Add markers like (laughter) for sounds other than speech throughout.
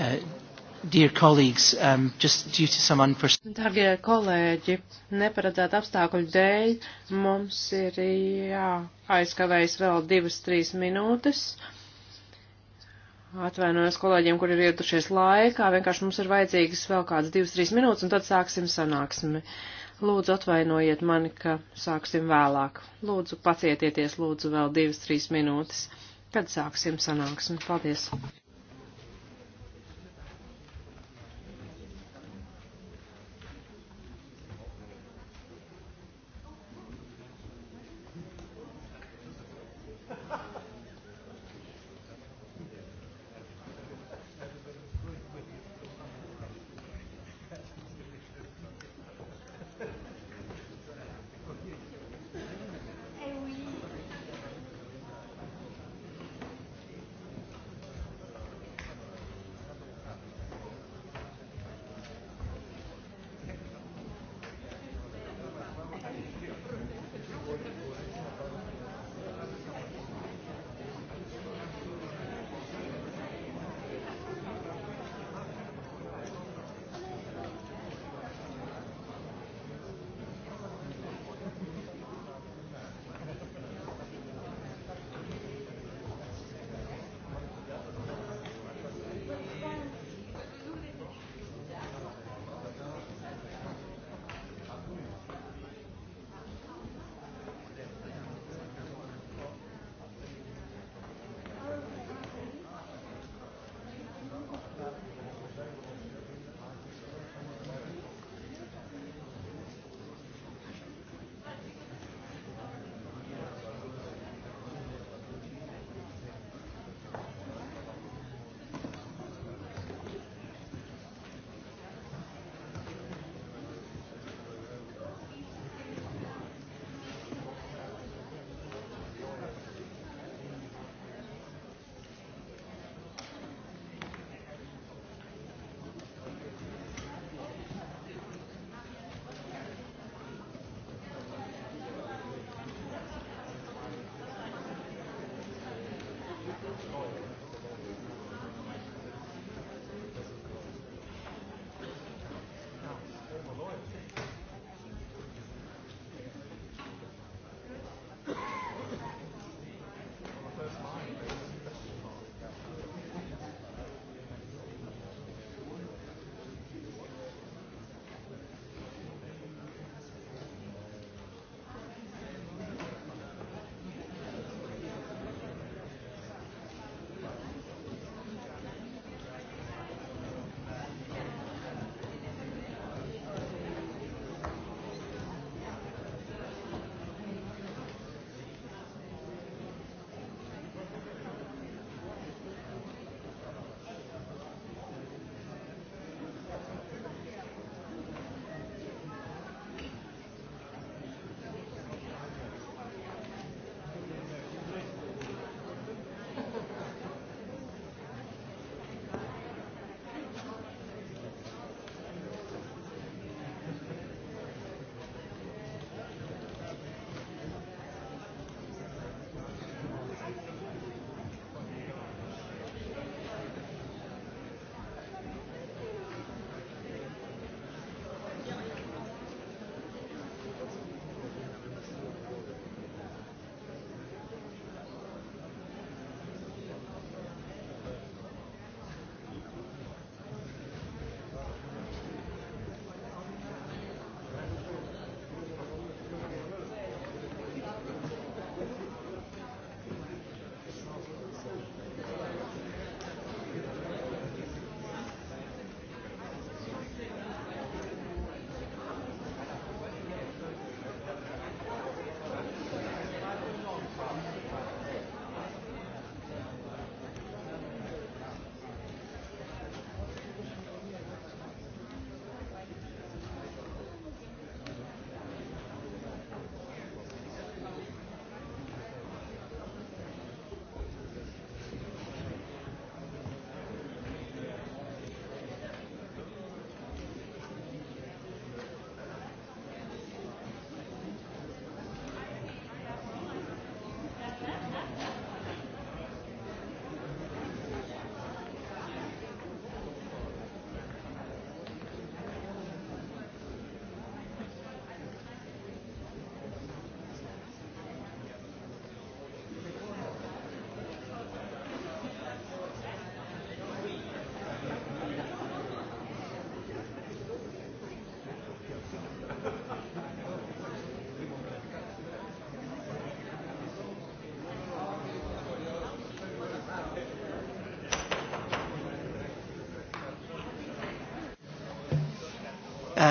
Uh, Dear colleagues, um, just due to some unforeseen... Dargie kolēģi, neparedzētu apstākļu dēļ mums ir jāaizkavējas vēl divas, trīs minūtes. Atvainojos kolēģiem, kur ir ietušies laikā, vienkārši mums ir vajadzīgas vēl kādas divas, trīs minūtes, un tad sāksim sanāksmi. Lūdzu, atvainojiet mani, ka sāksim vēlāk. Lūdzu, pacietieties, lūdzu, vēl divas, trīs minūtes, kad sāksim sanāksmi. Paldies!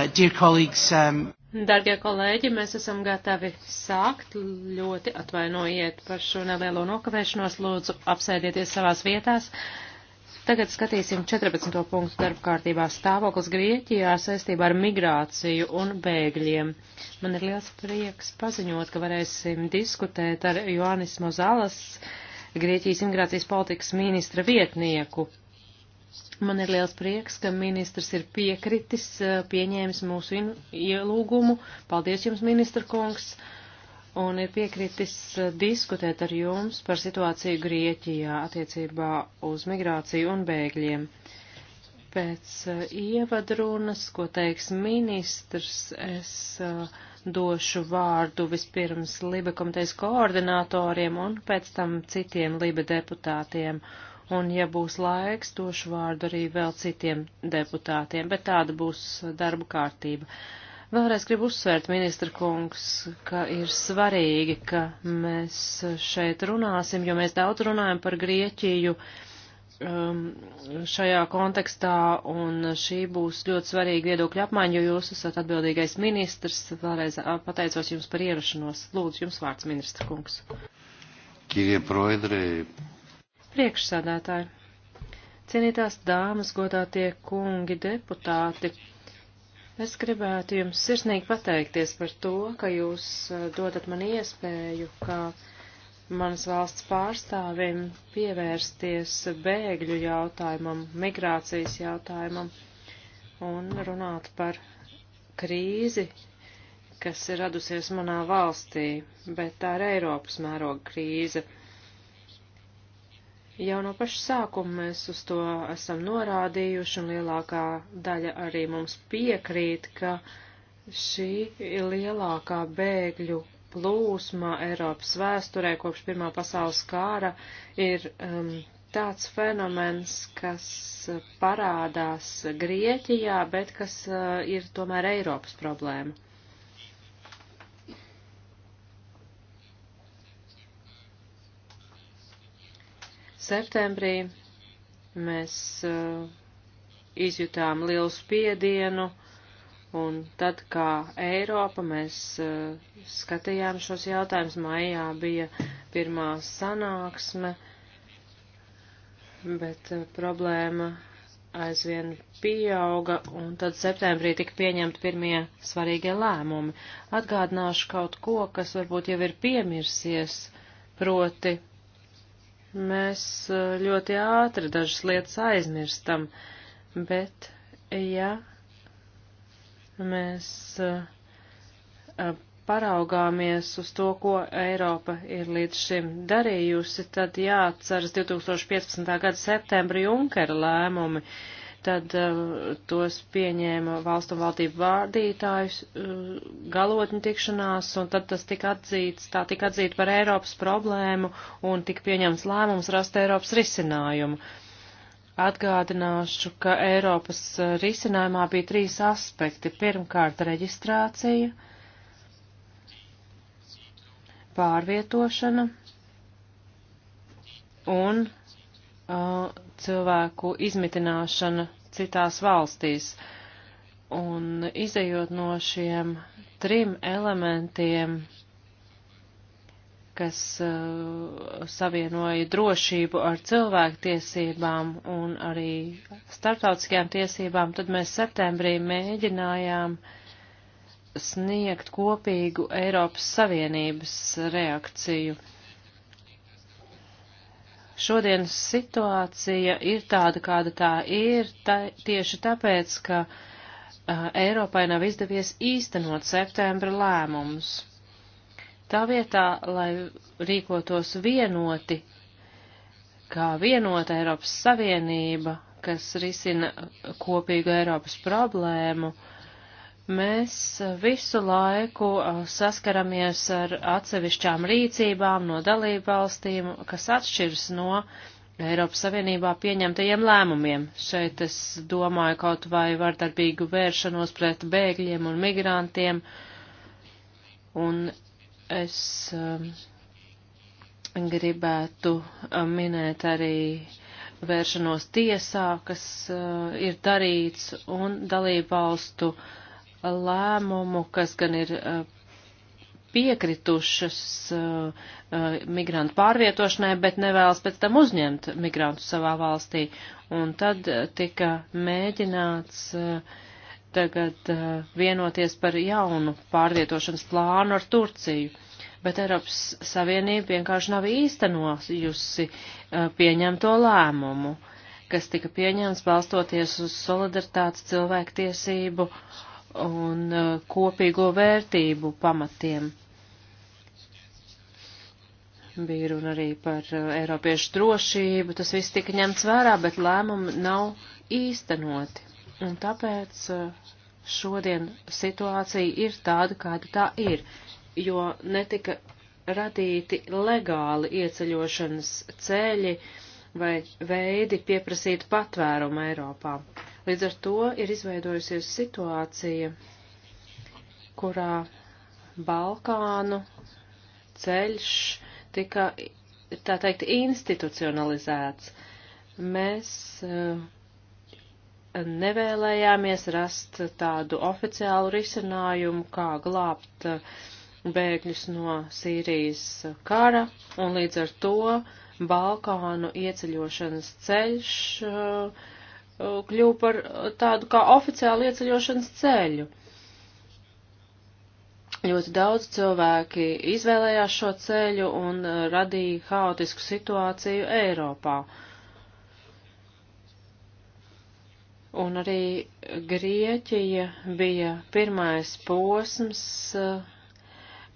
uh, dear colleagues, um, Dargie kolēģi, mēs esam gatavi sākt. Ļoti atvainojiet par šo nelielo nokavēšanos. Lūdzu, apsēdieties savās vietās. Tagad skatīsim 14. punktu darba kārtībā stāvoklis Grieķijā saistībā ar migrāciju un bēgļiem. Man ir liels prieks paziņot, ka varēsim diskutēt ar Joannis Mozalas, Grieķijas imigrācijas politikas ministra vietnieku. Man ir liels prieks, ka ministrs ir piekritis, eh, pieņēmis mūsu ielūgumu. Paldies jums, ministra kungs! Un ir piekritis eh, diskutēt ar jums par situāciju Grieķijā attiecībā uz migrāciju un bēgļiem. Pēc eh, ievadrunas, ko teiks ministrs, es došu vārdu vispirms Libe komitejas koordinatoriem un pēc tam citiem Libe deputātiem. Uh, un, ja būs laiks, došu vārdu arī vēl citiem deputātiem, bet tāda būs darba kārtība. Vēlreiz gribu uzsvērt, ministra kungs, ka ir svarīgi, ka mēs šeit runāsim, jo mēs daudz runājam par Grieķiju um, šajā kontekstā, un šī būs ļoti svarīga viedokļa apmaiņa, jo jūs esat atbildīgais ministrs. Vēlreiz pateicos jums par ierašanos. Lūdzu, jums vārds, ministra kungs. Kirie proedre, Priekšsādātāji, cienītās dāmas, godātie kungi, deputāti, es gribētu jums sirsnīgi pateikties par to, ka jūs eh, dodat man iespēju, ka manas valsts pārstāvim pievērsties bēgļu jautājumam, migrācijas jautājumam un runāt par krīzi, kas ir radusies manā valstī, bet tā ir Eiropas mēroga krīze Jau no paša sākuma mēs uz to esam norādījuši, un lielākā daļa arī mums piekrīt, ka šī lielākā bēgļu plūsma Eiropas vēsturē kopš Pirmā pasaules kāra ir um, tāds fenomens, kas parādās Grieķijā, bet kas uh, ir tomēr Eiropas problēma. Septembrī mēs uh, izjutām lielu spiedienu, un tad kā Eiropa mēs uh, skatījām šos jautājumus. Maijā bija pirmā sanāksme, bet uh, problēma aizvien pieauga, un tad septembrī tika pieņemti pirmie svarīgie lēmumi. Atgādināšu kaut ko, kas varbūt jau ir piemirsies, proti Mēs eh, ļoti ātri dažas lietas aizmirstam, bet ja mēs eh, paraugāmies uz to, ko Eiropa ir līdz šim darījusi, tad jāatceras 2015. gada septembra Junkera lēmumi. Uh, tad uh, tos pieņēma valstu un valdību vārdītājus uh, galotņu tikšanās, un tad tas tika atzīts, tā tika atzīta par Eiropas problēmu, un tika pieņemts lēmums rast Eiropas risinājumu. Atgādināšu, ka Eiropas eh, risinājumā bija trīs aspekti. Pirmkārt, reģistrācija, pārvietošana un uh, cilvēku izmitināšana citās valstīs. Un izējot no šiem trim elementiem, kas uh, savienoja drošību ar cilvēktiesībām un arī starptautiskajām tiesībām, tad mēs septembrī mēģinājām sniegt kopīgu Eiropas Savienības reakciju. Uh, Šodienas situācija ir tāda, kāda tā ir, tā, tieši tāpēc, ka uh, Eiropai nav izdevies īstenot septembra lēmumus. Tā vietā, lai rīkotos vienoti, kā vienota Eiropas Savienība, kas risina kopīgu Eiropas problēmu, uh, Mēs visu laiku uh, saskaramies ar atsevišķām rīcībām no dalību valstīm, kas atšķiras no Eiropas Savienībā pieņemtajiem lēmumiem. Šeit es domāju kaut vai vardarbīgu vēršanos pret bēgļiem un migrantiem. Un es um, gribētu uh, minēt arī vēršanos tiesā, kas uh, ir darīts, un dalību valstu uh, lēmumu, kas gan ir eh, piekritušas eh, eh, migrantu pārvietošanai, bet nevēlas pēc tam uzņemt migrantu savā valstī. Un tad tika mēģināts tagad vienoties par jaunu pārvietošanas plānu ar Turciju bet Eiropas Savienība vienkārši nav īstenojusi pieņemto lēmumu, kas tika pieņemts balstoties uz solidaritātes cilvēktiesību un uh, kopīgo vērtību pamatiem. Bija runa arī par uh, Eiropiešu drošību, tas viss tika ņemts vērā, bet lēmumi nav īstenoti. Un tāpēc uh, šodien situācija ir tāda, kāda tā ir, jo netika radīti legāli ieceļošanas ceļi vai veidi pieprasīt patvērumu Eiropā. Līdz ar to ir izveidojusies situācija, kurā Balkānu ceļš tika, tā teikt, institucionalizēts. Mēs uh, nevēlējāmies rast tādu oficiālu risinājumu, kā glābt eh, bēgļus no Sīrijas kara, un līdz ar to Balkānu ieceļošanas ceļš uh, kļuva par tādu kā oficiālu ieceļošanas ceļu. Ļoti daudz cilvēki izvēlējās šo ceļu un uh, radīja haotisku situāciju Eiropā. Un arī Grieķija bija pirmais posms uh,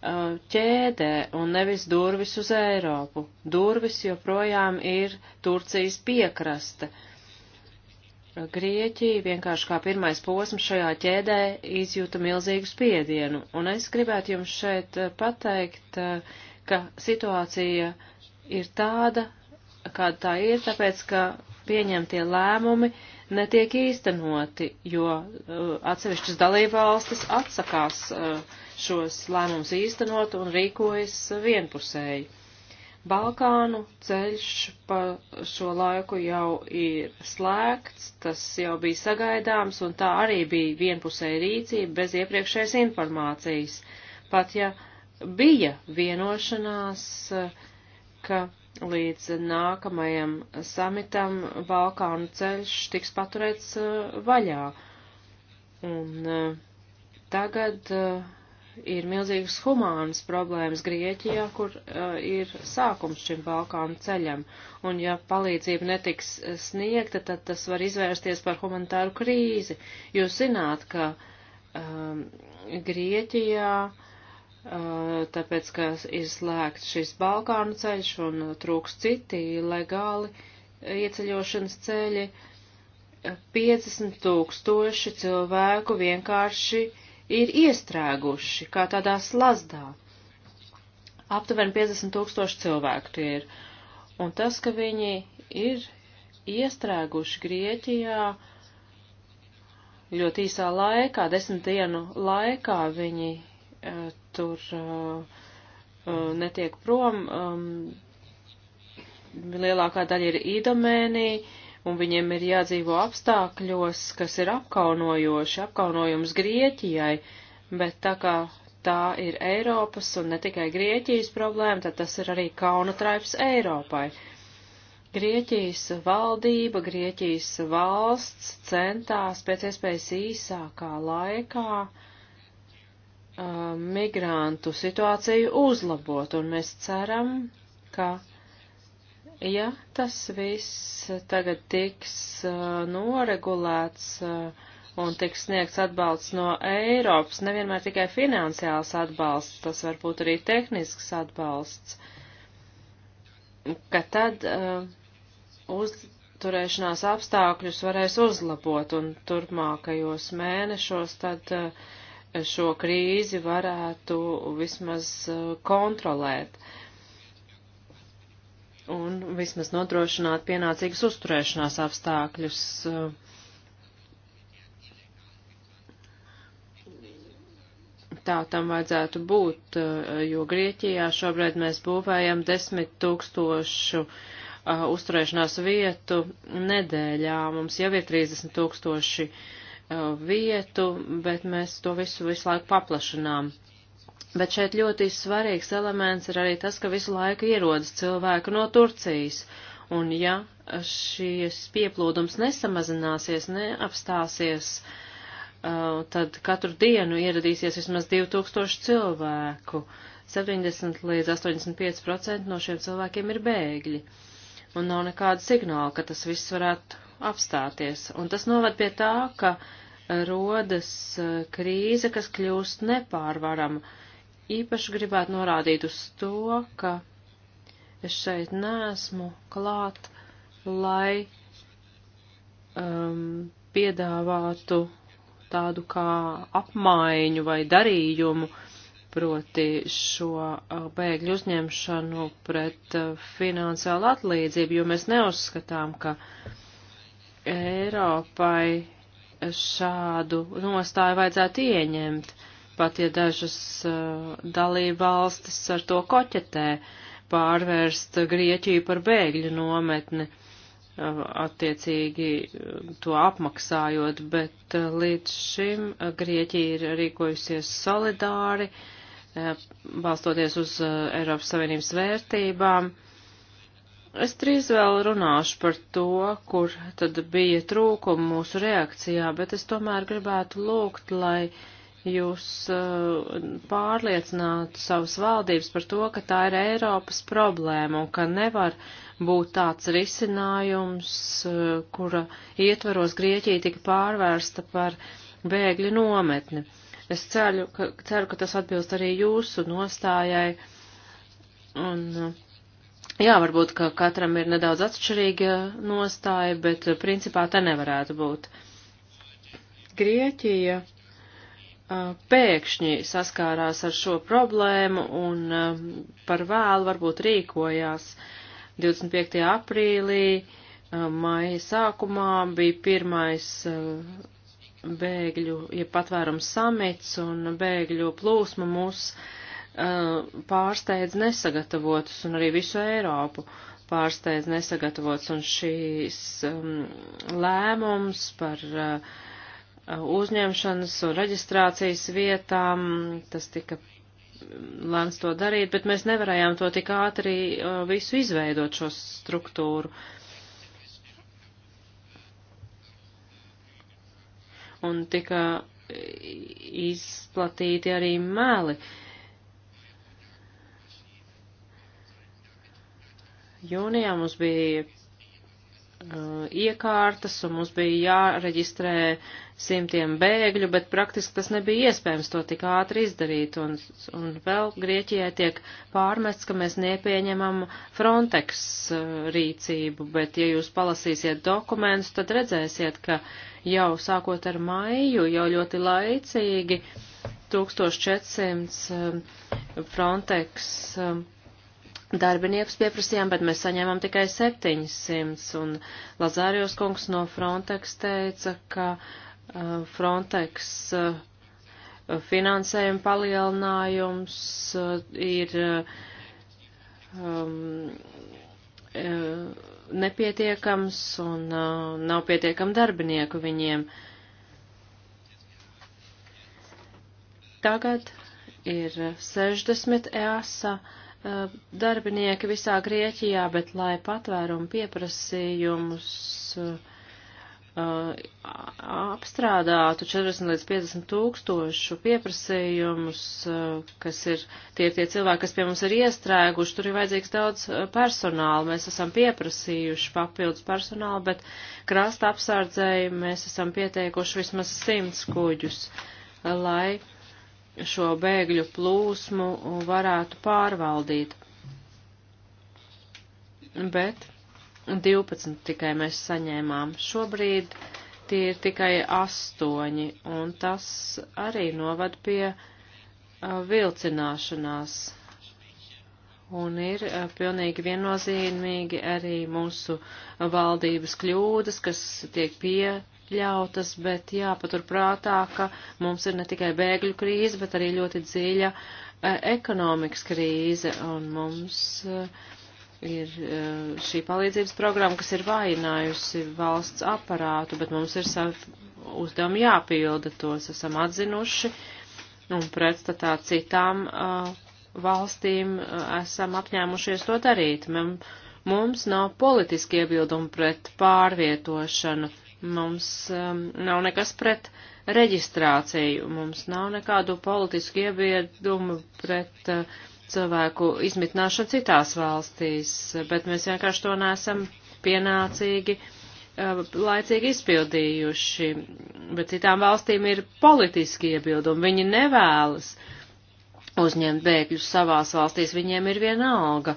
uh, ķēdē un nevis durvis uz Eiropu. Durvis joprojām ir Turcijas piekraste. Uh, Grieķija vienkārši kā pirmais posms šajā ķēdē izjūta milzīgu spiedienu, un es gribētu jums šeit eh, pateikt, eh, ka situācija ir tāda, kāda tā ir, tāpēc, ka pieņemtie lēmumi netiek īstenoti, jo eh, atsevišķas dalībvalstis atsakās šos lēmumus īstenot un rīkojas vienpusēji. Balkānu ceļš pa šo laiku jau ir slēgts, tas jau bija sagaidāms, un tā arī bija vienpusēja rīcība bez iepriekšējas informācijas. Pat ja bija vienošanās, ka līdz nākamajam samitam Balkānu ceļš tiks paturēts uh, vaļā. Un uh, tagad uh, ir milzīgas humānas problēmas Grieķijā, kur uh, ir sākums šim Balkānu ceļam, un ja palīdzība netiks uh, sniegta, tad tas var izvērsties par humanitāru krīzi. Jūs zināt, ka um, Grieķijā, uh, tāpēc, ka ir slēgts šis Balkānu ceļš un trūks citi legāli uh, ieceļošanas ceļi, 50 tūkstoši cilvēku vienkārši uh, ir iestrēguši kā tādā slazdā. Aptuveni 50 tūkstoši cilvēku tie ir. Un tas, ka viņi ir iestrēguši Grieķijā ļoti īsā laikā, desmit dienu laikā viņi uh, tur uh, uh, netiek prom. Um, lielākā daļa ir īdomēnija un viņiem ir jādzīvo apstākļos, kas ir apkaunojoši, apkaunojums Grieķijai, bet tā kā tā ir Eiropas un ne tikai Grieķijas problēma, tad tas ir arī kauna traips Eiropai. Grieķijas valdība, Grieķijas valsts centās pēc iespējas īsākā laikā uh, migrantu situāciju uzlabot, un mēs ceram, ka Ja tas viss tagad tiks uh, noregulēts uh, un tiks sniegts atbalsts no Eiropas, nevienmēr tikai finansiāls atbalsts, tas var būt arī tehnisks atbalsts, ka tad uh, uzturēšanās apstākļus varēs uzlabot un turpmākajos mēnešos tad uh, šo krīzi varētu vismaz uh, kontrolēt. Uh, un vismaz nodrošināt pienācīgus uzturēšanās apstākļus. Tā tam vajadzētu būt, jo Grieķijā šobrīd mēs būvējam desmit tūkstošu uh, uzturēšanās vietu nedēļā. Mums jau ir 30 tūkstoši uh, vietu, bet mēs to visu visu laiku paplašinām. Bet šeit ļoti svarīgs elements ir arī tas, ka visu laiku ierodas cilvēku no Turcijas. Un ja šis pieplūdums nesamazināsies, neapstāsies, uh, tad katru dienu ieradīsies vismaz 2000 cilvēku. 70 līdz 85% no šiem cilvēkiem ir bēgļi. Un nav nekāda signāla, ka tas viss varētu apstāties. Un tas novad pie tā, ka rodas uh, krīze, kas kļūst nepārvarama īpaši gribētu norādīt uz to, ka es šeit nesmu klāt, lai um, piedāvātu tādu kā apmaiņu vai darījumu, proti šo uh, bēgļu uzņemšanu pret uh, finansiālu atlīdzību, jo mēs neuzskatām, ka Eiropai šādu nostāju vajadzētu ieņemt. Uh, pat ja dažas uh, dalība valstis ar to koķetē pārvērst Grieķiju par bēgļu nometni, uh, attiecīgi uh, to apmaksājot, bet uh, līdz šim uh, Grieķija ir rīkojusies solidāri, uh, balstoties uz Eiropas Savienības vērtībām. Es drīz vēl runāšu par to, kur tad bija trūkumi mūsu reakcijā, bet es tomēr gribētu lūgt, lai uh, jūs eh, pārliecinātu savas valdības par to, ka tā ir Eiropas problēma un ka nevar būt tāds risinājums, eh, kura ietvaros Grieķija tika pārvērsta par bēgļu nometni. Es ceru, ka, ceru, ka tas atbilst arī jūsu nostājai. Un, eh, jā, varbūt, ka katram ir nedaudz atšķirīga nostāja, bet principā te nevarētu būt. Grieķija pēkšņi saskārās ar šo problēmu un par vēlu varbūt rīkojās 25. aprīlī, maija sākumā bija pirmais bēgļu, ja patvērums samits un bēgļu plūsma mūs pārsteidz nesagatavotus un arī visu Eiropu pārsteidz nesagatavots un šīs um, lēmums par uh, uzņemšanas un reģistrācijas vietām. Tas tika lēns to darīt, bet mēs nevarējām to tik ātri visu izveidot šo struktūru. Un tika izplatīti arī mēli. Jūnijā mums bija uh, iekārtas un mums bija jāreģistrē uh, simtiem bēgļu, bet praktiski tas nebija iespējams to tik ātri izdarīt, un, un vēl Grieķijai tiek pārmests, ka mēs nepieņemam Frontex eh, rīcību, bet ja jūs palasīsiet dokumentus, tad redzēsiet, ka jau sākot ar maiju, jau ļoti laicīgi 1400 eh, Frontex eh, darbinieks pieprasījām, bet mēs saņēmām tikai 700, un Lazārijos kungs no Frontex teica, ka uh, Eh, Frontex eh, finansējuma palielinājums eh, ir um, nepietiekams un uh, nav pietiekami darbinieku viņiem. Tagad ir 60 EASA uh, darbinieki visā Grieķijā, bet lai patvērumu pieprasījumus uh, Uh, apstrādātu 40 līdz 50 tūkstošu pieprasījumus, uh, kas ir tie, tie cilvēki, kas pie mums ir iestrēguši, tur ir vajadzīgs daudz uh, personāla. Mēs esam pieprasījuši papildus personālu, bet krasta apsārdzēji mēs esam pieteikuši vismaz 100 kuģus, lai šo bēgļu plūsmu varētu pārvaldīt. Bet 12 tikai mēs saņēmām. Šobrīd tie ir tikai 8, un tas arī novad pie uh, vilcināšanās. Un ir uh, pilnīgi viennozīmīgi arī mūsu valdības kļūdas, kas tiek pieļautas, bet jāpaturprātā, ka mums ir ne tikai bēgļu krīze, bet arī ļoti dziļa uh, ekonomikas krīze, un mums uh, ir eh, šī palīdzības programma, kas ir vainājusi valsts aparātu, bet mums ir savi uzdevumi jāpilda, tos esam atzinuši, nu, un pretstatā citām uh, valstīm uh, esam apņēmušies to darīt. Mem, mums nav politiski iebildumi pret pārvietošanu, mums um, nav nekas pret reģistrāciju, mums nav nekādu politisku iebildumu pret uh, cilvēku izmitināšanu citās valstīs, bet mēs vienkārši to nesam pienācīgi eh, laicīgi izpildījuši, bet citām valstīm ir politiski iebildumi, viņi nevēlas uzņemt bēgļus savās valstīs, viņiem ir viena alga,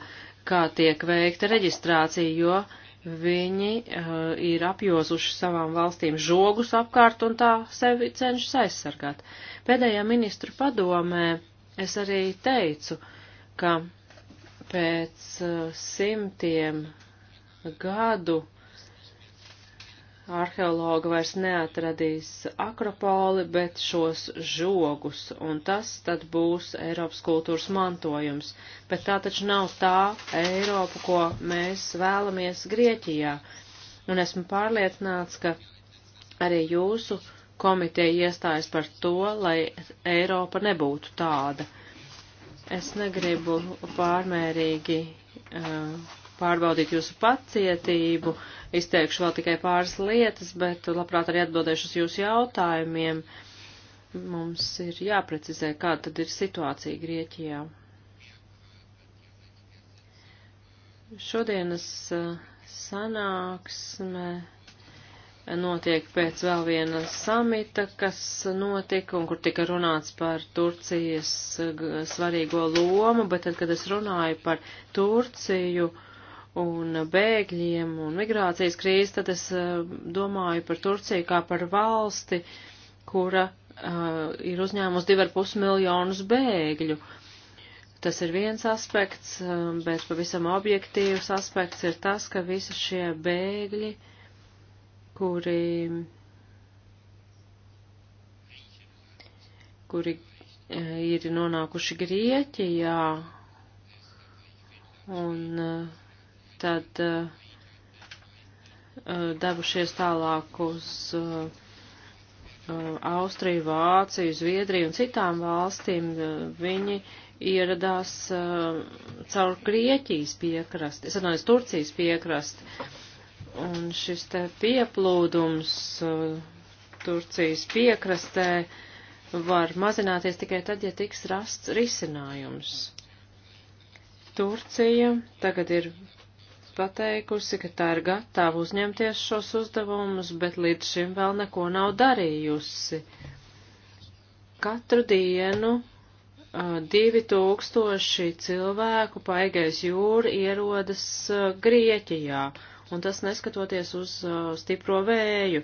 kā tiek veikta reģistrācija, jo viņi uh, ir apjozuši savām valstīm žogus apkārt un tā sevi cenšas aizsargāt. Pēdējā ministru padomē es arī teicu, uh, ka pēc uh, simtiem gadu arheologa vairs neatradīs akropoli, bet šos žogus, un tas tad būs Eiropas kultūras mantojums. Bet tā taču nav tā Eiropa, ko mēs vēlamies Grieķijā. Un esmu pārliecināts, ka arī jūsu komiteja iestājas par to, lai Eiropa nebūtu tāda. Es negribu pārmērīgi uh, pārbaudīt jūsu pacietību, izteikšu vēl tikai pāris lietas, bet labprāt arī atbildēšu uz jūsu jautājumiem. Mums ir jāprecizē, kāda tad ir situācija Grieķijā. Šodienas sanāksme notiek pēc vēl viena samita, kas notika un kur tika runāts par Turcijas svarīgo lomu, bet tad, kad es runāju par Turciju un bēgļiem un migrācijas krīzi, tad es e, domāju par Turciju kā par valsti, kura uh, ir uzņēmusi 2,5 miljonus bēgļu. Tas ir viens aspekts, e, bet pavisam objektīvs aspekts ir tas, ka visi šie bēgļi uh, kuri, kuri e, ir nonākuši Grieķijā, un e, tad e, devušies tālāk uz Austriju, Vāciju, Zviedriju un citām valstīm. Viņi ieradās caur Grieķijas piekrasti, es atvainojos Turcijas piekrasti Un šis te pieplūdums uh, Turcijas piekrastē var mazināties tikai tad, ja tiks rasts risinājums. Turcija tagad ir pateikusi, ka tā ir gatava uzņemties šos uzdevumus, bet līdz šim vēl neko nav darījusi. Katru dienu uh, 2000 cilvēku paigais jūri ierodas uh, Grieķijā. Uh, un tas neskatoties uz uh, stipro vēju.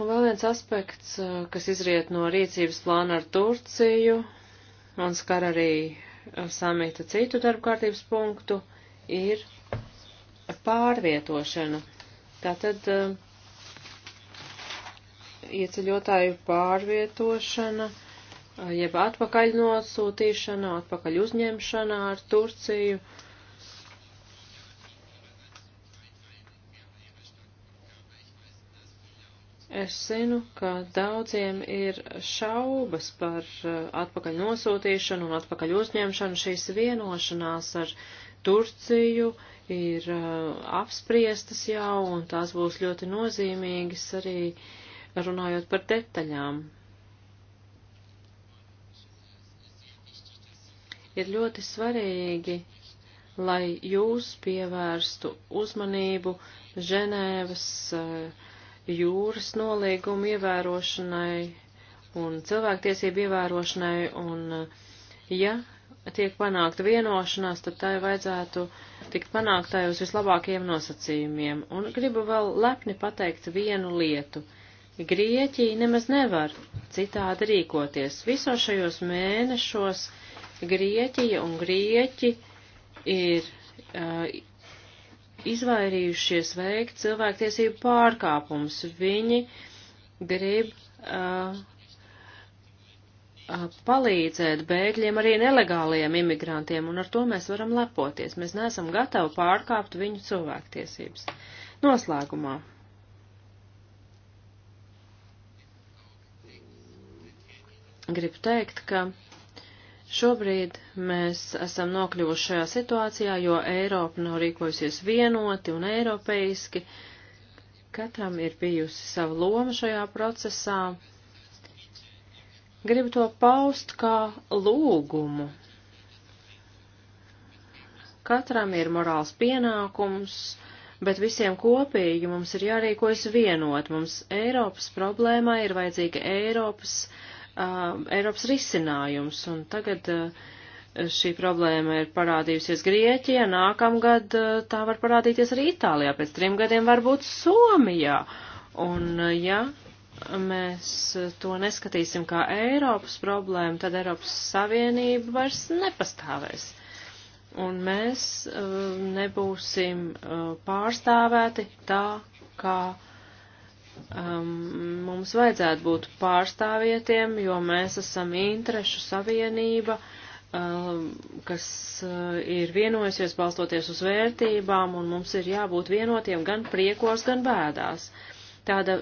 Un vēl viens aspekts, uh, kas izriet no rīcības plāna ar Turciju un skar arī uh, samita citu darbu kārtības punktu, ir pārvietošana. Tātad uh, ieceļotāju pārvietošana, uh, jeb atpakaļ nosūtīšana, atpakaļ uzņemšana ar Turciju. Uh, Es zinu, ka daudziem ir šaubas par uh, atpakaļ nosūtīšanu un atpakaļ uzņemšanu. Šīs vienošanās ar Turciju ir uh, apspriestas jau, un tās būs ļoti nozīmīgas arī runājot par detaļām. Ir ļoti svarīgi, lai jūs pievērstu uzmanību Ženēvas uh, jūras nolīgumu ievērošanai un cilvēktiesību ievērošanai, un uh, ja tiek panākta vienošanās, tad tai vajadzētu tikt panāktai uz vislabākajiem nosacījumiem. Un gribu vēl lepni pateikt vienu lietu. Grieķija nemaz nevar citādi rīkoties. Visos šajos mēnešos Grieķija un Grieķi ir uh, izvairījušies veikt cilvēktiesību pārkāpumus. Viņi grib uh, uh, palīdzēt bēgļiem, arī nelegāliem imigrantiem, un ar to mēs varam lepoties. Mēs neesam gatavi pārkāpt viņu cilvēktiesības. Noslēgumā. Gribu teikt, ka Šobrīd mēs esam nokļuvuši šajā situācijā, jo Eiropa nav rīkojusies vienoti un eiropeiski. Katram ir bijusi sava loma šajā procesā. Gribu to paust kā lūgumu katram ir morāls pienākums, bet visiem kopīgi mums ir jārīkojas vienot. Mums Eiropas problēmā ir vajadzīga Eiropas um, Eiropas risinājums. Un tagad uh, šī problēma ir parādījusies Grieķijā, nākamgad uh, tā var parādīties arī Itālijā, pēc trim gadiem varbūt Somijā. Un, uh, ja mēs uh, to neskatīsim kā Eiropas problēmu, tad Eiropas Savienība vairs nepastāvēs. Un mēs uh, nebūsim uh, pārstāvēti tā, kā uh, um, mums vajadzētu būt pārstāvietiem, jo mēs esam interešu savienība, um, kas uh, ir vienojusies balstoties uz vērtībām, un mums ir jābūt vienotiem gan priekos, gan bēdās. Tāda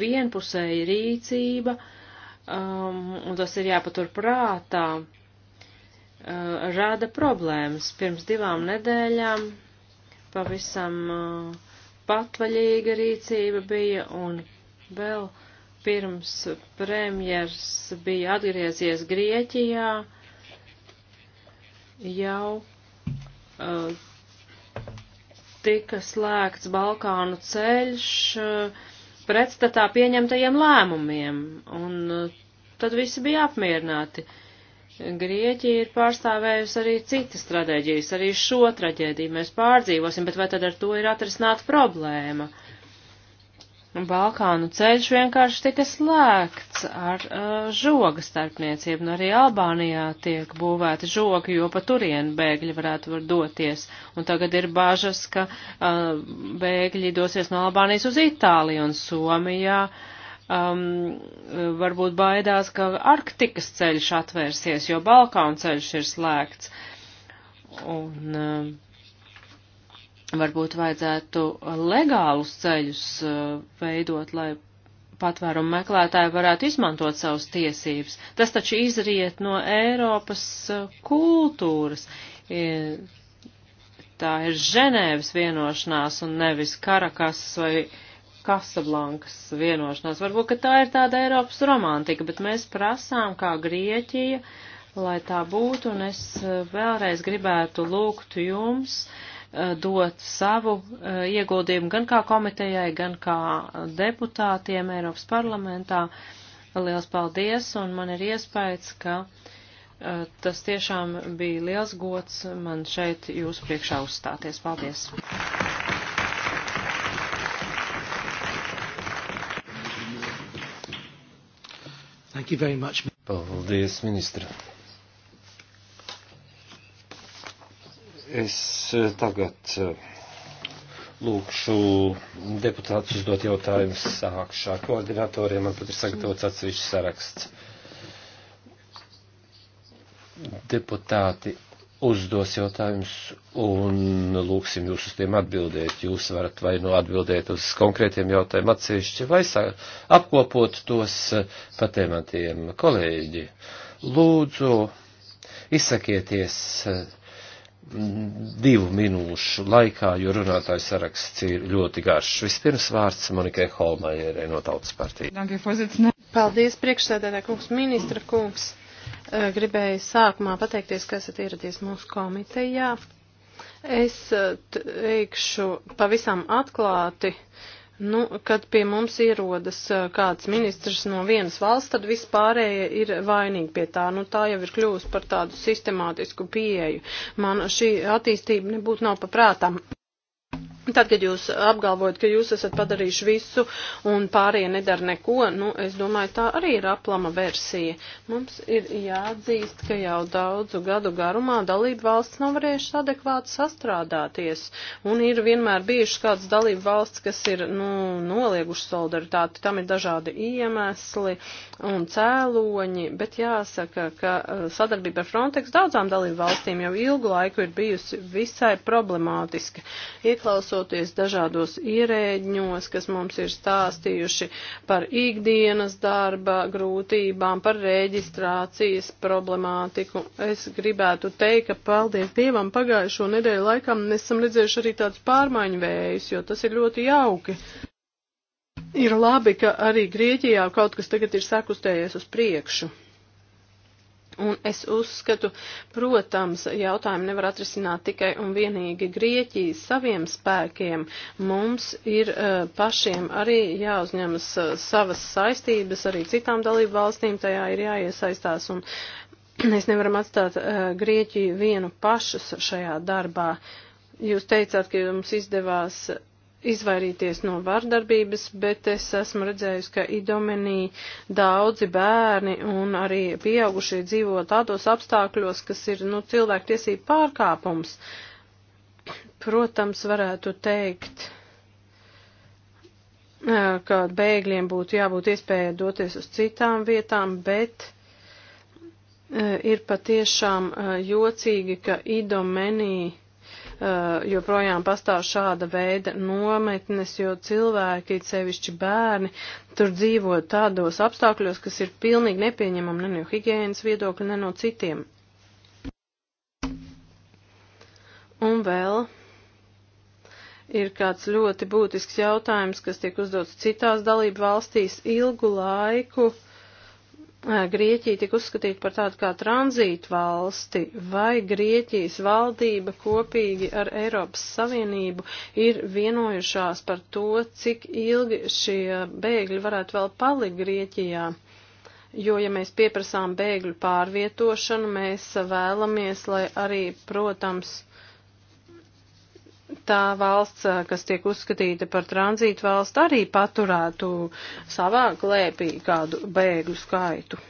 vienpusēja rīcība, um, un tas ir jāpatur prātā, uh, rada problēmas. Pirms divām nedēļām pavisam. Uh, patvaļīga rīcība bija un vēl pirms premjers bija atgriezies Grieķijā, jau uh, tika slēgts Balkānu ceļš uh, pretstatā pieņemtajiem lēmumiem, un uh, tad visi bija apmierināti. Uh, Grieķija ir pārstāvējusi arī citas traģēdijas, arī šo traģēdiju mēs pārdzīvosim, bet vai tad ar to ir atrisināta problēma? Balkānu ceļš vienkārši tika slēgts ar uh, žoga starpniecību, un nu, arī Albānijā tiek būvēti žogi, jo pa turienu bēgļi varētu var doties, un tagad ir bažas, ka uh, bēgļi dosies no Albānijas uz Itāliju un Somijā. Uh, um, varbūt baidās, ka Arktikas ceļš atvērsies, jo Balkānu ceļš ir slēgts. Un um, varbūt vajadzētu legālus ceļus uh, veidot, lai patvērumu meklētāji varētu izmantot savas tiesības. Tas taču izriet no Eiropas uh, kultūras. I, tā ir Ženēvas vienošanās un nevis Karakasas vai uh, Kasablankas vienošanās. Varbūt, ka tā ir tāda Eiropas romantika, bet mēs prasām kā Grieķija, lai tā būtu, un es eh, vēlreiz gribētu lūgt jums eh, dot savu eh, ieguldījumu gan kā komitejai, gan kā deputātiem Eiropas parlamentā. Liels paldies, un man ir iespējas, ka tas tiešām bija liels gods man šeit jūsu priekšā uzstāties. Paldies! Thank you very much. Paldies, ministra. Es eh, tagad eh, lūkšu deputātus uzdot jautājumus sākšā koordinatoriem. Man pat ir sagatavots atsevišķs saraksts. Deputāti uzdos jautājumus un lūksim jūs uz tiem atbildēt. Jūs varat vai nu atbildēt uz konkrētiem jautājumiem atsevišķi vai apkopot tos eh, pa tematiem. Kolēģi, lūdzu, izsakieties eh, divu minūšu laikā, jo runātājs saraksts ir ļoti garš. Vispirms vārds Monikai Holmajerē no Tautas partijas. Paldies, priekšsēdētāj kungs, ministra kungs gribēju sākumā pateikties, ka esat ieradies mūsu komitejā. Es teikšu pavisam atklāti, nu, kad pie mums ierodas kāds ministrs no vienas valsts, tad vispārējie ir vainīgi pie tā. Nu, tā jau ir kļuvusi par tādu sistemātisku pieeju. Man šī attīstība nebūtu nav paprātām. Tad, kad jūs apgalvojat, ka jūs esat padarījuši visu un pārējie nedara neko, nu, es domāju, tā arī ir aplama versija. Mums ir jāatzīst, ka jau daudzu gadu garumā dalību valsts nav varējušas adekvāti sastrādāties, un ir vienmēr bijušas kādas dalību valsts, kas ir, nu, noliegušas solidaritāti, tam ir dažādi iemesli un cēloņi, bet jāsaka, ka eh, sadarbība ar Frontex daudzām dalību valstīm jau ilgu laiku ir bijusi visai problemātiska. Ieklaus klausoties dažādos ierēģņos, kas mums ir stāstījuši par ikdienas darba grūtībām, par reģistrācijas problemātiku. Es gribētu teikt, ka paldies Dievam pagājušo nedēļu laikam nesam redzējuši arī tādus pārmaiņu vējus, jo tas ir ļoti jauki. Ir labi, ka arī Grieķijā kaut kas tagad ir sakustējies uz priekšu. Un es uzskatu, protams, jautājumu nevar atrisināt tikai un vienīgi Grieķijas saviem spēkiem. Mums ir uh, pašiem arī jāuzņemas uh, savas saistības, arī citām dalību valstīm tajā ir jāiesaistās. Un (clears throat) mēs nevaram atstāt uh, Grieķiju vienu pašus šajā darbā. Jūs teicāt, ka jums izdevās. Uh, izvairīties no vardarbības, bet es esmu redzējusi, ka idomenī daudzi bērni un arī pieaugušie dzīvo tādos apstākļos, kas ir nu, cilvēktiesību pārkāpums. Protams, varētu teikt, ka bēgļiem būtu jābūt iespēja doties uz citām vietām, bet ir patiešām jocīgi, ka idomenī Eh, joprojām pastāv šāda veida nometnes, jo cilvēki, sevišķi bērni, tur dzīvo tādos apstākļos, kas ir pilnīgi nepieņemami ne no higiēnas viedokļa, ne no citiem. Un vēl ir kāds ļoti būtisks jautājums, kas tiek uzdots citās dalību valstīs ilgu laiku. Uh, Grieķija tika uzskatīta par tādu kā tranzītu valsti, vai Grieķijas valdība kopīgi ar Eiropas Savienību ir vienojušās par to, cik ilgi šie bēgļi varētu vēl palikt Grieķijā. Jo, ja mēs pieprasām bēgļu pārvietošanu, mēs vēlamies, lai arī, protams, tā valsts, kas tiek uzskatīta par tranzītu valstu, arī paturētu savā klēpī kādu bēgļu skaitu.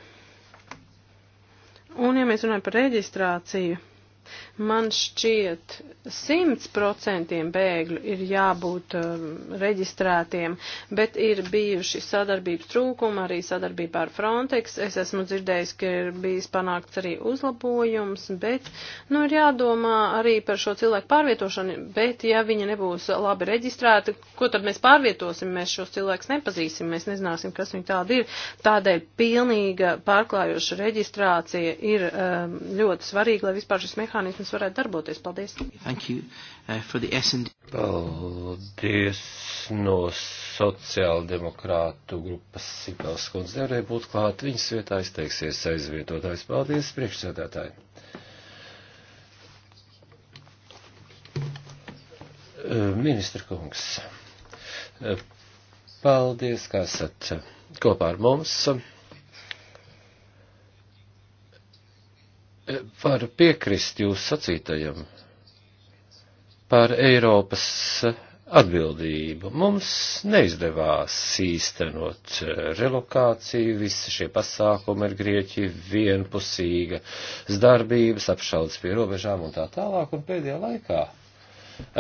Un, ja mēs runājam par reģistrāciju, Man šķiet, 100% bēgļu ir jābūt um, reģistrētiem, bet ir bijuši sadarbības trūkumi arī sadarbībā ar Frontex. Es esmu dzirdējis, ka ir bijis panākts arī uzlabojums, bet, nu, ir jādomā arī par šo cilvēku pārvietošanu, bet ja viņi nebūs labi reģistrēti, ko tad mēs pārvietosim? Mēs šos cilvēkus nepazīsim, mēs nezināsim, kas viņi tādi ir. Tādēļ pilnīga pārklājoša reģistrācija ir um, ļoti svarīga, lai vispār šis mehānisms tas varētu darboties. Paldies! Thank you uh, for the S&D. Paldies no sociāldemokrātu grupas Sipels kundze. Nevarēja būt klāt, viņas vietā izteiksies aizvietotājs. Paldies, priekšsēdētāji! Uh, ministra kungs, uh, paldies, ka esat kopā ar mums. E, varu piekrist jūs sacītajam par Eiropas atbildību. Mums neizdevās īstenot e, relokāciju, visi šie pasākumi ar Grieķiju, vienpusīga darbības, apšaudas pie robežām un tā tālāk, un pēdējā laikā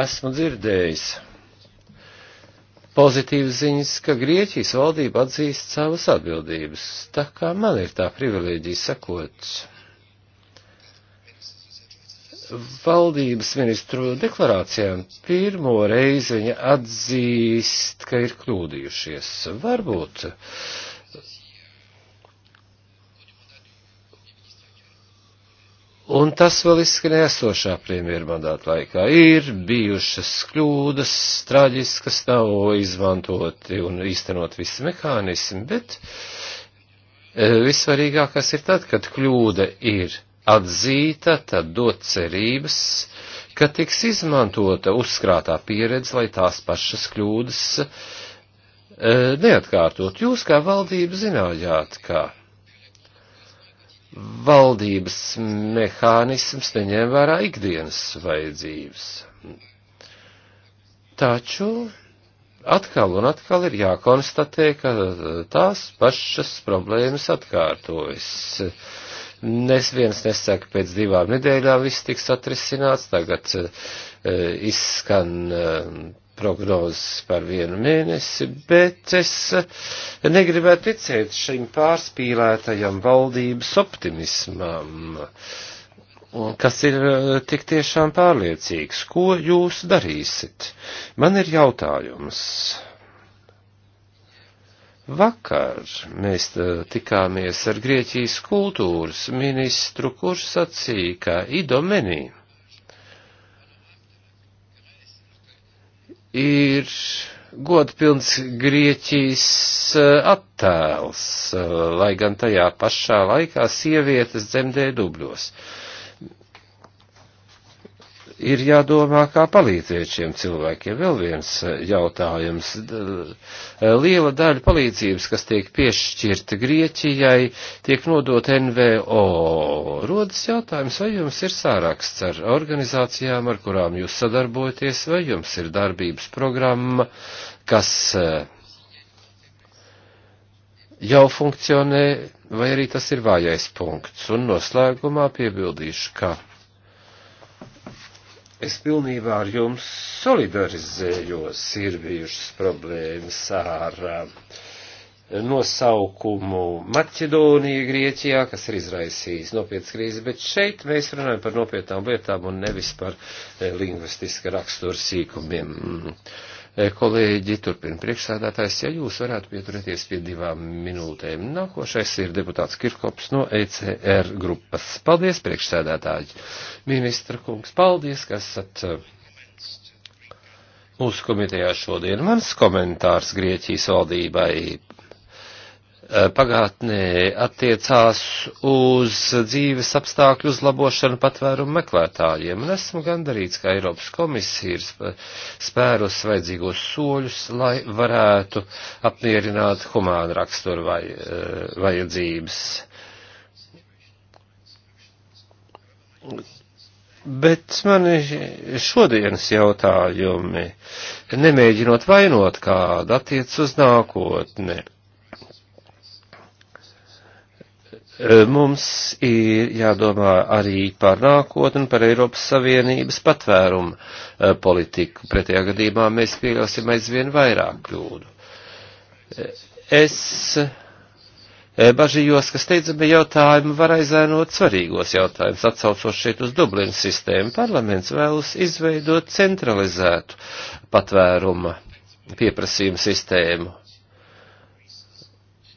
esmu dzirdējis pozitīvas ziņas, ka Grieķijas valdība atzīst savas atbildības, tā kā man ir tā privilēģija sakot valdības ministru deklarācijām pirmo reizi viņa atzīst, ka ir kļūdījušies. Varbūt. Un tas vēl izskanēja esošā premjera mandāta laikā. Ir bijušas kļūdas, traģiskas, nav izmantoti un īstenot visi mehānismi, bet e, visvarīgākais ir tad, kad kļūda ir atzīta, tad dot cerības, ka tiks izmantota uzkrātā pieredze, lai tās pašas kļūdas e, neatkārtot. Jūs kā valdība zinājāt, ka valdības mehānisms neņem vērā ikdienas vajadzības. Taču atkal un atkal ir jākonstatē, ka tās pašas problēmas atkārtojas Nesviens nesaka, pēc divām nedēļām viss tiks atrisināts, tagad e, izskan e, prognozes par vienu mēnesi, bet es eh, negribētu ticēt šim pārspīlētajam valdības optimismam, kas ir tik tiešām pārliecīgs. Ko jūs darīsit? Man ir jautājums. Vakar mēs eh, tikāmies ar Grieķijas kultūras ministru, kurš sacīja, ka idomenī ir godpilns Grieķijas eh, attēls, eh, lai gan tajā pašā laikā sievietes dzemdē dubļos. Uh, ir jādomā, kā palīdzēt šiem cilvēkiem. Vēl viens eh, jautājums. Eh, liela daļa palīdzības, kas tiek piešķirta Grieķijai, tiek nodot NVO. Rodas jautājums, vai jums ir sāraksts ar organizācijām, ar kurām jūs sadarbojaties, vai jums ir darbības programma, kas eh, jau funkcionē, vai arī tas ir vājais punkts. Un noslēgumā piebildīšu, ka Es pilnībā ar jums solidarizējos, ir bijušas problēmas ar um, nosaukumu Maķedonija Grieķijā, kas ir izraisījis nopietnas krīzes, bet šeit mēs runājam par nopietnām lietām un nevis par eh, lingvistiska rakstura sīkumiem. Mm Eh, kolēģi, turpina priekšsēdētājs, ja jūs varētu pieturēties pie divām minūtēm. Nākošais ir deputāts Kirkops no ECR grupas. Paldies, priekšsēdētāji. Ministra kungs, paldies, ka esat eh, mūsu komitejā šodien. Mans komentārs Grieķijas valdībai Eh, pagātnē attiecās uz dzīves apstākļu uzlabošanu patvērumu meklētājiem, un esmu gandarīts, ka Eiropas komisija ir spērus vajadzīgos soļus, lai varētu apmierināt humānu raksturu vai, eh, vajadzības. Bet mani šodienas jautājumi, nemēģinot vainot kādu, attiec uz nākotni. Mums ir jādomā arī par nākotni, par Eiropas Savienības patvērumu politiku. Pretējā gadījumā mēs pieļausim aizvien vairāk kļūdu. Es bažījos, ka steidzami jautājumi var aizēnot svarīgos jautājumus, atsaucos šeit uz Dublinas sistēmu. Parlaments vēlas izveidot centralizētu patvēruma pieprasījumu sistēmu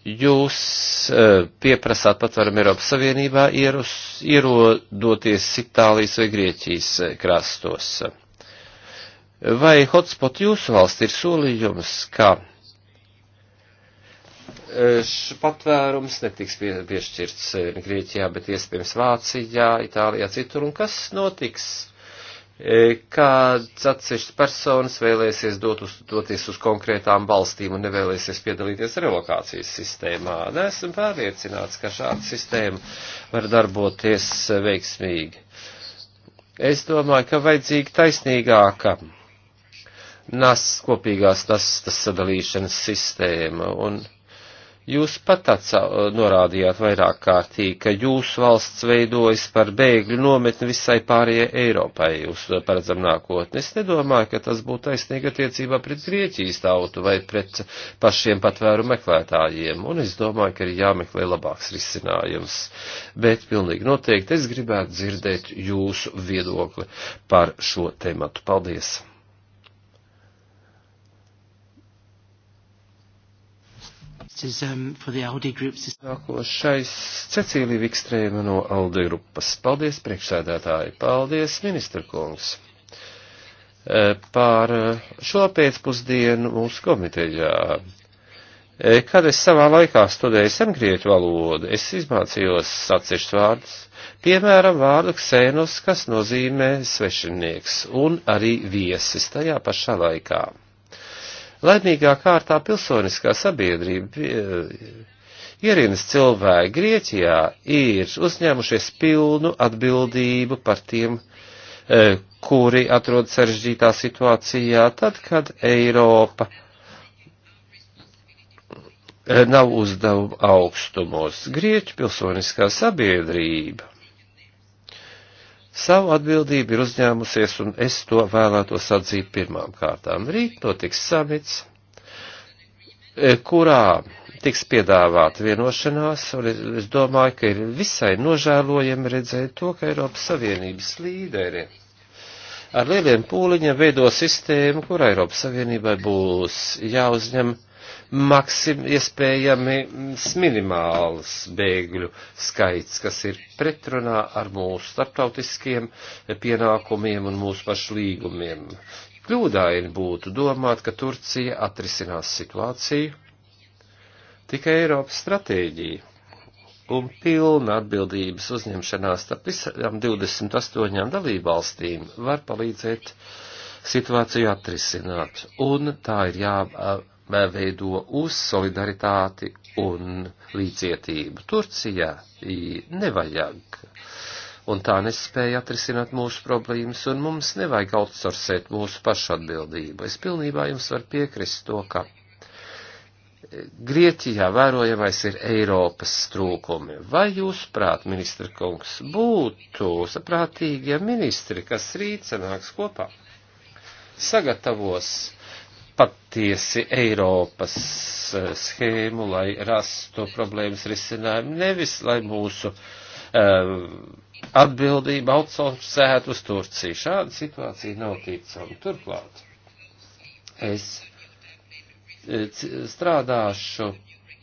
jūs eh, pieprasāt patvaram Eiropas Savienībā ierus, ierodoties Itālijas vai Grieķijas eh, krastos. Vai hotspot jūsu valsts ir solījums, ka eh, patvērums netiks pie, piešķirts Grieķijā, bet iespējams Vācijā, Itālijā, citur, un kas notiks E, kāds atsevišķs personas vēlēsies dot uz, doties uz konkrētām valstīm un nevēlēsies piedalīties relokācijas sistēmā. Nesam pārliecināts, ka šāda sistēma var darboties veiksmīgi. Es domāju, ka vajadzīga taisnīgāka nas, kopīgās nastas sadalīšanas sistēma, un Jūs pat norādījāt vairāk kārtīgi, ka jūsu valsts veidojas par bēgļu nometni visai pārējai Eiropai uz paredzam nākotni. Es nedomāju, ka tas būtu taisnīgi attiecībā pret Grieķijas tautu vai pret pašiem patvēru meklētājiem, un es domāju, ka ir jāmeklē labāks risinājums. Bet pilnīgi noteikti es gribētu dzirdēt jūsu viedokli par šo tematu. Paldies! Um, Nākošais Cecīlija Vikstrēma no Alde grupas. Paldies, priekšsēdētāji. Paldies, ministra kungs. E, par e, šo pēcpusdienu mūsu komitejā. E, kad es savā laikā studēju sengrieķu valodu, es izmācījos atsevišķus vārdus, piemēram, vārdu ksenos, kas nozīmē svešinieks un arī viesis tajā pašā laikā. Laimīgā kārtā pilsoniskā sabiedrība eh, ierindas cilvēki Grieķijā ir uzņēmušies pilnu atbildību par tiem, eh, kuri atrod sarežģītā situācijā, tad, kad Eiropa eh, nav uzdevuma augstumos. Grieķu pilsoniskā sabiedrība savu atbildību ir uzņēmusies, un es to vēlētos atzīt pirmām kārtām. Rīt notiks samits, e, kurā tiks piedāvāta vienošanās, un es domāju, ka ir visai nožēlojami redzēt to, ka Eiropas Savienības līderi ar lieliem pūliņiem veido sistēmu, kur Eiropas Savienībai būs jāuzņem. Ja maksim, iespējams mm, minimāls bēgļu skaits, kas ir pretrunā ar mūsu starptautiskiem pienākumiem un mūsu pašu līgumiem. Kļūdaini būtu domāt, ka Turcija atrisinās situāciju tikai Eiropas stratēģiju un pilna atbildības uzņemšanās starp visām 28 dalībvalstīm var palīdzēt situāciju atrisināt, un tā ir jā, veido uz solidaritāti un līdzietību. Turcijā nevajag. Un tā nespēja atrisināt mūsu problēmas, un mums nevajag outsourcēt mūsu pašu atbildību. Es pilnībā jums varu piekrist to, ka e, Grieķijā vērojamais ir Eiropas trūkumi. Vai jūs, prāt, ministra kungs, būtu saprātīgi, ja ministri, kas rīt sanāks kopā, sagatavos patiesi Eiropas eh, schēmu, lai rastu problēmas risinājumu, nevis lai mūsu um, atbildība outsourcētu uz Turciju. Šāda situācija nav ticama. Turklāt es eh, strādāšu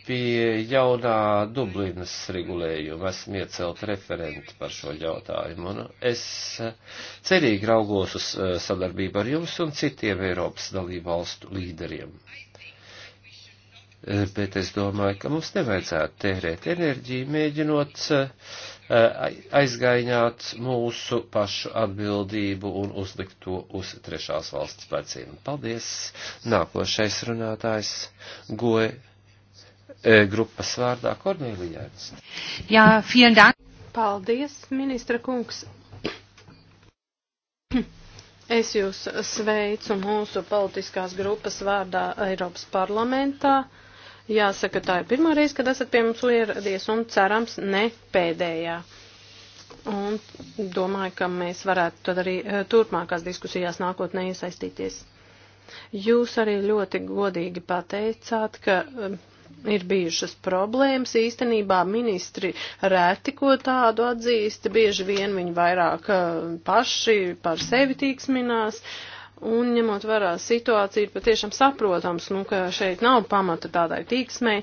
pie jaunā Dublinas regulējuma. Esmu iecelt referenti par šo jautājumu. Un es eh, cerīgi raugos uz eh, sadarbību ar jums un citiem Eiropas dalību valstu līderiem. Eh, bet es domāju, ka mums nevajadzētu tērēt enerģiju, mēģinot aizgaiņāt mūsu pašu atbildību un uzlikt to uz trešās valsts pleciem. Paldies! Nākošais runātājs Goe E, grupas vārdā Kornīlijāns. Jā, vielen dank. Paldies, ministra kungs. Es jūs sveicu mūsu politiskās grupas vārdā Eiropas parlamentā. Jāsaka, tā ir pirmā reize, kad esat pie mums ieradies un cerams ne pēdējā. Un domāju, ka mēs varētu tad arī e, turpmākās diskusijās nākotnē iesaistīties. Jūs arī ļoti godīgi pateicāt, ka e, ir bijušas problēmas. Īstenībā ministri rēti ko tādu atzīst, bieži vien viņi vairāk eh, paši par sevi tīksminās. Un ņemot vērā situāciju, ir patiešām saprotams, nu, ka šeit nav pamata tādai tīksmei.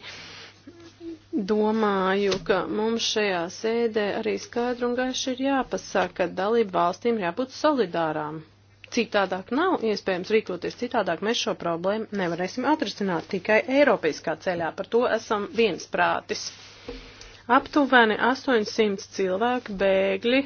Domāju, ka mums šajā sēdē arī skaidri un gaiši ir jāpasaka, ka dalību valstīm jābūt solidārām. Citādāk nav iespējams rīkoties, citādāk mēs šo problēmu nevarēsim atrisināt tikai Eiropaiskā ceļā. Par to esam viensprātis. Aptuveni 800 cilvēki bēgļi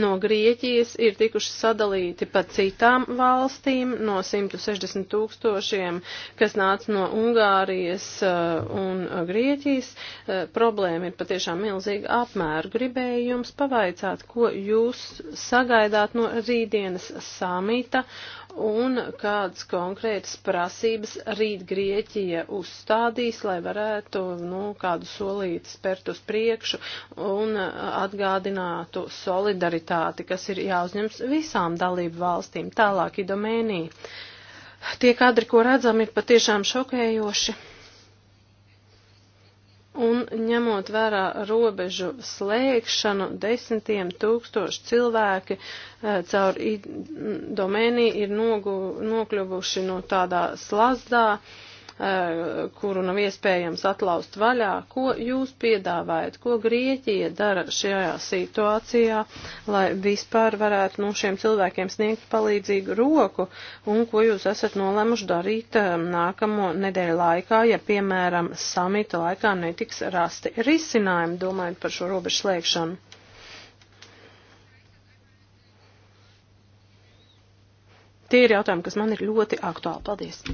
no Grieķijas ir tikuši sadalīti pa citām valstīm, no 160 tūkstošiem, kas nāca no Ungārijas uh, un uh, Grieķijas. Uh, problēma ir patiešām milzīga apmēra. Gribēju jums pavaicāt, ko jūs sagaidāt no rītdienas samita un kādas konkrētas prasības rīt Grieķija uzstādīs, lai varētu nu, kādu solīti spērt uz priekšu un atgādinātu solidaritāti, kas ir jāuzņems visām dalību valstīm. Tālāk, Idomēnī. Tie kadri, ko redzam, ir patiešām šokējoši. Un ņemot vērā robežu slēgšanu, desmitiem tūkstoši cilvēki eh, caur domēnī ir nogu, nokļuvuši no tādā slazdā. Uh, Eh, kuru nav iespējams atlaust vaļā. Ko jūs piedāvājat, ko Grieķija dara šajā situācijā, lai vispār varētu nu, šiem cilvēkiem sniegt palīdzīgu roku, un ko jūs esat nolēmuši darīt eh, nākamo nedēļu laikā, ja, piemēram, samita laikā netiks rasti risinājumi, domājot par šo robežu slēgšanu? Tie ir jautājumi, kas man ir ļoti aktuāli. Paldies!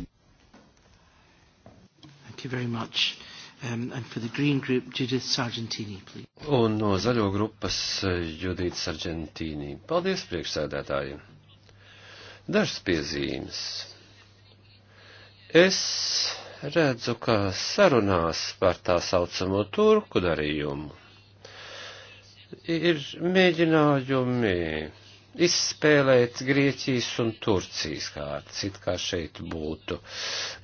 Thank you very much. Um, and for the Green Group, Judith Sargentini, please. Un no zaļo grupas eh, Judita Sargentini. Paldies priekšsēdētājiem. Dažas piezīmes. Es redzu, ka sarunās par tā saucamo turku darījumu ir mēģinājumi izspēlēt Grieķijas un Turcijas kārtas, it kā šeit būtu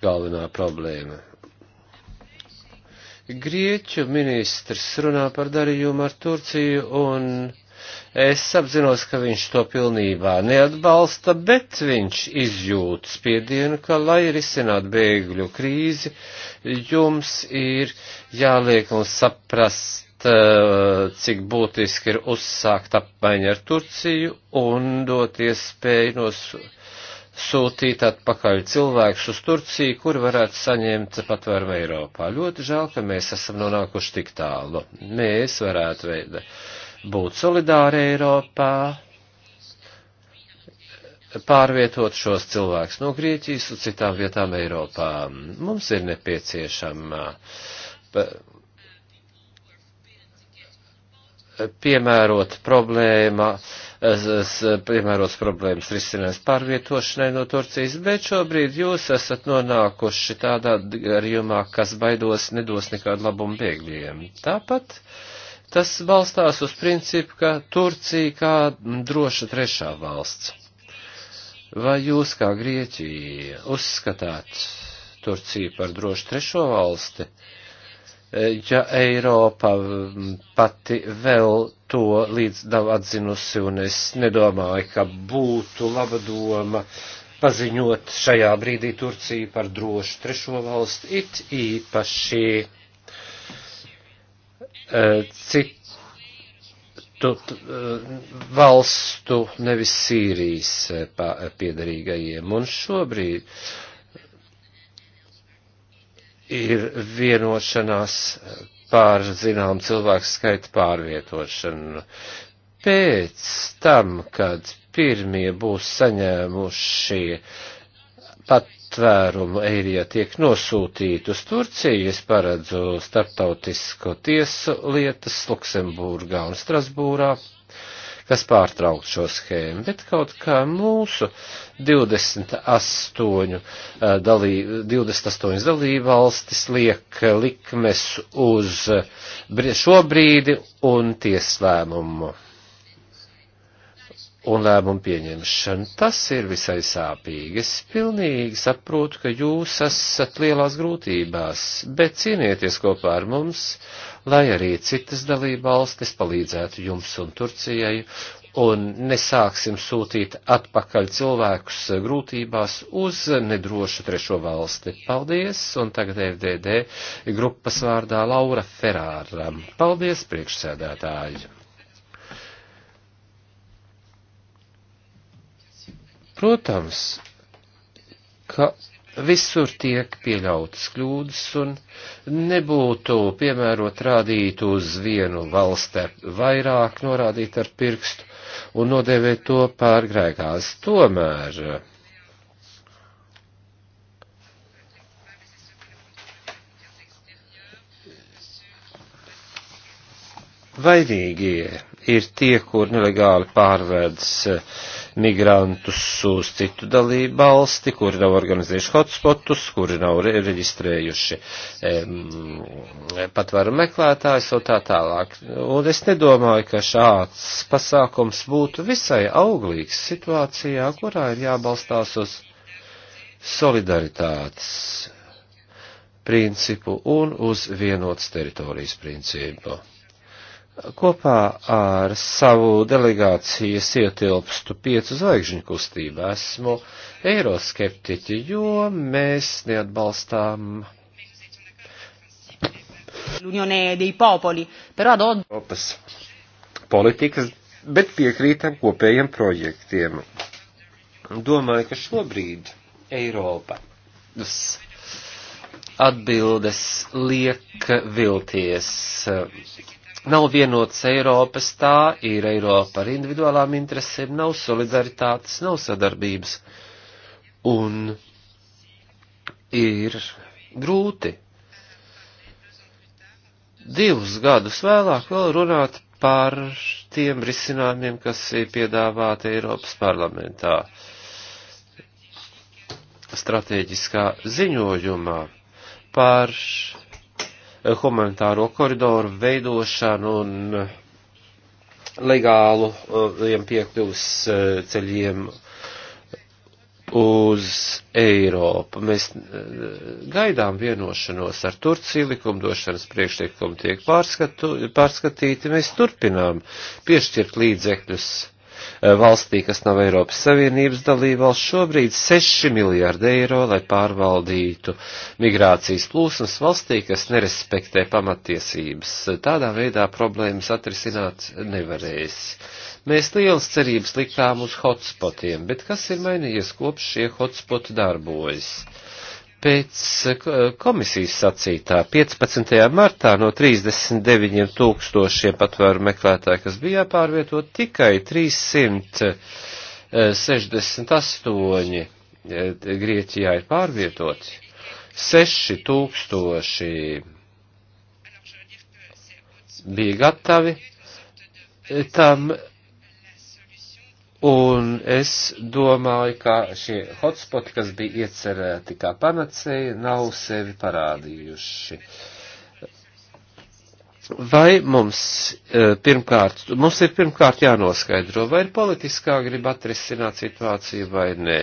galvenā problēma. Grieķu ministrs runā par darījumu ar Turciju, un es apzinos, ka viņš to pilnībā neatbalsta, bet viņš izjūt spiedienu, ka, lai risinātu bēgļu krīzi, jums ir jāliek un saprast, eh, cik būtiski ir uzsākt apmaiņu ar Turciju un dot iespēju nos sūtīt atpakaļ cilvēkus uz Turciju, kur varētu saņemt patvērumu Eiropā. Ļoti žēl, ka mēs esam nonākuši tik tālu. Mēs varētu veida, būt solidāri Eiropā, pārvietot šos cilvēkus no Grieķijas uz citām vietām Eiropā. Mums ir nepieciešama piemērot problēma piemērots problēmas risinājums pārvietošanai no Turcijas, bet šobrīd jūs esat nonākuši tādā garījumā, kas baidos nedos nekādu labumu bēgļiem. Tāpat tas balstās uz principu, ka Turcija kā droša trešā valsts. Vai jūs kā Grieķija uzskatāt Turciju par drošu trešo valsti? Uh, Eh, ja Eiropa mm, pati vēl to līdz nav atzinusi, un es nedomāju, ka būtu laba doma paziņot šajā brīdī Turciju par drošu trešo valstu, it īpaši uh, citu uh, valstu, nevis Sīrijas uh, piedarīgajiem. Un šobrīd, ir vienošanās par zinām cilvēku skaitu pārvietošanu. Pēc tam, kad pirmie būs saņēmuši patvērumu Eirijā tiek nosūtīti uz Turciju, es paredzu starptautisko tiesu lietas Luksemburgā un Strasbūrā kas pārtraukt šo schēmu, bet kaut kā mūsu 28, eh, dalī, 28 dalībvalstis liek likmes uz eh, šo brīdi un tieslēmumu un lēmumu pieņemšanu. Tas ir visai sāpīgi. Es pilnīgi saprotu, ka jūs esat lielās grūtībās, bet cīnieties kopā ar mums lai arī citas dalībvalstis palīdzētu jums un Turcijai un nesāksim sūtīt atpakaļ cilvēkus grūtībās uz nedrošu trešo valsti. Paldies, un tagad FDD grupas vārdā Laura Ferāra. Paldies, priekšsēdētāji! Protams, ka visur tiek pieļautas kļūdas un nebūtu piemērot rādīt uz vienu valsti vairāk, norādīt ar pirkstu un nodēvēt to pārgrēkās. Tomēr vainīgie ir tie, kur nelegāli pārvedas migrantus uz citu dalību valsti, kuri nav organizējuši hotspotus, kuri nav re reģistrējuši um, patvaru meklētājus un tā tālāk. Un es nedomāju, ka šāds pasākums būtu visai auglīgs situācijā, kurā ir jābalstās uz solidaritātes principu un uz vienotas teritorijas principu kopā ar savu delegācijas ietilpstu piecu zvaigžņu kustībā. Esmu eiroskeptiķi, jo mēs neatbalstām. Eiropas politikas, bet piekrītam kopējiem projektiem. Domāju, ka šobrīd Eiropa atbildes liek vilties Nav vienotas Eiropas, tā ir Eiropa ar individuālām interesēm, nav solidaritātes, nav sadarbības. Un ir grūti divus gadus vēlāk vēl runāt par tiem risinājumiem, kas ir piedāvāti Eiropas parlamentā. Stratēģiskā ziņojumā par humanitāro koridoru veidošanu un legālu uh, piekļuvas uh, ceļiem uz Eiropu. Mēs uh, gaidām vienošanos ar Turciju, likumdošanas priekšlikumi tiek pārskatu, pārskatīti, mēs turpinām piešķirt līdzekļus Eh, valstī, kas nav Eiropas Savienības dalībvalsts, šobrīd 6 miljārdi eiro, lai pārvaldītu migrācijas plūsmas valstī, kas nerespektē pamatiesības. Tādā veidā problēmas atrisināt nevarēs. Mēs lielas cerības liktām uz hotspotiem, bet kas ir mainījies kopš šie hotspoti darbojas? Pēc eh, eh, komisijas sacītā 15. martā no 39 tūkstošiem patvēru meklētāju, kas bija jāpārvietot, tikai 368 eh, Grieķijā ir pārvietoti. 6 tūkstoši bija gatavi tam Un es domāju, ka šie hotspoti, kas bija iecerēti kā panacēji, nav sevi parādījuši. Uh, Vai mums eh, pirmkārt, mums ir pirmkārt jānoskaidro, vai ir politiskā griba atrisināt situāciju vai nē,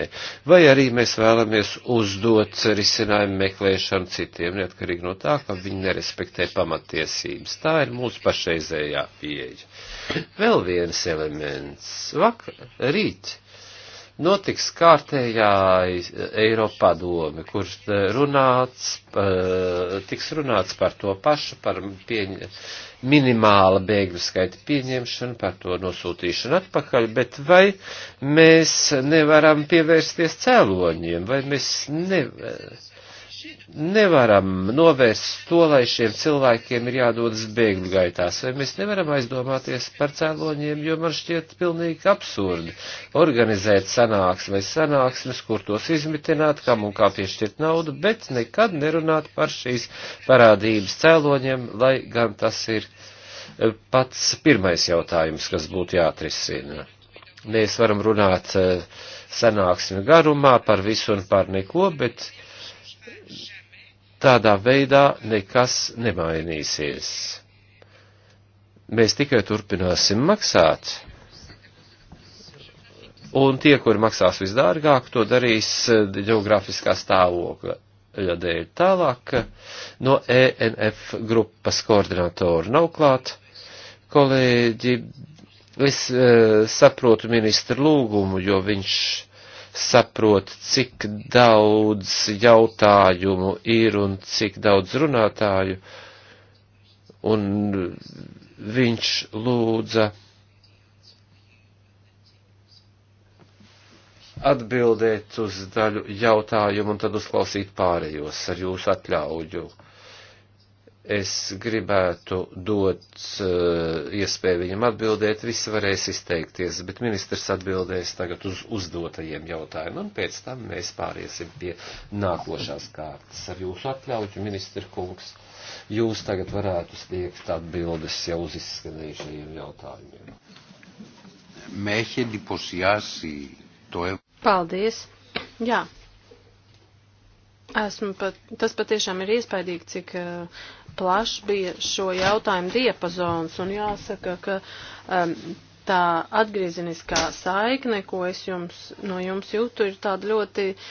vai arī mēs vēlamies uzdot risinājumu meklēšanu citiem, neatkarīgi no tā, ka viņi nerespektē pamatiesības. Tā ir mūsu pašreizējā pieeja. Vēl viens elements. Vakar, rīt, notiks kārtējā eh, Eiropa padome, kur eh, runāts, eh, tiks runāts par to pašu, par pieņ, minimāla bēgļu skaita pieņemšanu, par to nosūtīšanu atpakaļ, bet vai mēs nevaram pievērsties cēloņiem, vai mēs nevaram nevaram novērst to, lai šiem cilvēkiem ir jādodas bēgļu gaitās, vai mēs nevaram aizdomāties par cēloņiem, jo man šķiet pilnīgi absurdi organizēt sanāksmes, sanāksmes, kur tos izmitināt, kam un kā piešķirt naudu, bet nekad nerunāt par šīs parādības cēloņiem, lai gan tas ir eh, pats pirmais jautājums, kas būtu jāatrisina. Mēs varam runāt eh, sanāksmi garumā par visu un par neko, bet Tādā veidā nekas nemainīsies. Mēs tikai turpināsim maksāt. Un tie, kur maksās visdārgāk, to darīs geogrāfiskā stāvokļa dēļ. Tālāk no ENF grupas koordinatora nav klāt. Kolēģi, es e, saprotu ministru lūgumu, jo viņš saprot, cik daudz jautājumu ir un cik daudz runātāju. Un viņš lūdza atbildēt uz daļu jautājumu un tad uzklausīt pārējos ar jūsu atļauju es gribētu dot uh, iespēju viņam atbildēt, visi varēs izteikties, bet ministrs atbildēs tagad uz uzdotajiem jautājumiem, un pēc tam mēs pāriesim pie nākošās kārtas. Ar jūsu atļauju, ministra kungs, jūs tagad varētu sniegt atbildes jau uz izskanējušajiem jautājumiem. Paldies! Jā, Esmu pat, tas patiešām ir iespaidīgi, cik uh, plašs bija šo jautājumu diapazons, un jāsaka, ka um, tā atgriezeniskā saikne, ko es jums, no jums jūtu, ir tāda ļoti uh,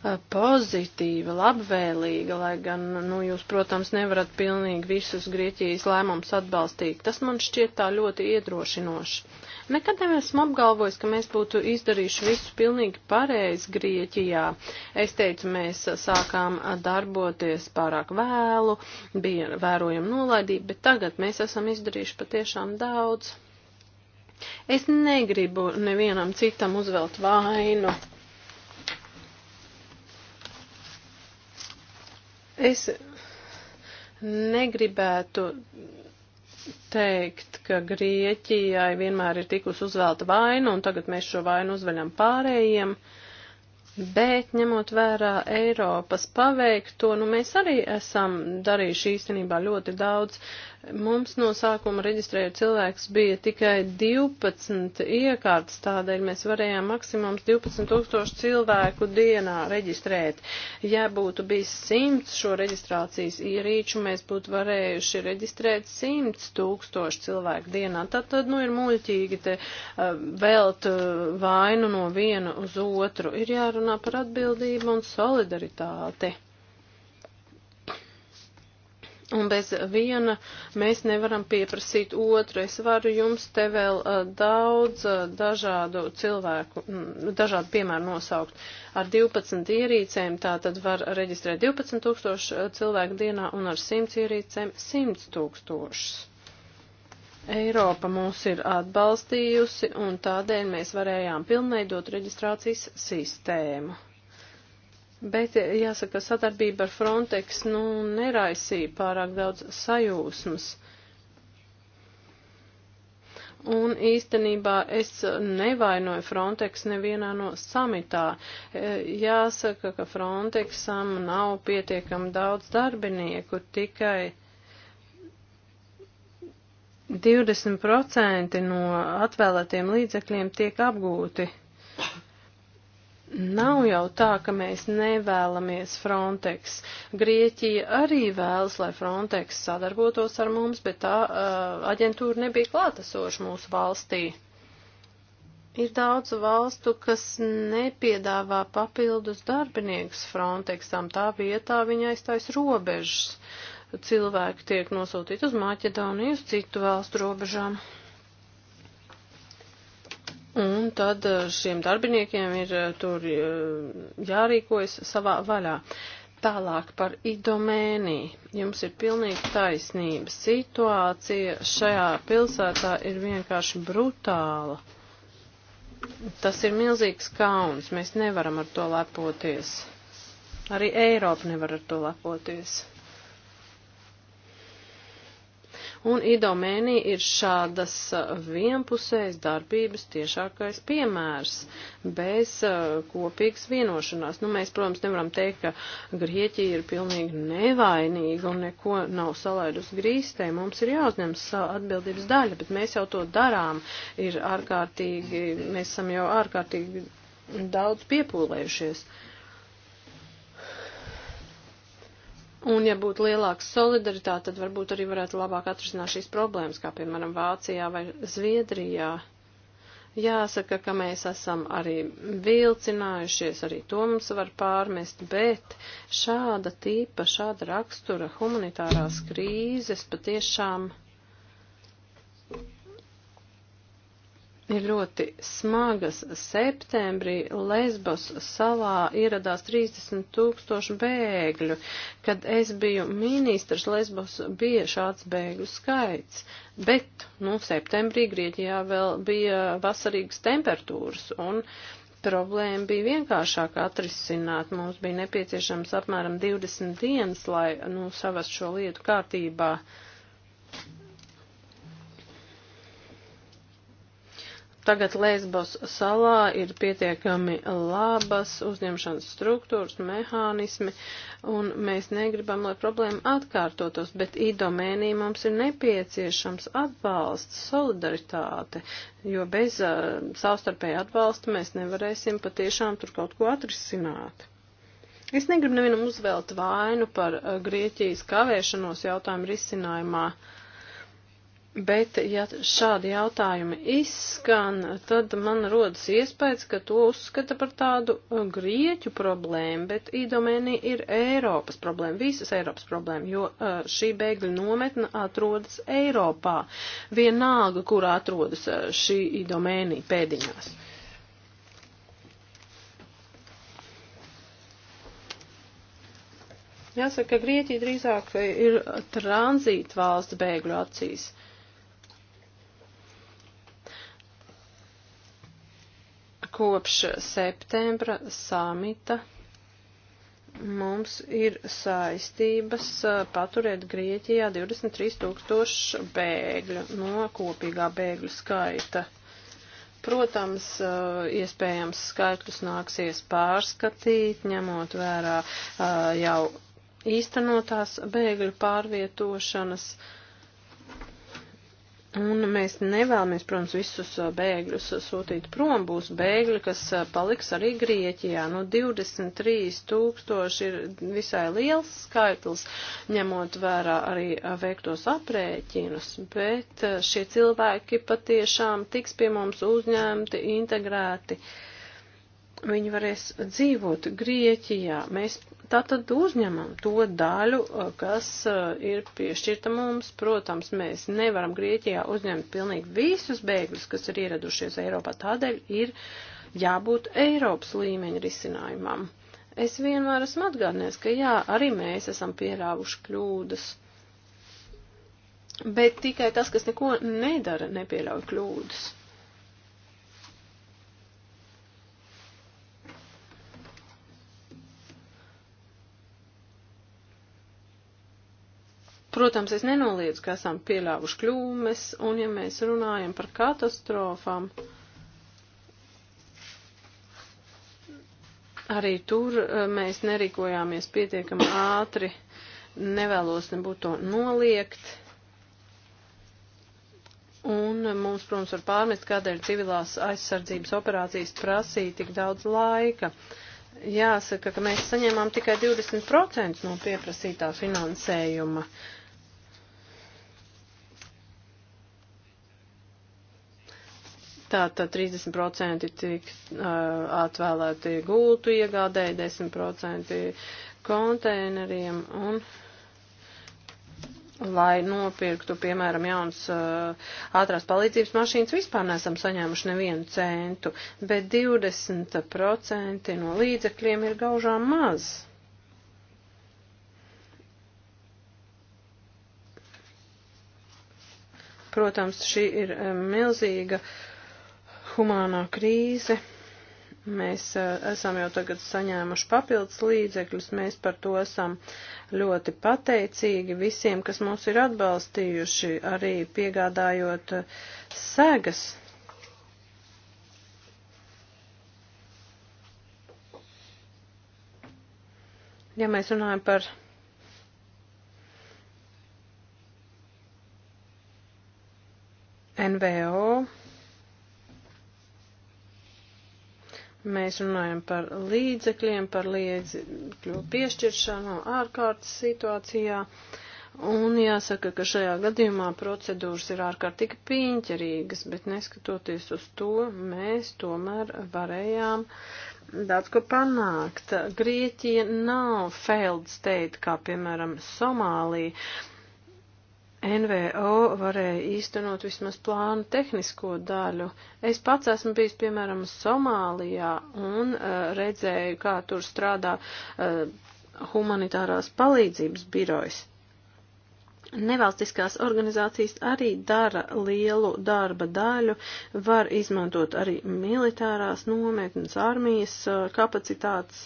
Eh, pozitīva, labvēlīga, lai gan, nu, jūs, protams, nevarat pilnīgi visus Grieķijas lēmumus atbalstīt. Tas man šķiet tā ļoti iedrošinoši. Nekad neesmu apgalvojis, ka mēs būtu izdarījuši visu pilnīgi pareizi Grieķijā. Es teicu, mēs sākām darboties pārāk vēlu, bija vērojama nolaidība, bet tagad mēs esam izdarījuši patiešām daudz. Es negribu nevienam citam uzvelt vainu. Es negribētu teikt, ka Grieķijai vienmēr ir tikus uzvēlta vaina, un tagad mēs šo vainu uzveļam pārējiem, bet ņemot vērā Eiropas paveikto, nu mēs arī esam darījuši īstenībā ļoti daudz. Uh, Mums no sākuma reģistrēja cilvēks bija tikai 12 iekārtas, tādēļ mēs varējām maksimums 12 tūkstoši cilvēku dienā reģistrēt. Ja būtu bijis 100 šo reģistrācijas ierīču, mēs būtu varējuši reģistrēt 100 tūkstoši cilvēku dienā. Tad, tad nu, ir muļķīgi te uh, velt uh, vainu no viena uz otru. Ir jārunā par atbildību un solidaritāti. Un bez viena mēs nevaram pieprasīt otru. Es varu jums te vēl uh, daudz uh, dažādu cilvēku, m, dažādu piemēru nosaukt. Ar 12 ierīcēm tā tad var reģistrēt 12 tūkstošu cilvēku dienā un ar 100 ierīcēm 100 tūkstošus. Eiropa mūs ir atbalstījusi un tādēļ mēs varējām pilnveidot reģistrācijas sistēmu. Bet jāsaka, sadarbība ar Frontex nu, neraisīja pārāk daudz sajūsmas. Un īstenībā es nevainoju Frontex nevienā no samitā. E, jāsaka, ka Frontexam nav pietiekami daudz darbinieku, tikai 20% no atvēlētiem līdzekļiem tiek apgūti. Nav jau tā, ka mēs nevēlamies Frontex. Grieķija arī vēlas, lai Frontex sadarbotos ar mums, bet tā uh, aģentūra nebija klātesoša mūsu valstī. Ir daudz valstu, kas nepiedāvā papildus darbiniekus Frontexam, tā vietā viņa aiztais robežas. Cilvēki tiek nosūtīti uz Maķedoniju, uz citu valstu robežām. Un tad eh, šiem darbiniekiem ir eh, tur eh, jārīkojas savā vaļā. Tālāk par idomēnī. Jums ir pilnīgi taisnība. Situācija šajā pilsētā ir vienkārši brutāla. Tas ir milzīgs kauns. Mēs nevaram ar to lepoties. Arī Eiropa nevar ar to lepoties. Un idomēnī ir šādas uh, vienpusējas darbības tiešākais piemērs bez uh, kopīgas vienošanās. Nu, mēs, protams, nevaram teikt, ka Grieķija ir pilnīgi nevainīga un neko nav salaidusi grīstē. Mums ir jāuzņemas savu atbildības daļu, bet mēs jau to darām. Ir ārkārtīgi, mēs esam jau ārkārtīgi daudz piepūlējušies. Uh, Un, ja būtu lielāka solidaritāte, tad varbūt arī varētu labāk atrisināt šīs problēmas, kā piemēram Vācijā vai Zviedrijā. Jāsaka, ka mēs esam arī vilcinājušies, arī to mums var pārmest, bet šāda tīpa, šāda rakstura humanitārās krīzes patiešām. ir ļoti smagas. Septembrī Lesbos salā ieradās 30 tūkstoši bēgļu. Kad es biju ministrs, Lesbos bija šāds bēgļu skaits. Bet, nu, septembrī Grieķijā vēl bija vasarīgas temperatūras un problēma bija vienkāršāk atrisināt. Mums bija nepieciešams apmēram 20 dienas, lai, nu, savas šo lietu kārtībā. Uh, tagad Lesbos salā ir pietiekami labas uzņemšanas struktūras, mehānismi, un mēs negribam, lai problēma atkārtotos, bet īdomēnī mums ir nepieciešams atbalsts, solidaritāte, jo bez uh, savstarpēja atbalsta mēs nevarēsim patiešām tur kaut ko atrisināt. Es negribu nevienam uzvelt vainu par uh, Grieķijas kavēšanos jautājumu risinājumā. Uh, Bet, ja šādi jautājumi izskan, tad man rodas iespējas, ka to uzskata par tādu uh, grieķu problēmu, bet īdomēnī ir Eiropas problēma, visas Eiropas problēma, jo uh, šī bēgļu nometne atrodas Eiropā, vienalga, kur atrodas uh, šī īdomēnī pēdiņās. Jāsaka, ka Grieķija drīzāk ir tranzītvalsts bēgļu acīs. Kopš septembra samita mums ir saistības paturēt Grieķijā 23 tūkstoši bēgļu no kopīgā bēgļu skaita. Protams, iespējams skaitļus nāksies pārskatīt, ņemot vērā jau īstenotās bēgļu pārvietošanas uh, Un mēs nevēlamies, protams, visus bēgļus sūtīt prom. Būs bēgļi, kas paliks arī Grieķijā. Nu, 23 tūkstoši ir visai liels skaitlis, ņemot vērā arī veiktos aprēķinus. Bet šie cilvēki patiešām tiks pie mums uzņemti, integrēti. Viņi varēs dzīvot Grieķijā. Mēs Tātad uzņemam to daļu, eh, kas eh, ir piešķirta mums. Protams, mēs nevaram Grieķijā uzņemt pilnīgi visus bēgļus, kas ir ieradušies Eiropā. Tādēļ ir jābūt Eiropas līmeņa risinājumam. Es vienmēr esmu atgādinies, ka jā, arī mēs esam pierāvuši kļūdas. Bet tikai tas, kas neko nedara, nepieļauj kļūdas. Protams, es nenoliedzu, ka esam pieļāvuši kļūmes, un ja mēs runājam par katastrofām, arī tur eh, mēs nerīkojāmies pietiekami ātri, nevēlos nebūt to noliegt. Un mums, protams, var pārmest, kādēļ civilās aizsardzības operācijas prasīja tik daudz laika. Jāsaka, ka mēs saņēmām tikai 20% no pieprasītā finansējuma. Uh, Tātad 30% tiks uh, atvēlēti gultu iegādēji, 10% konteineriem un lai nopirktu, piemēram, jauns uh, ātrās palīdzības mašīnas, vispār nesam saņēmuši nevienu centu, bet 20% no līdzekļiem ir gaužām maz. Protams, šī ir milzīga uh, humānā krīze. Mēs uh, esam jau tagad saņēmuši papildus līdzekļus, mēs par to esam ļoti pateicīgi visiem, kas mūs ir atbalstījuši, arī piegādājot uh, segas. Ja mēs runājam par NVO, Mēs runājam par līdzekļiem, par līdzekļu piešķiršanu ārkārtas situācijā. Un jāsaka, ka šajā gadījumā procedūras ir ārkārtīgi piņķerīgas, bet neskatoties uz to, mēs tomēr varējām daudz ko panākt. Grieķija nav failed state, kā piemēram Somālija, NVO varēja īstenot vismaz plānu tehnisko daļu. Es pats esmu bijis, piemēram, Somālijā un uh, redzēju, kā tur strādā uh, humanitārās palīdzības birojs. Nevalstiskās organizācijas arī dara lielu darba daļu, var izmantot arī militārās nometnes, armijas uh, kapacitātes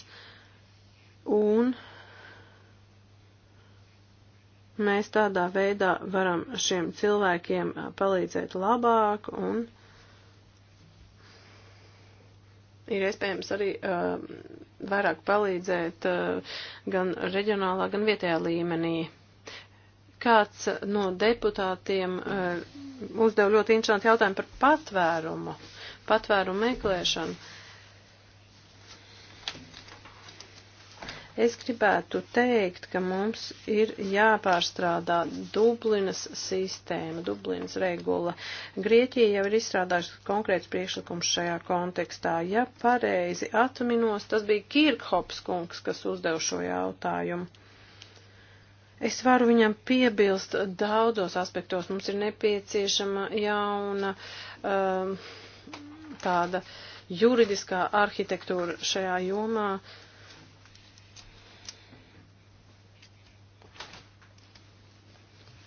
un uh, Mēs tādā veidā varam šiem cilvēkiem palīdzēt labāk un ir iespējams arī uh, vairāk palīdzēt uh, gan reģionālā, gan vietējā līmenī. Kāds no deputātiem uh, uzdev ļoti interesantu jautājumu par patvērumu, patvērumu meklēšanu. Uh, Es gribētu teikt, ka mums ir jāpārstrādā Dublinas sistēma, Dublinas regula. Grieķija jau ir izstrādājusi konkrēts priekšlikums šajā kontekstā. Ja pareizi atminos, tas bija Kirkhops kungs, kas uzdev šo jautājumu. Es varu viņam piebilst daudzos aspektos. Mums ir nepieciešama jauna um, tāda juridiskā arhitektūra šajā jomā. Uh,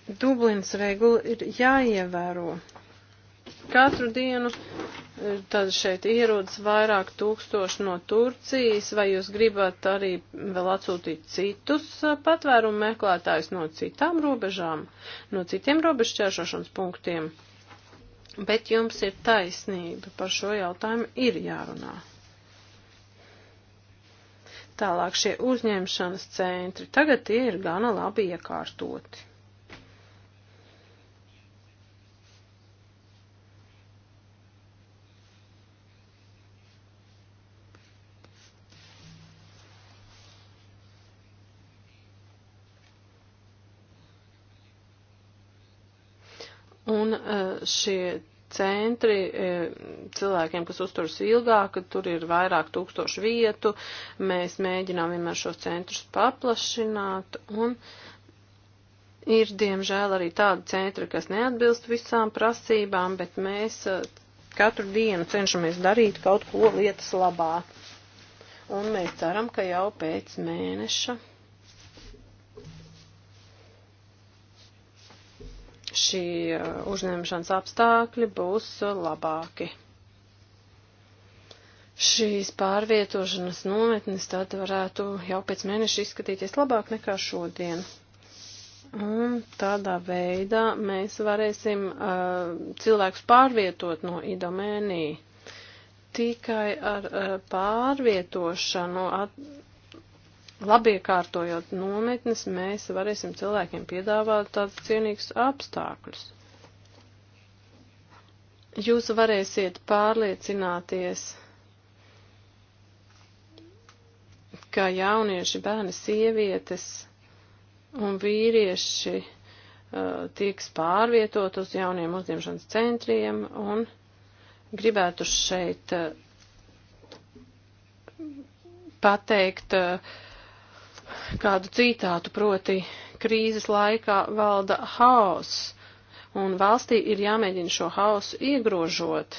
Dublins regula ir jāievēro. Katru dienu e, tad šeit ierodas vairāk tūkstoši no Turcijas, vai jūs gribat arī vēl atsūtīt citus e, patvērumu meklētājus no citām robežām, no citiem robežu ķēršošanas punktiem? Bet jums ir taisnība, par šo jautājumu ir jārunā. Tālāk šie uzņemšanas centri, tagad tie ir gana labi iekārtoti. Un e, šie centri e, cilvēkiem, kas uzturas ilgāk, tur ir vairāk tūkstošu vietu. Mēs mēģinām vienmēr šos centrus paplašināt un ir, diemžēl, arī tādi centri, kas neatbilst visām prasībām, bet mēs e, katru dienu cenšamies darīt kaut ko lietas labā. Un mēs ceram, ka jau pēc mēneša šī eh, uzņemšanas apstākļi būs eh, labāki. Šīs pārvietošanas nometnes tad varētu jau pēc mēneša izskatīties labāk nekā šodien. Un tādā veidā mēs varēsim uh, cilvēkus pārvietot no idomēnī. Tikai ar uh, pārvietošanu at, labiekārtojot nometnes, mēs varēsim cilvēkiem piedāvāt tādus cienīgus apstākļus. Jūs varēsiet pārliecināties, ka jaunieši, bērni, sievietes un vīrieši uh, tiks pārvietot uz jauniem uzņemšanas centriem un gribētu šeit uh, pateikt, uh, kādu citātu, proti krīzes laikā valda haoss, un valstī ir jāmēģina šo haosu iegrožot.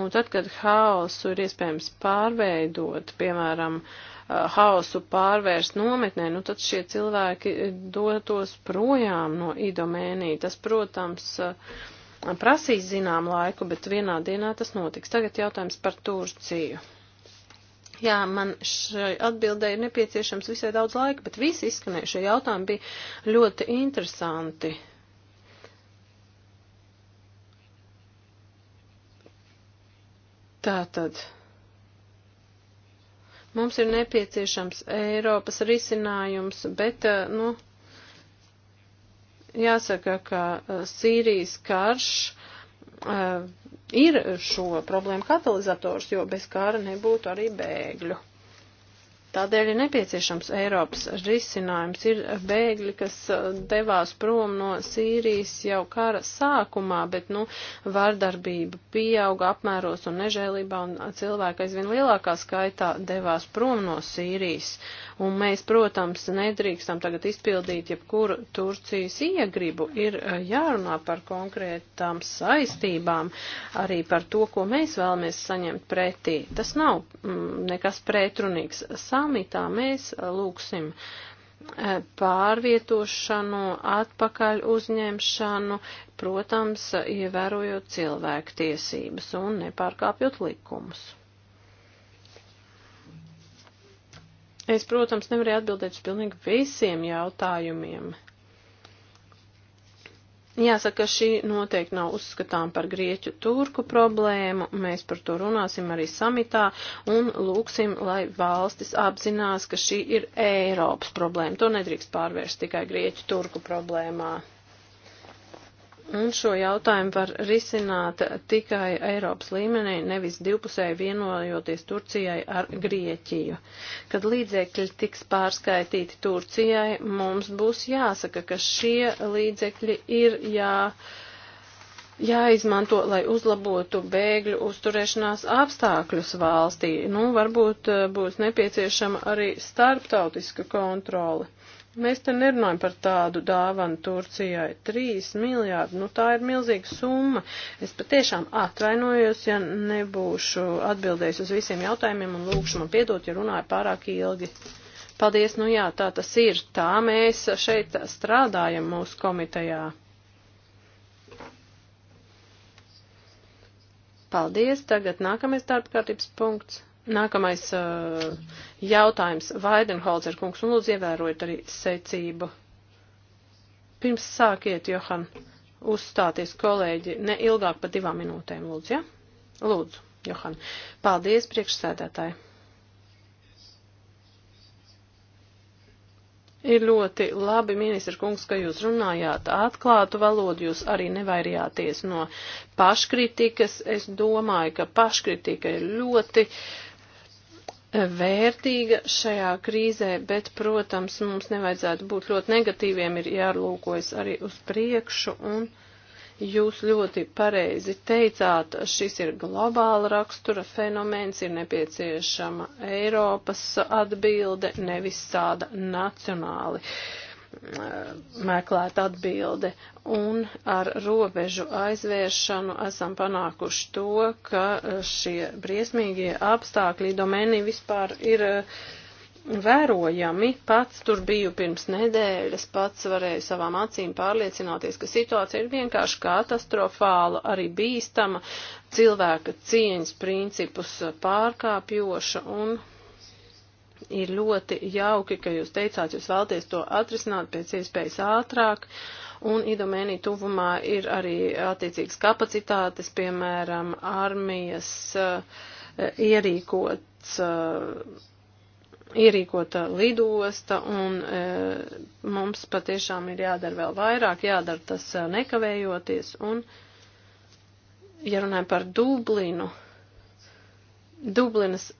Un tad, kad haosu ir iespējams pārveidot, piemēram, eh, haosu pārvērst nometnē, nu tad šie cilvēki dotos projām no idomēnī. Tas, protams, eh, prasīs zinām laiku, bet vienā dienā tas notiks. Tagad jautājums par Turciju. Jā, man šai atbildē ir nepieciešams visai daudz laika, bet visi izskanējušie jautājumi bija ļoti interesanti. Tātad. Mums ir nepieciešams Eiropas risinājums, bet, eh, nu, jāsaka, ka eh, Sīrijas karš eh, ir šo problēmu katalizators, jo bez kara nebūtu arī bēgļu. Tādēļ ir nepieciešams Eiropas risinājums. Ir bēgļi, kas uh, devās prom no Sīrijas jau kara sākumā, bet, nu, vardarbība pieauga apmēros un nežēlībā, un uh, cilvēki aizvien lielākā skaitā devās prom no Sīrijas. Un mēs, protams, nedrīkstam tagad izpildīt jebkuru Turcijas iegribu. Ir uh, jārunā par konkrētām saistībām, arī par to, ko mēs vēlamies saņemt pretī. Tas nav mm, nekas pretrunīgs. Sā samitā mēs eh, lūksim eh, pārvietošanu, atpakaļ uzņemšanu, protams, ievērojot cilvēku tiesības un nepārkāpjot likumus. Es, protams, nevarēju atbildēt uz pilnīgi visiem jautājumiem. Jāsaka, šī noteikti nav uzskatām par grieķu turku problēmu. Mēs par to runāsim arī samitā un lūksim, lai valstis apzinās, ka šī ir Eiropas problēma. To nedrīkst pārvērst tikai grieķu turku problēmā. Un šo jautājumu var risināt tikai Eiropas līmenī, nevis divpusēji vienojoties Turcijai ar Grieķiju. Kad līdzekļi tiks pārskaitīti Turcijai, mums būs jāsaka, ka šie līdzekļi ir jā, jāizmanto, lai uzlabotu bēgļu uzturēšanās apstākļus valstī. Nu, varbūt eh, būs nepieciešama arī starptautiska kontrole. Mēs te nerunājam par tādu dāvanu Turcijai. 3 miljārdi, nu tā ir milzīga summa. Es patiešām atvainojos, ja nebūšu atbildējis uz visiem jautājumiem un lūkšu man piedot, ja runāju pārāk ilgi. Paldies, nu jā, tā tas ir. Tā mēs šeit strādājam mūsu komitejā. Paldies, tagad nākamais darbkārtības punkts. Nākamais uh, jautājums. Vaidenholzer kungs, un lūdzu ievērojiet arī secību. Pirms sākiet, Johan, uzstāties kolēģi ne ilgāk par divām minūtēm, lūdzu, ja? Lūdzu, Johan. Paldies, priekšsēdētāji. Ir ļoti labi, ministra kungs, ka jūs runājāt atklātu valodu, jūs arī nevairījāties no paškritikas. Es domāju, ka paškritika ir ļoti uh, vērtīga šajā krīzē, bet, protams, mums nevajadzētu būt ļoti negatīviem, ir jārlūkojas arī uz priekšu, un jūs ļoti pareizi teicāt, šis ir globāla rakstura fenomens, ir nepieciešama Eiropas atbilde, nevis tāda nacionāli meklēt atbildi. Un ar robežu aizvēršanu esam panākuši to, ka šie briesmīgie apstākļi domēnī vispār ir eh, vērojami. Pats tur biju pirms nedēļas, pats varēju savām acīm pārliecināties, ka situācija ir vienkārši katastrofāla, arī bīstama, cilvēka cieņas principus pārkāpjoša un Ir ļoti jauki, ka jūs teicāt, jūs vēlties to atrisināt pēc iespējas ātrāk, un idomēnī tuvumā ir arī attiecīgas kapacitātes, piemēram, armijas uh, ierīkots. Uh, ierīkota lidosta, un e, mums patiešām ir jādara vēl vairāk, jādara tas nekavējoties, un, ja runājam par Dublinu, Dublinas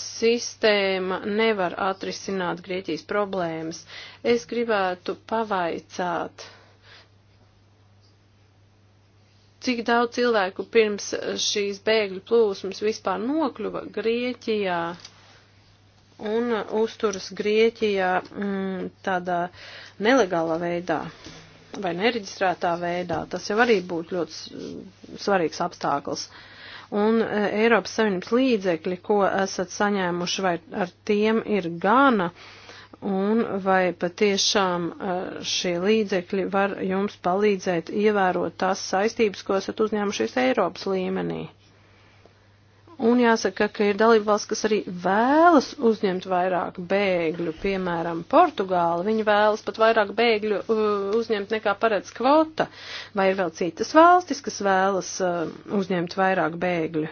sistēma nevar atrisināt Grieķijas problēmas. Es gribētu pavaicāt, cik daudz cilvēku pirms šīs bēgļu plūsmas vispār nokļuva Grieķijā un uzturas Grieķijā mm, tādā nelegālā veidā vai nereģistrētā veidā. Tas jau arī būtu ļoti svarīgs apstākļs. Uh, un e, Eiropas Savienības līdzekļi, ko esat saņēmuši, vai ar tiem ir gana, un vai patiešām e, šie līdzekļi var jums palīdzēt ievērot tās saistības, ko esat uzņēmušies Eiropas līmenī. Un jāsaka, ka ir dalībvalsts, kas arī vēlas uzņemt vairāk bēgļu, piemēram, Portugāla. Viņi vēlas pat vairāk bēgļu uh, uzņemt nekā paredz kvota. Vai ir vēl citas valstis, kas vēlas uh, uzņemt vairāk bēgļu?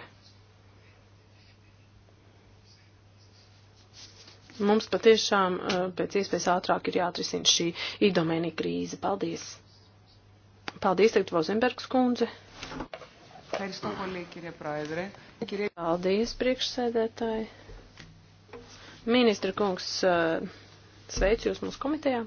Mums patiešām uh, pēc iespējas ātrāk ir jāatrisina šī idomēni krīze. Paldies! Paldies, teikt Vozembergs kundze! Ευχαριστώ πολύ, κύριε Πρόεδρε. Κύριε... Paldies, priekšsēdētāji. Ministra kungs, eh, sveicu jūs mūsu komitejā.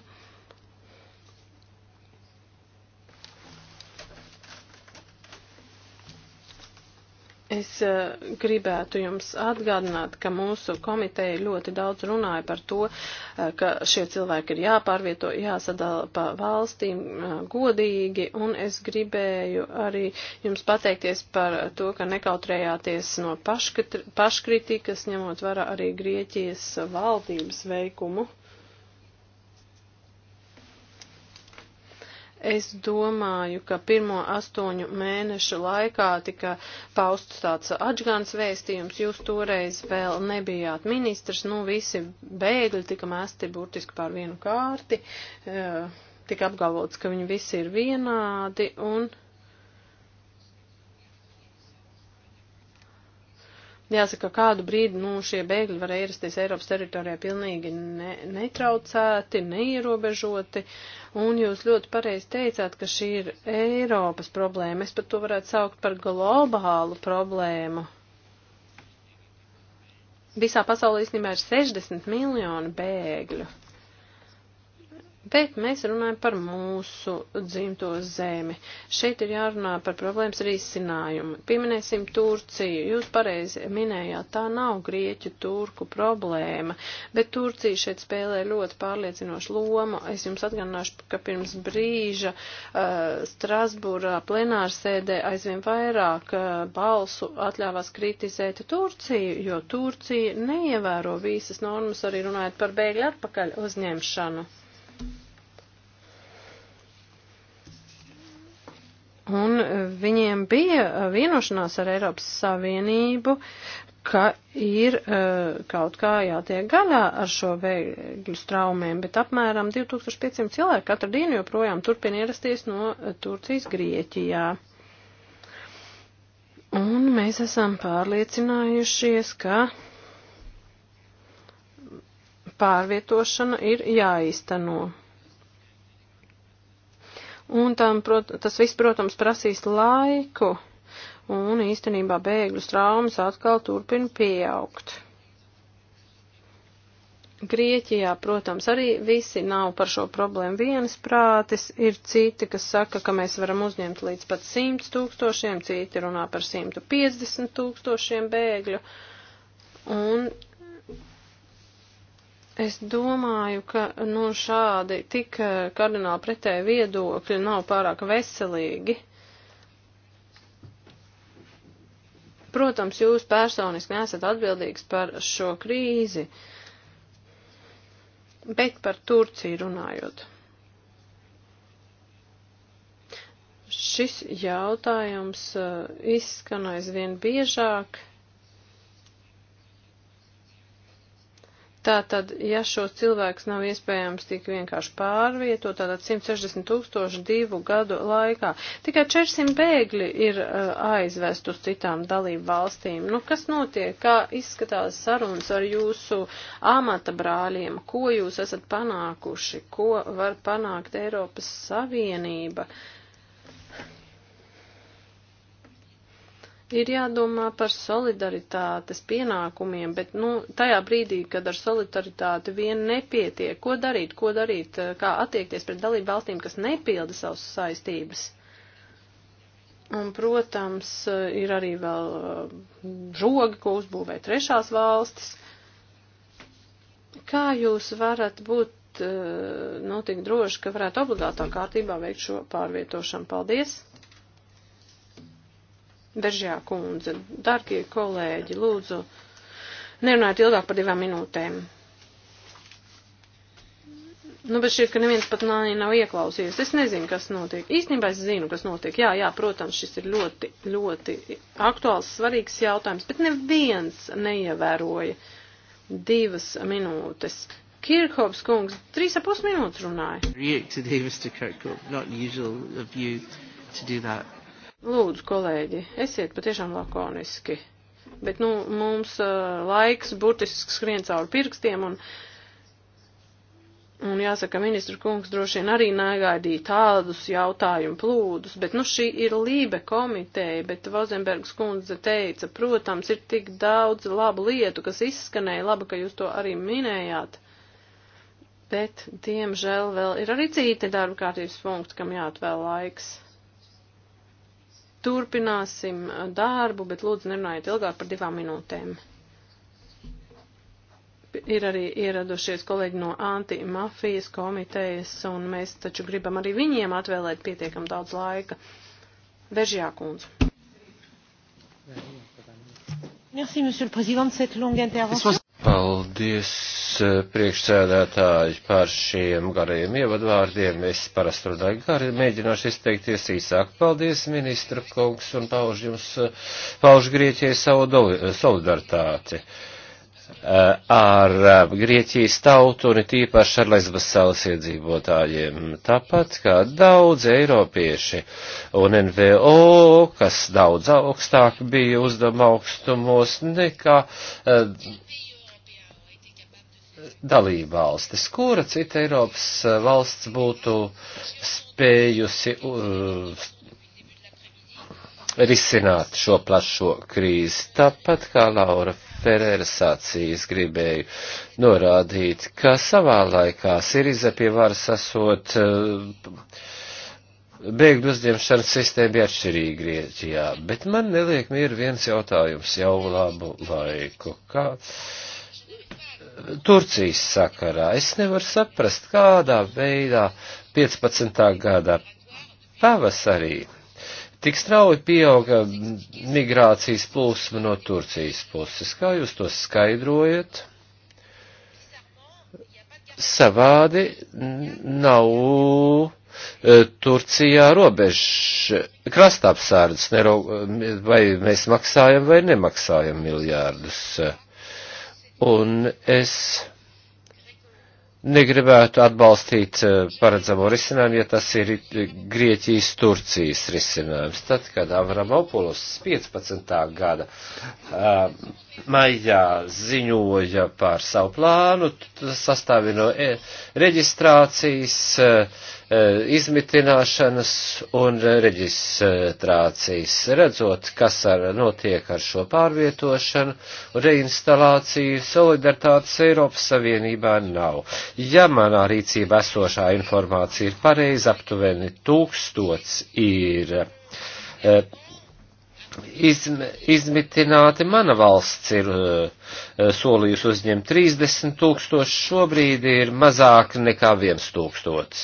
Es eh, gribētu jums atgādināt, ka mūsu komiteja ļoti daudz runāja par to, eh, ka šie cilvēki ir jāpārvieto, jāsadala pa valstīm eh, godīgi, un es gribēju arī jums pateikties par to, ka nekautrējāties no paškritikas, ņemot vērā arī Grieķijas valdības veikumu. Es domāju, ka pirmo astoņu mēnešu laikā tika pausts tāds atžgāns vēstījums, jūs toreiz vēl nebijāt ministrs, nu visi bēgļi tika mēsti burtiski pār vienu kārti, eh, tika apgalvots, ka viņi visi ir vienādi un. Jāsaka, kādu brīdi nu, šie bēgļi var ierasties Eiropas teritorijā pilnīgi ne, netraucēti, neierobežoti, un jūs ļoti pareizi teicāt, ka šī ir Eiropas problēma. Es pat to varētu saukt par globālu problēmu. Visā pasaulē īstenībā ir 60 miljoni bēgļu. Bet mēs runājam par mūsu dzimto zemi. Šeit ir jārunā par problēmas risinājumu. Pieminēsim Turciju. Jūs pareizi minējāt, tā nav grieķu turku problēma, bet Turcija šeit spēlē ļoti pārliecinošu lomu. Es jums atgādināšu, ka pirms brīža uh, Strasbūrā plenārsēdē aizvien vairāk uh, balsu atļāvās kritizēt Turciju, jo Turcija neievēro visas normas, arī runājot par bēgļu atpakaļ uzņemšanu. Un viņiem bija uh, vienošanās ar Eiropas Savienību, ka ir uh, kaut kā jātiek galā ar šo bēgļu straumēm, bet apmēram 2500 cilvēku katru dienu joprojām turpina ierasties no uh, Turcijas Grieķijā. Un mēs esam pārliecinājušies, ka pārvietošana ir jāīsteno. Un tam, prot, tas viss, protams, prasīs laiku, un īstenībā bēgļu traumas atkal turpina pieaugt. Grieķijā, protams, arī visi nav par šo problēmu viensprātis, ir citi, kas saka, ka mēs varam uzņemt līdz pat 100 tūkstošiem, citi runā par 150 tūkstošiem bēgļu, un Es domāju, ka nu, šādi tik eh, kardināli pretēji viedokļi nav pārāk veselīgi. Protams, jūs personiski nesat atbildīgs par šo krīzi, bet par Turciju runājot. Šis jautājums eh, izskan aizvien biežāk. Tātad, ja šos cilvēkus nav iespējams tik vienkārši pārvietot, tātad 160 tūkstoši divu gadu laikā, tikai 400 bēgļi ir uh, aizvest uz citām dalību valstīm. Nu, kas notiek? Kā izskatās sarunas ar jūsu amata brāļiem? Ko jūs esat panākuši? Ko var panākt Eiropas Savienība? Uh, Ir jādomā par solidaritātes pienākumiem, bet, nu, tajā brīdī, kad ar solidaritāti vien nepietiek, ko darīt, ko darīt, eh, kā attiekties pret dalību valstīm, kas nepilda savas saistības. Un, protams, eh, ir arī vēl eh, žogi, ko uzbūvē trešās valstis. Kā jūs varat būt, nu, tik droši, ka varētu obligātā kārtībā veikt šo pārvietošanu? Paldies! Beržjā kundze, dargie kolēģi, lūdzu, nerunājiet ilgāk par divām minūtēm. Nu, bet šķiet, ka neviens pat mani nav ieklausījies. Es nezinu, kas notiek. Īstenībā es zinu, kas notiek. Jā, jā, protams, šis ir ļoti, ļoti aktuāls, svarīgs jautājums, bet neviens neievēroja divas minūtes. Kirkhops kungs, trīs ap pus minūtes runāja. React today, Mr. Kirkhope, not usual of you to do that. Lūdzu, kolēģi, esiet patiešām lakoniski. Bet, nu, mums uh, laiks burtiski skrien cauri pirkstiem un, un jāsaka, ministru kungs droši vien arī negaidīja tādus jautājumu plūdus, bet, nu, šī ir lībe komiteja, bet Vozenbergs kundze teica, protams, ir tik daudz labu lietu, kas izskanēja, labi, ka jūs to arī minējāt. Bet, diemžēl, vēl ir arī citi darba kārtības punkti, kam jāatvēl laiks. Turpināsim uh, darbu, bet lūdzu nerunājiet ilgāk par divām minūtēm. Ir arī ieradušies kolēģi no antimafijas komitejas, un mēs taču gribam arī viņiem atvēlēt pietiekam daudz laika. Veržjā kundze. Merci, monsieur le président, de cette longue intervention. Paldies Eh, priekšsēdētāji, par šiem garajiem ievadvārdiem. Es parasti runāju gari, mēģināšu izteikties īsāk. Paldies, ministra kungs, un pauž jums, eh, pauž Grieķijai savu eh, solidaritāti ar Grieķijas tautu un tīpaši ar Lesbas salas iedzīvotājiem. Tāpat kā daudz eiropieši un NVO, kas daudz augstāk bija uzdevuma augstumos nekā uh, dalībvalstis, kura cita Eiropas eh, valsts būtu spējusi uh, risināt šo plašo krīzi. Tāpat kā Laura Ferēra sacīs, gribēju norādīt, ka savā laikā Siriza pie varas esot uh, bēgļu uzņemšanas sistēma bija atšķirīga Grieķijā, bet man neliek mieru viens jautājums jau labu laiku. Kā Turcijas sakarā. Es nevaru saprast, kādā veidā 15. gadā pavasarī tik strauji pieauga migrācijas plūsma no Turcijas puses. Kā jūs to skaidrojat? Savādi nav e, Turcijā robeža krastapsārdas, vai mēs maksājam vai nemaksājam miljārdus un es negribētu atbalstīt eh, paredzamo risinājumu, ja tas ir Grieķijas Turcijas risinājums. Tad, kad Avramopulos 15. gada uh, maijā ziņoja par savu plānu, tas sastāvi no e reģistrācijas, uh, Eh, izmitināšanas un reģistrācijas, redzot, kas ar, notiek ar šo pārvietošanu, reinstalāciju, solidaritātes Eiropas Savienībā nav. Ja manā rīcībā esošā informācija ir pareiza, aptuveni tūkstots ir eh, izm, izmitināti. Mana valsts ir uh, solījusi uzņemt 30 tūkstoši, šobrīd ir mazāk nekā 1 tūkstots.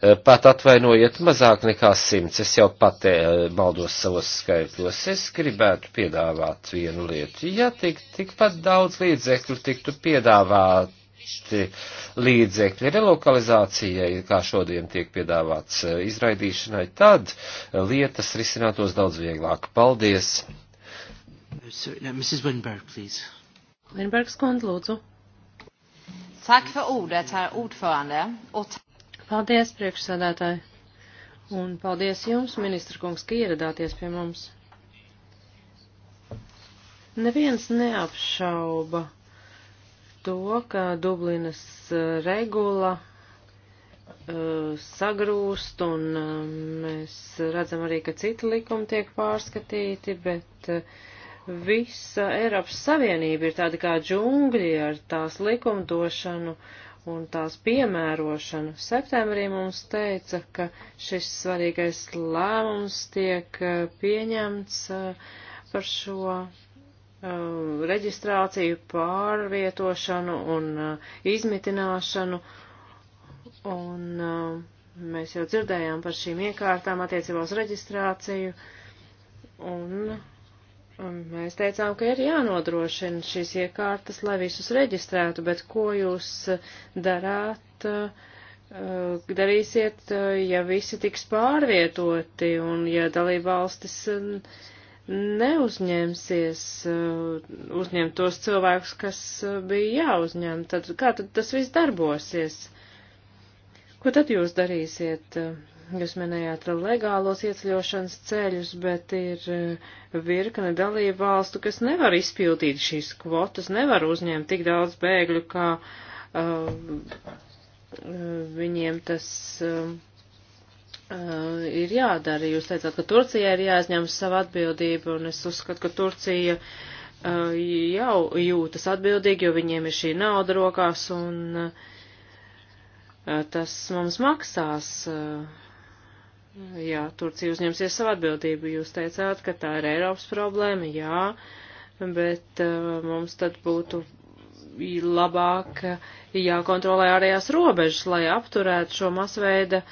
Eh, pat atvainojiet mazāk nekā simts. Es jau pat eh, maldos savos skaitļos. Es gribētu piedāvāt vienu lietu. Ja tik, tikpat daudz līdzekļu tiktu piedāvāt līdzekļi relokalizācijai, kā šodien tiek piedāvāts eh, izraidīšanai, tad lietas risinātos daudz vieglāk. Paldies! Mrs. Winberg, please. Winbergs kund, lūdzu. Tack för ordet, herr ordförande. Och Paldies, priekšsēdētāji, un paldies jums, ministra kungs, ka ieradāties pie mums. Neviens neapšauba to, ka Dublinas uh, regula uh, sagrūst, un uh, mēs redzam arī, ka citi likumi tiek pārskatīti, bet visa Eiropas Savienība ir tāda kā džungļi ar tās likumdošanu, un tās piemērošanu. Septembrī mums teica, ka šis svarīgais lēmums tiek eh, pieņemts eh, par šo eh, reģistrāciju, pārvietošanu un izmitināšanu. Un mēs jau dzirdējām par šīm iekārtām attiecībā uz reģistrāciju. Un Un mēs teicām, ka ir jānodrošina šīs iekārtas, lai visus reģistrētu, bet ko jūs darāt, uh, darīsiet, uh, ja visi tiks pārvietoti un ja dalībvalstis uh, neuzņemsies uzņemt tos cilvēkus, kas bija jāuzņem, tad kā tad tas viss darbosies? Ko tad jūs darīsiet? Jūs minējāt legālos ieceļošanas ceļus, bet ir eh, virkne dalību valstu, kas nevar izpildīt šīs kvotas, nevar uzņemt tik daudz bēgļu, kā uh, viņiem tas uh, ir jādara. Jūs teicāt, ka Turcijai ir jāizņem savu atbildību, un es uzskatu, ka Turcija uh, jau jūtas atbildīgi, jo viņiem ir šī nauda rokās, un uh, tas mums maksās. Uh, Jā, Turcija uzņemsies savu atbildību. Jūs teicāt, ka tā ir Eiropas problēma, jā, bet uh, mums tad būtu labāk jākontrolē ārējās robežas, lai apturētu šo masveida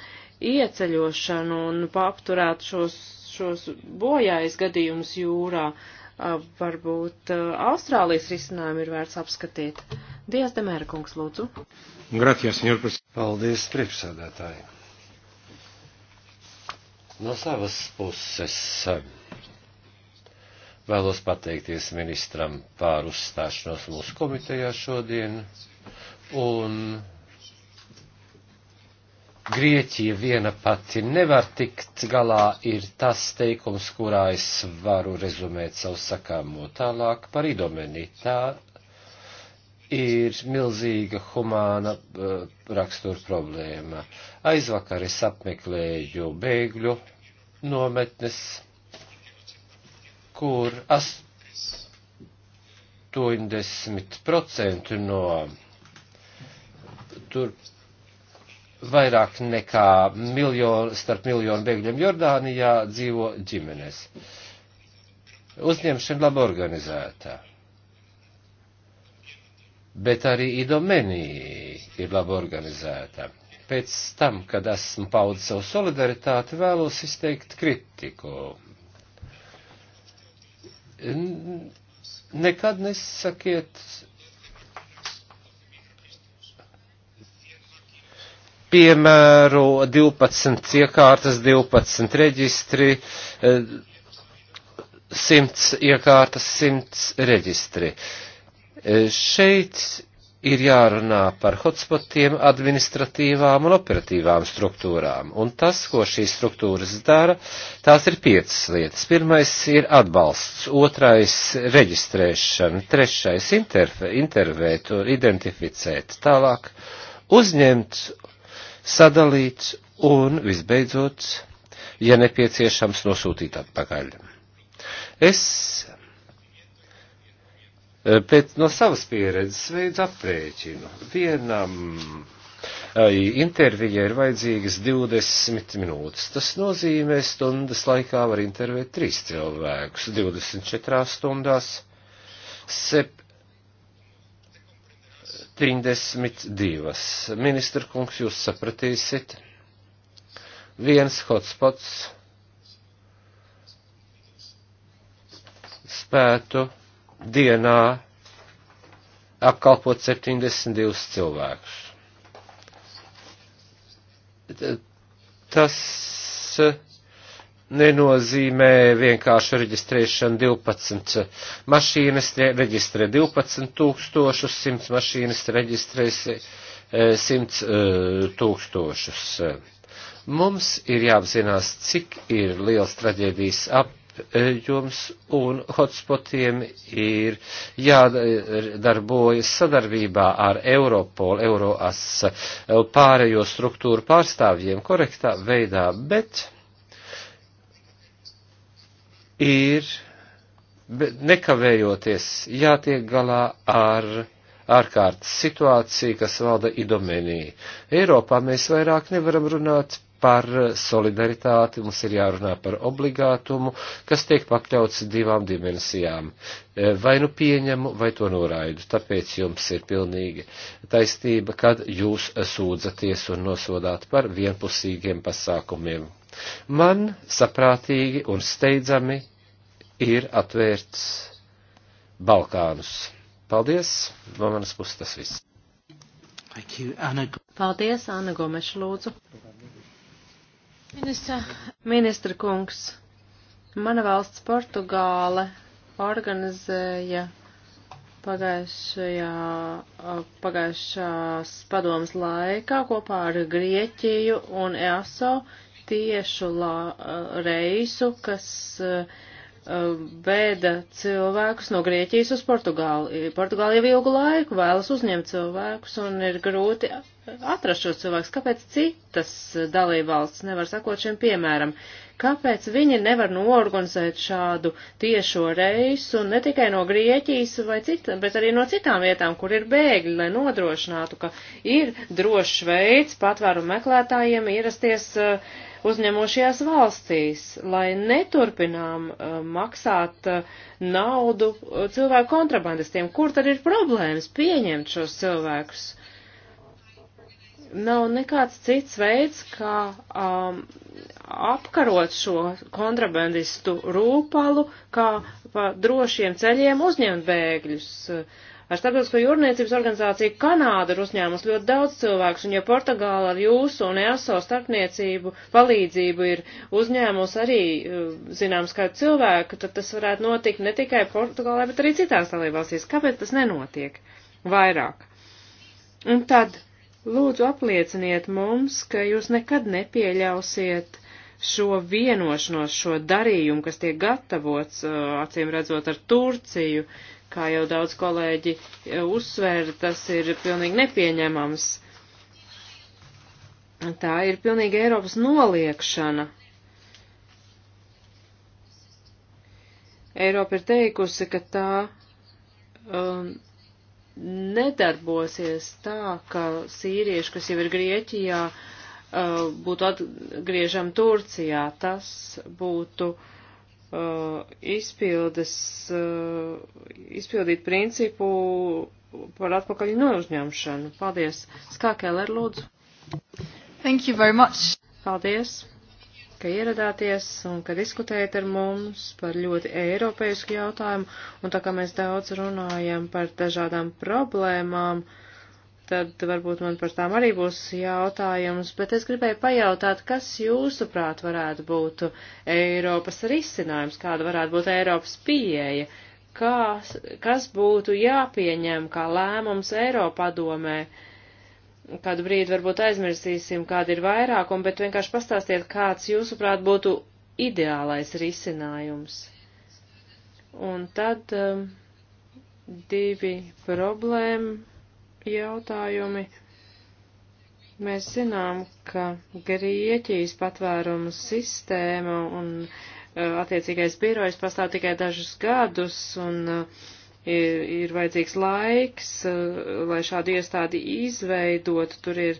ieceļošanu un apturētu šos, šos bojājas gadījumus jūrā. Uh, varbūt uh, Austrālijas risinājumu ir vērts apskatīt. Dievs, Demērkungs, lūdzu. Gracias, senjor. Paldies, priekšsādātāji. No savas puses eh, vēlos pateikties ministram pār uzstāšanos mūsu komitejā šodien un Grieķija viena pati nevar tikt galā, ir tas teikums, kurā es varu rezumēt savu sakāmo tālāk par idomeni. Tā ir milzīga humāna eh, rakstura problēma. Aizvakar es apmeklēju bēgļu nometnes, kur 80% no tur vairāk nekā miljonu, starp miljonu bēgļiem Jordānijā dzīvo ģimenes. Uzņemšana labi organizētā bet arī idomenija ir labi organizēta. Pēc tam, kad esmu paudis savu solidaritāti, vēlos izteikt kritiku. N nekad nesakiet piemēru 12 iekārtas, 12 reģistri, 100 eh, iekārtas, 100 reģistri. Uh, E, šeit ir jārunā par hotspotiem, administratīvām un operatīvām struktūrām. Un tas, ko šīs struktūras dara, tās ir piecas lietas. Pirmais ir atbalsts, otrais - reģistrēšana, trešais - intervēt un identificēt, tālāk uzņemt, sadalīt un, visbeidzot, ja nepieciešams, nosūtīt atpakaļ. Es Eh, pēc no savas pieredzes veidu aprēķinu. Vienam eh, intervijai ir vajadzīgas 20 minūtes. Tas nozīmē, stundas laikā var intervēt 3 cilvēkus 24 stundās. Sep 32. Ministra kungs, jūs sapratīsiet. Viens hotspots spētu dienā apkalpot 72 cilvēkus. Tas nenozīmē vienkārši reģistrēšanu 12 mašīnas, reģistrē 12 tūkstošus, 100 mašīnas reģistrēs 100 tūkstošus. Mums ir jāapzinās, cik ir liels traģēdijas ap E, jums un hotspotiem ir jādarbojas sadarbībā ar Europol, Euroas e, pārējo struktūru pārstāvjiem korektā veidā, bet ir nekavējoties jātiek galā ar ārkārtas situāciju, kas valda idomenī. Eiropā mēs vairāk nevaram runāt par eh, solidaritāti, mums ir jārunā par obligātumu, kas tiek pakļauts divām dimensijām. Eh, vai nu pieņemu, vai to noraidu. Tāpēc jums ir pilnīgi taisnība, kad jūs sūdzaties un nosodāt par vienpusīgiem pasākumiem. Man saprātīgi un steidzami ir atvērts Balkānus. Paldies, no manas puses tas viss. Paldies, Anna Gomeša, lūdzu. Ministra, Ministra kungs, mana valsts Portugāle organizēja pagājušajā, pagājušās padomas laikā kopā ar Grieķiju un EASO tiešu la, reisu, kas bēda cilvēkus no Grieķijas uz Portugāli. Portugāli jau ilgu laiku vēlas uzņemt cilvēkus un ir grūti atrast šos cilvēkus, kāpēc citas dalībvalsts nevar sakot šiem piemēram, kāpēc viņi nevar noorganizēt šādu tiešo reisu ne tikai no Grieķijas vai cita, bet arī no citām vietām, kur ir bēgļi, lai nodrošinātu, ka ir drošs veids patvēru meklētājiem ierasties uh, uzņemošajās valstīs, lai neturpinām uh, maksāt uh, naudu cilvēku kontrabandistiem. Kur tad ir problēmas pieņemt šos cilvēkus? Uh, nav nekāds cits veids, kā um, apkarot šo kontrabandistu rūpalu, kā pa drošiem ceļiem uzņemt bēgļus. Ar starptautisko jūrniecības organizāciju Kanāda ir uzņēmusi ļoti daudz cilvēkus, un ja Portugāla ar jūsu un ESO starpniecību palīdzību ir uzņēmusi arī, uh, zinām, skaitu cilvēku, tad tas varētu notikt ne tikai Portugālē, bet arī citās dalībvalstīs. Kāpēc tas nenotiek vairāk? Un tad Lūdzu, aplieciniet mums, ka jūs nekad nepieļausiet šo vienošanos, šo darījumu, kas tiek gatavots, uh, acīm redzot, ar Turciju, kā jau daudz kolēģi uh, uzsvēra, tas ir pilnīgi nepieņemams. Tā ir pilnīgi Eiropas noliekšana. Eiropa ir teikusi, ka tā um, nedarbosies tā, ka sīrieši, kas jau ir Grieķijā, uh, būtu atgriežam Turcijā. Tas būtu uh, izpildes, uh, izpildīt principu par atpakaļ nouzņemšanu. Paldies. Skā Keller, lūdzu. Thank you very much. Paldies ka ieradāties un ka diskutējat ar mums par ļoti eiropeisku jautājumu, un tā kā mēs daudz runājam par dažādām problēmām, tad varbūt man par tām arī būs jautājums, bet es gribēju pajautāt, kas jūsuprāt varētu būt Eiropas risinājums, kāda varētu būt Eiropas pieeja, kā, kas būtu jāpieņem kā lēmums Eiropadomē. domē kādu brīdi varbūt aizmirsīsim, kāda ir vairākuma, bet vienkārši pastāstiet, kāds jūsuprāt būtu ideālais risinājums. Un tad um, divi problēma jautājumi. Mēs zinām, ka Grieķijas patvērumu sistēma un uh, attiecīgais birojs pastāv tikai dažus gadus, un uh, ir, ir vajadzīgs laiks, eh, lai šādu iestādi izveidot. Tur ir,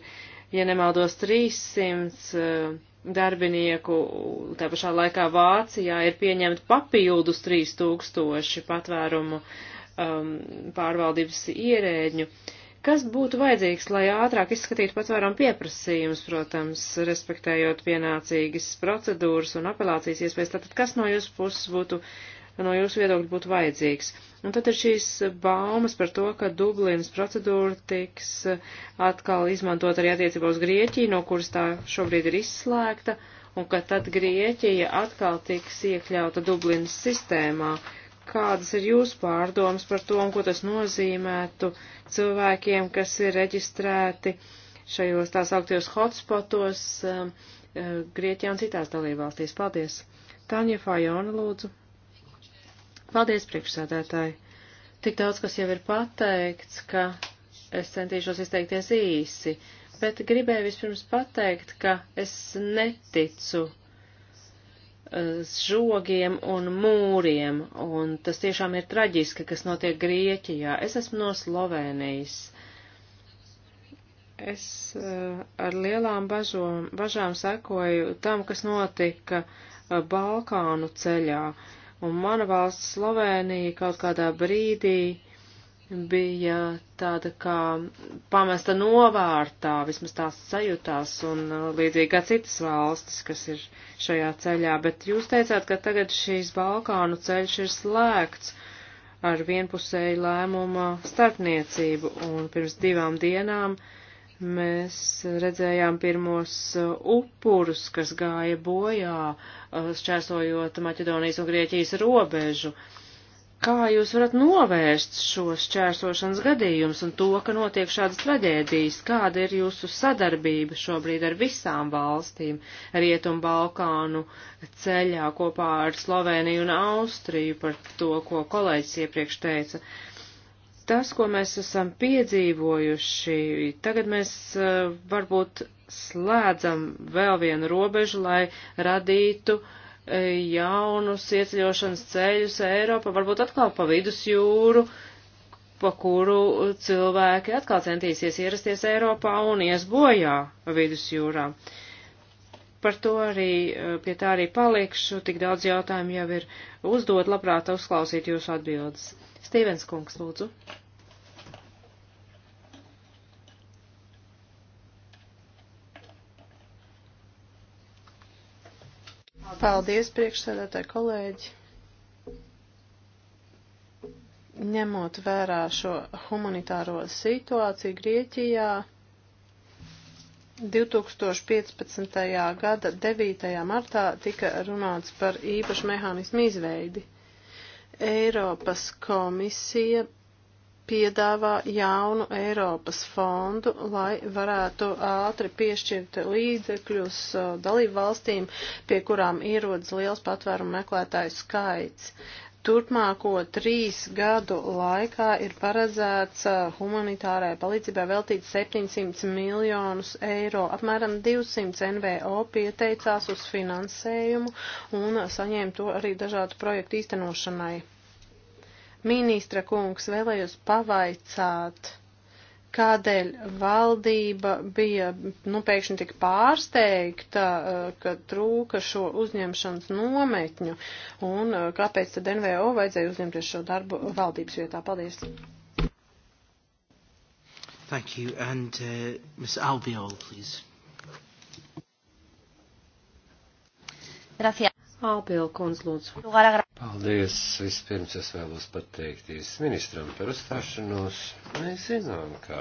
ja nemaldos, 300 eh, darbinieku, tā pašā laikā Vācijā ir pieņemt papildus 3000 patvērumu um, pārvaldības ierēģņu. Kas būtu vajadzīgs, lai ātrāk izskatītu patvērumu pieprasījumus, protams, respektējot pienācīgas procedūras un apelācijas iespējas? Tātad, kas no jūsu puses būtu uh, no jūsu viedokļa būtu vajadzīgs. Un tad ir šīs baumas par to, ka Dublinas procedūra tiks eh, atkal izmantot arī attiecībā uz Grieķiju, no kuras tā šobrīd ir izslēgta, un ka tad Grieķija atkal tiks iekļauta Dublinas sistēmā. Kādas ir jūsu pārdomas par to, un ko tas nozīmētu cilvēkiem, kas ir reģistrēti šajos tās augtajos hotspotos eh, eh, Grieķijā un citās dalībvalstīs? Paldies! Tāņa Fajona, lūdzu. Paldies, priekšsēdētāji. Tik daudz, kas jau ir pateikts, ka es centīšos izteikties īsi, bet gribēju vispirms pateikt, ka es neticu eh, žogiem un mūriem, un tas tiešām ir traģiski, kas notiek Grieķijā. Es esmu no Slovenijas. Es uh, ar lielām bažom, bažām sekoju tam, kas notika eh, Balkānu ceļā. Uh, Un mana valsts Slovenija kaut kādā brīdī bija tāda kā pamesta novārtā, vismaz tās sajūtās, un uh, līdzīgi kā citas valstis, kas ir šajā ceļā. Bet jūs teicāt, ka tagad šīs Balkānu ceļš ir slēgts ar vienpusēju lēmumu starpniecību, un pirms divām dienām uh, Mēs redzējām pirmos uh, upurus, kas gāja bojā, uh, šķērsojot Maķedonijas un Grieķijas robežu. Kā jūs varat novērst šos šķērsošanas gadījumus un to, ka notiek šādas traģēdijas? Kāda ir jūsu sadarbība šobrīd ar visām valstīm Rietumu Balkānu ceļā kopā ar Sloveniju un Austriju par to, ko kolēģis iepriekš teica? Uh, tas, ko mēs esam piedzīvojuši, tagad mēs uh, varbūt slēdzam vēl vienu robežu, lai radītu uh, jaunus ieceļošanas ceļus Eiropā, varbūt atkal pa vidus jūru, pa kuru cilvēki atkal centīsies ierasties Eiropā un ies bojā vidus jūrā. Par to arī, e, pie tā arī palikšu, tik daudz jautājumu jau ir uzdot, labprāt uzklausīt jūsu atbildes. Stīvens kungs, lūdzu. Paldies, priekšsēdētāji kolēģi. Ņemot vērā šo humanitāro situāciju Grieķijā, 2015. gada 9. martā tika runāts par īpašu mehānismu izveidi. Eiropas komisija piedāvā jaunu Eiropas fondu, lai varētu ātri piešķirt līdzekļus uh, dalību valstīm, pie kurām ierodas liels patvērumu meklētāju skaits. Turpmāko trīs gadu laikā ir paredzēts uh, humanitārai palīdzībai veltīt 700 miljonus eiro. Apmēram 200 NVO pieteicās uz finansējumu un saņēma to arī dažādu projektu īstenošanai. Ministra kungs vēlējos pavaicāt kādēļ valdība bija, nu, pēkšņi tik pārsteigta, eh, ka trūka šo uzņemšanas nometņu, un eh, kāpēc tad NVO vajadzēja uzņemties šo darbu valdības vietā? Paldies! Thank you. And uh, Ms. Albiol, please. Gracias. Alpilkons, lūdzu. Paldies. Vispirms es vēlos pateikties ministram par uzstāšanos. Mēs zinām, ka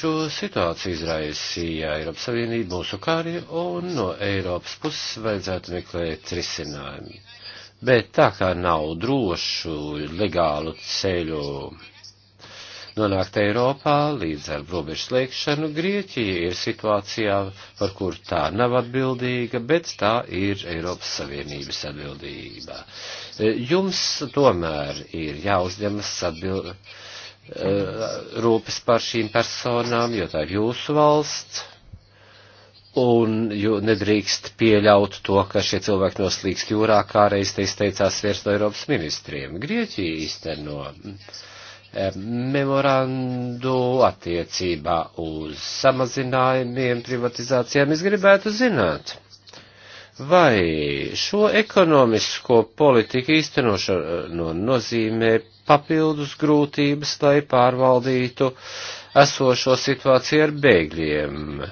šo situāciju izraisīja Eiropas Savienība mūsu kari un no Eiropas puses vajadzētu meklēt risinājumu. Bet tā kā nav drošu legālu ceļu nonākt Eiropā līdz ar robežu slēgšanu. Grieķija ir situācijā, par kur tā nav atbildīga, bet tā ir Eiropas Savienības atbildība. E, jums tomēr ir jāuzņemas atbildība e, rūpes par šīm personām, jo tā ir jūsu valsts, un jo nedrīkst pieļaut to, ka šie cilvēki noslīkst jūrā, kā reiz te izteicās viens no Eiropas ministriem. Grieķija īsteno Eh, memorandu attiecībā uz samazinājumiem, privatizācijām. Es gribētu zināt, vai šo ekonomisko politiku īstenošanu nozīmē papildus grūtības, lai pārvaldītu esošo situāciju ar bēgļiem,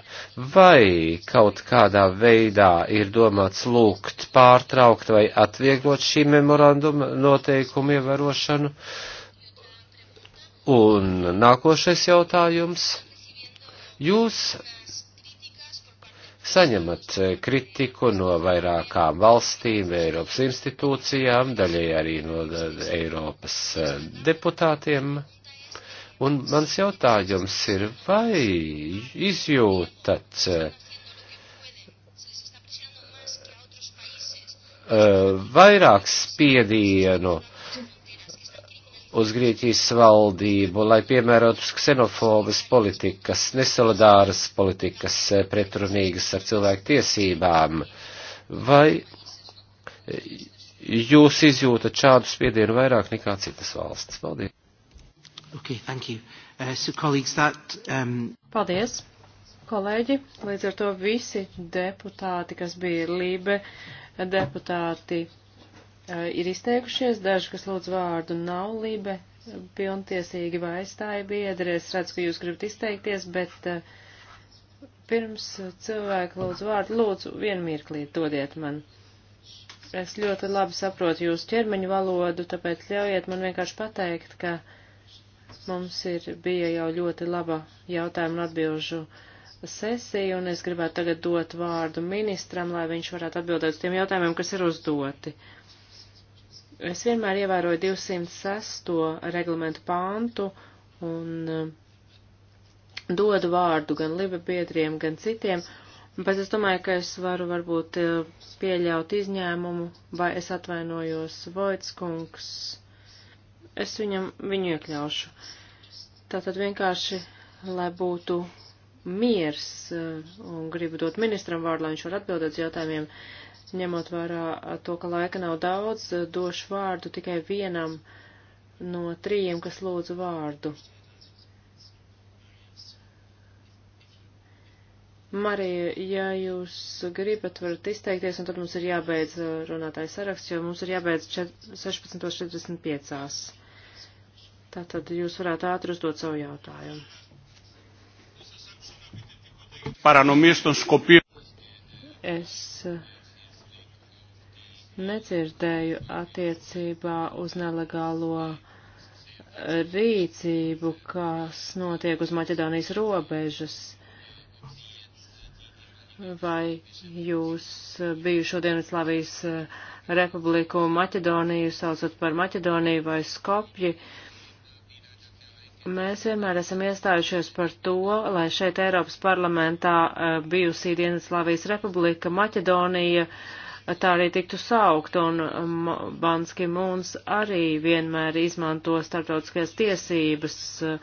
vai kaut kādā veidā ir domāts lūgt pārtraukt vai atvieglot šī memoranduma noteikumu ievērošanu. Ja Un nākošais jautājums. Jūs saņemat kritiku no vairākām valstīm, Eiropas institūcijām, daļai arī no Eiropas deputātiem. Un mans jautājums ir, vai izjūtat eh, vairāk spiedienu? uz Grieķijas valdību, lai piemērotu ksenofobas politikas, nesolidāras politikas, eh, pretrunīgas ar cilvēku tiesībām? Vai eh, jūs izjūtat šādu spiedienu vairāk nekā citas valstis? Paldies! Okay, thank you. Uh, so colleagues, that, um... Paldies, kolēģi. Līdz ar to visi deputāti, kas bija Lībe deputāti, Eh, ir izteikušies, daži, kas lūdz vārdu, nav libe eh, pilntiesīgi vai aizstāja biedri. Es redzu, ka jūs gribat izteikties, bet eh, pirms cilvēku lūdz vārdu, lūdzu, vienu mirklīt dodiet man. Es ļoti labi saprotu jūsu ķermeņu valodu, tāpēc ļaujiet man vienkārši pateikt, ka mums ir bija jau ļoti laba jautājumu un atbilžu sesija, un es gribētu tagad dot vārdu ministram, lai viņš varētu atbildēt uz tiem jautājumiem, kas ir uzdoti. Uh, Es vienmēr ievēroju 206. reglamentu pāntu un um, dodu vārdu gan liba biedriem, gan citiem, bet es domāju, ka es varu varbūt uh, pieļaut izņēmumu, vai es atvainojos Voitskungs. Es viņam viņu iekļaušu. Tātad vienkārši, lai būtu miers uh, un gribu dot ministram vārdu, lai viņš var atbildēt uz jautājumiem. Uh, ņemot vērā to, ka laika nav daudz, došu vārdu tikai vienam no trījiem, kas lūdzu vārdu. Marija, ja jūs gribat, varat izteikties, un tad mums ir jābeidz runātājs saraksts, jo mums ir jābeidz 16.45. Tātad jūs varētu ātri uzdot savu jautājumu. Paranomijas un skopiju. Es uh, nedzirdēju attiecībā uz nelegālo rīcību, kas notiek uz Maķedonijas robežas. Vai jūs biju šodien Slavijas eh, republiku Maķedoniju, saucat par Maķedoniju vai Skopju? Mēs vienmēr esam iestājušies par to, lai šeit Eiropas parlamentā eh, bijusī Dienvidslāvijas republika Maķedonija uh, tā arī tiktu saukt, un um, Banski Mūns arī vienmēr izmanto starptautiskās tiesības, uh,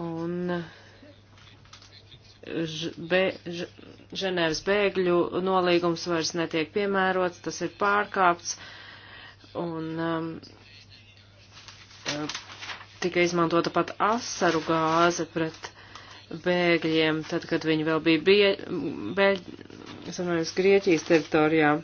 un Ženēvas bēgļu nolīgums vairs netiek piemērots, tas ir pārkāpts, un um, uh, tika izmantota pat asaru gāze pret bēgļiem, tad, kad viņi vēl bija bie, bēļ, sanājos, Grieķijas teritorijā.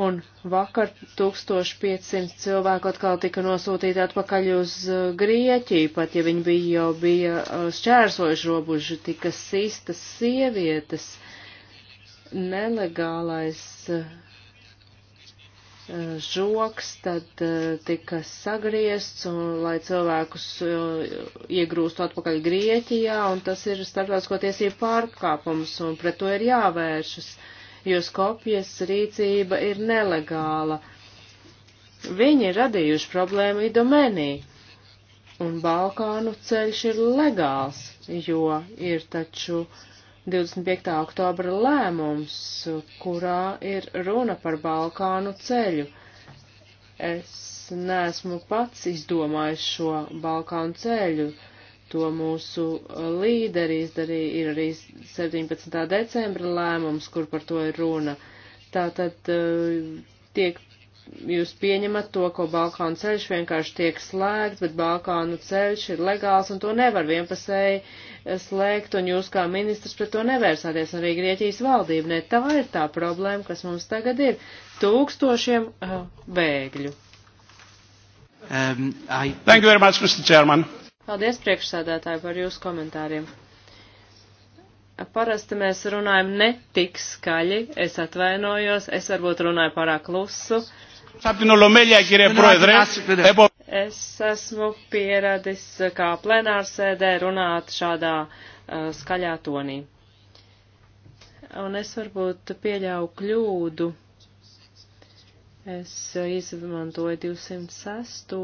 Un vakar 1500 cilvēku atkal tika nosūtīti atpakaļ uz uh, Grieķiju, pat ja viņi bija jau bija uh, šķērsojuši robužu, tika sistas sievietes, nelegālais uh, žoks tad eh, tika sagriezts, un, lai cilvēkus eh, iegrūstu atpakaļ Grieķijā, un tas ir starptautisko tiesību pārkāpums, un pret to ir jāvēršas, jo Skopjas rīcība ir nelegāla. Viņi ir radījuši problēmu idomenī, un Balkānu ceļš ir legāls, jo ir taču uh, 25. oktobra lēmums, kurā ir runa par Balkānu ceļu. Es neesmu pats izdomājis šo Balkānu ceļu. To mūsu līderi izdarīja, ir arī 17. decembra lēmums, kur par to ir runa. Tātad eh, tiek jūs pieņemat to, ko Balkānu ceļš vienkārši tiek slēgts, bet Balkānu ceļš ir legāls un to nevar vienpasēji slēgt, un jūs kā ministrs pret to nevērsāties, arī Grieķijas valdība. Ne, tā ir tā problēma, kas mums tagad ir. Tūkstošiem uh, bēgļu. Um, I... Thank you very much, Mr. Chairman. Paldies priekšsēdētāji par jūsu komentāriem. Parasti mēs runājam ne tik skaļi, es atvainojos, es varbūt runāju pārāk klusu. Uh, από την Ολομέλεια, κύριε Πρόεδρε. Es esmu pieradis kā plenārsēdē runāt šādā uh, skaļā tonī. Un es varbūt pieļauju kļūdu. Es izmantoju 206.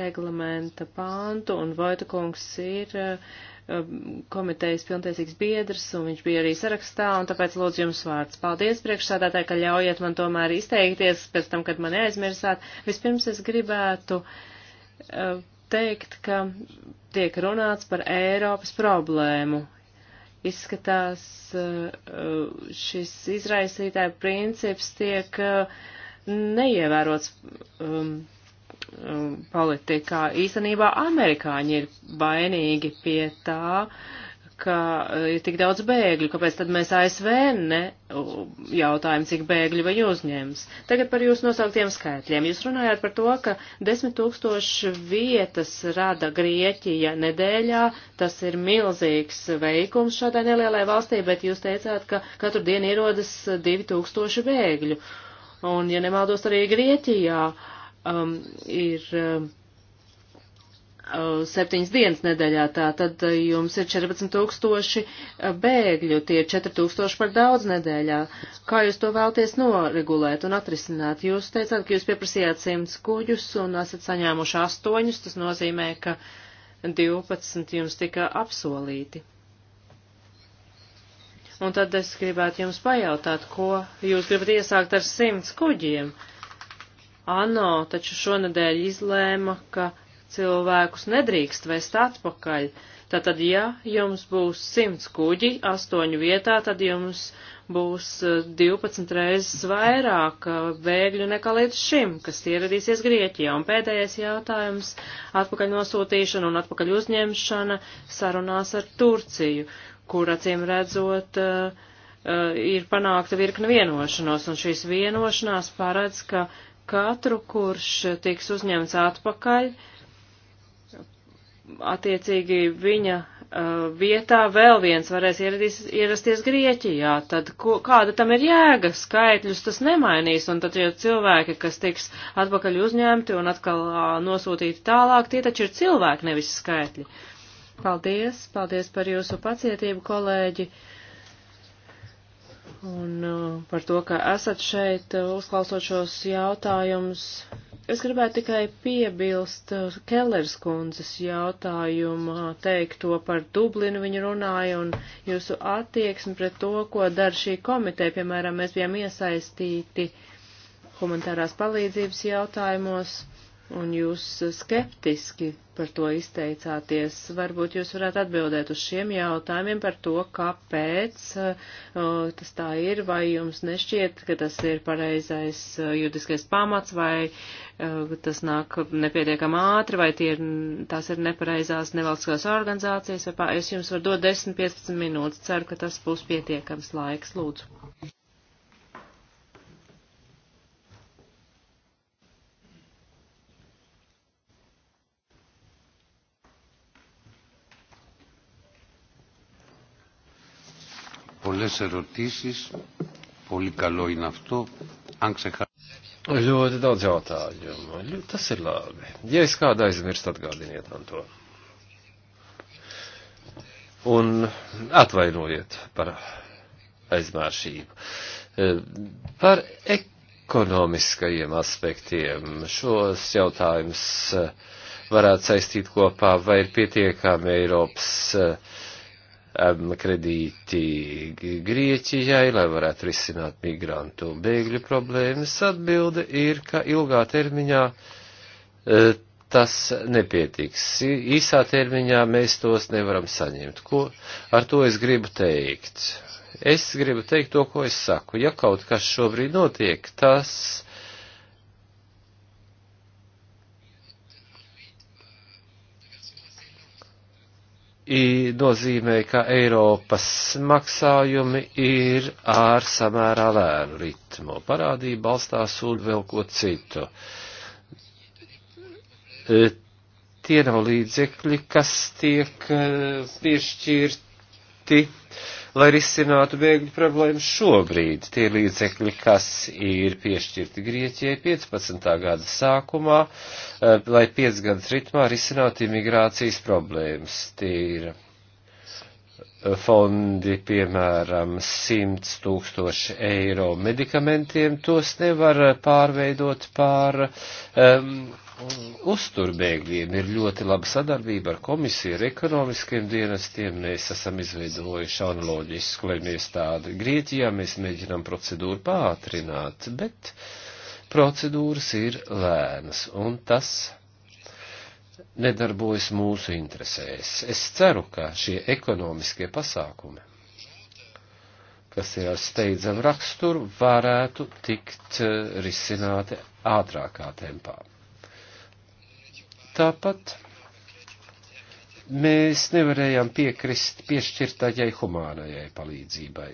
reglamenta pāntu, un Vojta kungs ir uh, Um, komitejas pilntiesīgs biedrs, un viņš bija arī sarakstā, un tāpēc lūdzu jums vārds. Paldies priekšsādātāji, ka ļaujiet man tomēr izteikties pēc tam, kad mani aizmirsāt. Vispirms es gribētu uh, teikt, ka tiek runāts par Eiropas problēmu. Izskatās, uh, šis izraisītāja princips tiek uh, neievērots. Um, Um, politikā. Īstenībā amerikāņi ir vainīgi pie tā, ka uh, ir tik daudz bēgļu, kāpēc tad mēs ASV ne jautājam, cik bēgļu vai uzņēmis. Tagad par jūsu nosauktiem skaitļiem. Jūs runājāt par to, ka 10 tūkstoši vietas rada Grieķija nedēļā. Tas ir milzīgs veikums šādai nelielai valstī, bet jūs teicāt, ka katru dienu ierodas 2000 bēgļu. Un, ja nemaldos, arī Grieķijā. Uh, um, ir um, septiņas dienas nedēļā, tā tad uh, jums ir 14 tūkstoši uh, bēgļu, tie ir 4 tūkstoši par daudz nedēļā. Kā jūs to vēlties noregulēt un atrisināt? Jūs teicāt, ka jūs pieprasījāt 100 kuģus un esat saņēmuši 8, tas nozīmē, ka 12 jums tika apsolīti. Un tad es gribētu jums pajautāt, ko jūs gribat iesākt ar 100 kuģiem? Uh, ANO taču šonadēļ izlēma, ka cilvēkus nedrīkst vēst atpakaļ. Tātad, ja jums būs simts kuģi astoņu vietā, tad jums būs 12 eh, reizes vairāk eh, bēgļu nekā līdz šim, kas ieradīsies Grieķijā. Un pēdējais jautājums - atpakaļ nosūtīšana un atpakaļ uzņemšana sarunās ar Turciju, kur acīm redzot eh, ir panākta virkna vienošanos, un šīs vienošanās paredz, ka katru, kurš tiks uzņemts atpakaļ, attiecīgi viņa uh, vietā vēl viens varēs ieradīs, ierasties Grieķijā, tad ko, kāda tam ir jēga, skaitļus tas nemainīs, un tad jau cilvēki, kas tiks atpakaļ uzņemti un atkal uh, nosūtīti tālāk, tie taču ir cilvēki, nevis skaitļi. Paldies, paldies par jūsu pacietību, kolēģi un uh, par to, ka esat šeit uh, uzklausot šos jautājumus. Es gribētu tikai piebilst uh, Kellers kundzes jautājumā teikto par Dublinu viņa runāja un jūsu attieksmi pret to, ko dara šī komiteja. Piemēram, mēs bijām iesaistīti humanitārās palīdzības jautājumos un jūs skeptiski par to izteicāties. Varbūt jūs varētu atbildēt uz šiem jautājumiem par to, kāpēc uh, tas tā ir, vai jums nešķiet, ka tas ir pareizais uh, judiskais pamats, vai uh, tas nāk nepietiekam ātri, vai ir, tās ir nepareizās nevalstiskās organizācijas, vai pā, es jums varu dot 10-15 minūtes, ceru, ka tas būs pietiekams laiks, lūdzu. πολλές ερωτήσεις. Πολύ καλό είναι αυτό. Αν ξεχάσετε. Ļoti daudz jautājumu. Tas ir labi. Ja es kādu aizmirstu, atgādiniet man to. Un atvainojiet par aizmāršību. E, par ekonomiskajiem aspektiem šos jautājumus e, varētu saistīt kopā, vai ir pietiekami Eiropas uh, um, kredīti Grieķijai, lai varētu risināt migrantu bēgļu problēmas. Atbilde ir, ka ilgā termiņā uh, tas nepietiks. Īsā termiņā mēs tos nevaram saņemt. Ko ar to es gribu teikt? Es gribu teikt to, ko es saku. Ja kaut kas šobrīd notiek, tas nozīmē, ka Eiropas maksājumi ir ar samērā lēnu ritmu. Parādība balstās uz vēl ko citu. E, tie nav līdzekļi, kas tiek e, piešķirti lai risinātu bēgļu problēmu šobrīd. Tie līdzekļi, kas ir piešķirti Grieķijai 15. gada sākumā, eh, lai 5 gadus ritmā risinātu imigrācijas problēmas. Tie ir eh, fondi, piemēram, 100 tūkstoši eiro medikamentiem, tos nevar eh, pārveidot pār um, uzturbēgļiem ir ļoti laba sadarbība ar komisiju, ar ekonomiskiem dienestiem. Mēs esam izveidojuši analoģisku lemiestādi Grieķijā, mēs mēģinām procedūru pātrināt, bet procedūras ir lēnas, un tas nedarbojas mūsu interesēs. Es ceru, ka šie ekonomiskie pasākumi, kas ir ar steidzamu raksturu, varētu tikt eh, risināti ātrākā tempā. Tāpat mēs nevarējām piekrist piešķirtajai humānajai palīdzībai.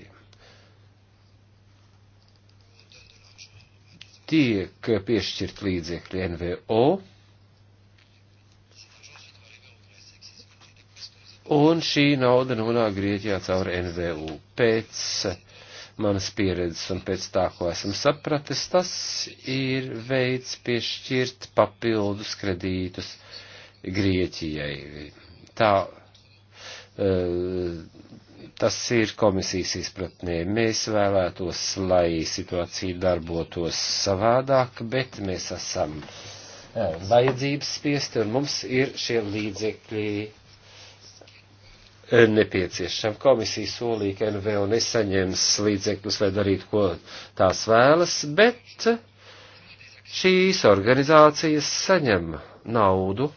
Tiek piešķirt līdzekļi NVO, un šī nauda nonāk Grieķijā caur NVU pēc manas pieredzes un pēc tā, ko esam sapratis, tas ir veids piešķirt papildus kredītus Grieķijai. Tā, eh, tas ir komisijas izpratnē. Mēs vēlētos, lai situācija darbotos savādāk, bet mēs esam eh, vajadzības spiesti un mums ir šie līdzekļi nepieciešama. Komisija solīja, ka NVO nesaņems līdzekļus, lai darītu, ko tās vēlas, bet šīs organizācijas saņem naudu,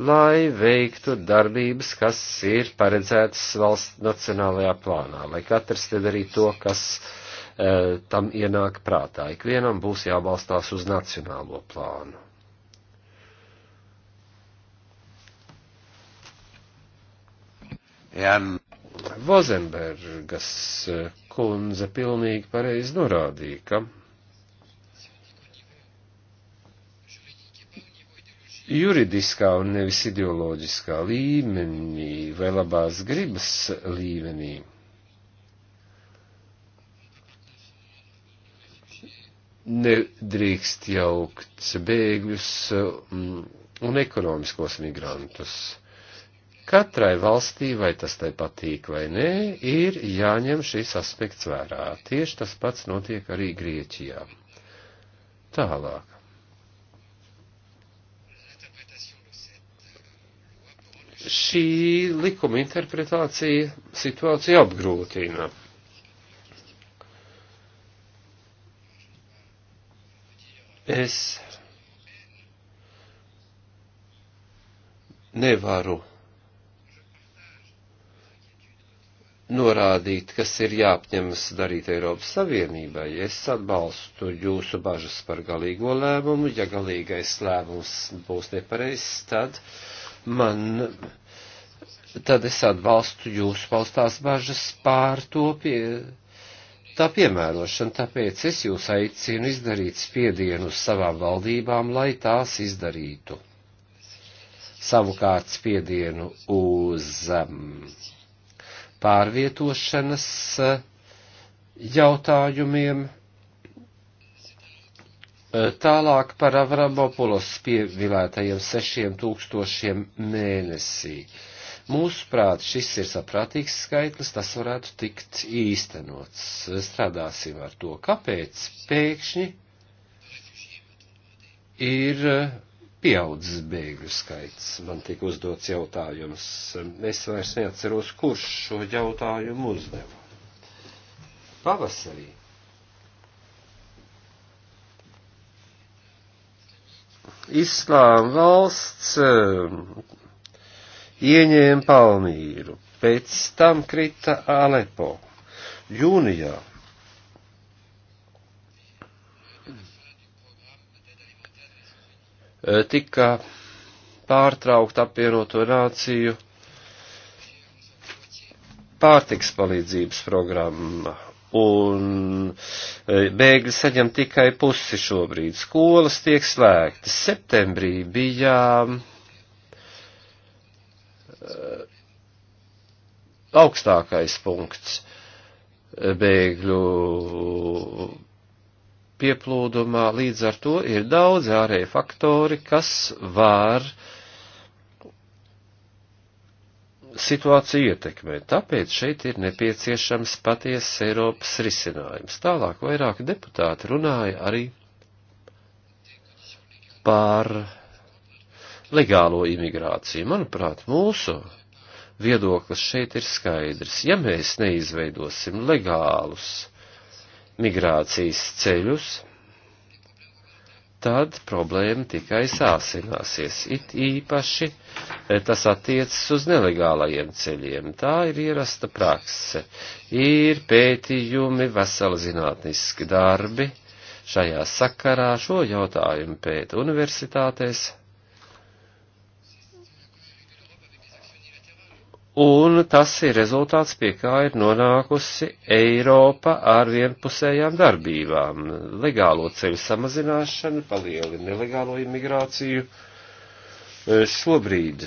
lai veiktu darbības, kas ir paredzētas valsts nacionālajā plānā, lai katrs te darītu to, kas e, tam ienāk prātā. Ikvienam būs jābalstās uz nacionālo plānu. Ean... Vozenbergas e, kundze pilnīgi pareizi norādīja, ka juridiskā un nevis ideoloģiskā līmenī vai labās gribas līmenī. Nedrīkst jaukt bēgļus mm, un ekonomiskos migrantus. Uh, Katrai valstī, vai tas tai patīk vai nē, ir jāņem šis aspekts vērā. Tieši tas pats notiek arī Grieķijā. Tālāk. Šī likuma interpretācija situāciju apgrūtina. Es nevaru norādīt, kas ir jāapņemas darīt Eiropas Savienībai. Es atbalstu jūsu bažas par galīgo lēmumu. Ja galīgais lēmums būs nepareizs, tad man, tad es atbalstu jūsu paustās bažas pār to pie tā piemērošana, tāpēc es jūs aicinu izdarīt spiedienu uz savām valdībām, lai tās izdarītu. Savukārt spiedienu uz um, pārvietošanas eh, jautājumiem. Eh, tālāk par Avramopulos pievilētajiem sešiem tūkstošiem mēnesī. Mūsuprāt, šis ir saprātīgs skaitlis, tas varētu tikt īstenots. Strādāsim ar to, kāpēc pēkšņi ir eh, pieaudzis bēgļu skaits. Man tika uzdots jautājums. Es vairs neatceros, kurš šo jautājumu uzdeva. Pavasarī. Islāma valsts eh, ieņēma Palmīru, pēc tam krita Alepo. Jūnijā Eh, tika pārtraukta apvienoto nāciju pārtiks palīdzības programma. Un eh, bēgļi saņem tikai pusi šobrīd. Skolas tiek slēgtas. Septembrī bija eh, augstākais punkts bēgļu pieplūdumā, līdz ar to ir daudz ārēji faktori, kas var situāciju ietekmēt. Tāpēc šeit ir nepieciešams patiesas Eiropas risinājums. Tālāk vairāki deputāti runāja arī par legālo imigrāciju. Manuprāt, mūsu viedoklis šeit ir skaidrs. Ja mēs neizveidosim legālus migrācijas ceļus, tad problēma tikai sāsināsies. It īpaši e, tas attiecas uz nelegālajiem ceļiem. Tā ir ierasta prakse. Ir pētījumi, veseli zinātniski darbi. Šajā sakarā šo jautājumu pēta universitātēs. Un tas ir rezultāts, pie kā ir nonākusi Eiropa ar vienpusējām darbībām. Legālo ceļu samazināšana palielina nelegālo imigrāciju. E, šobrīd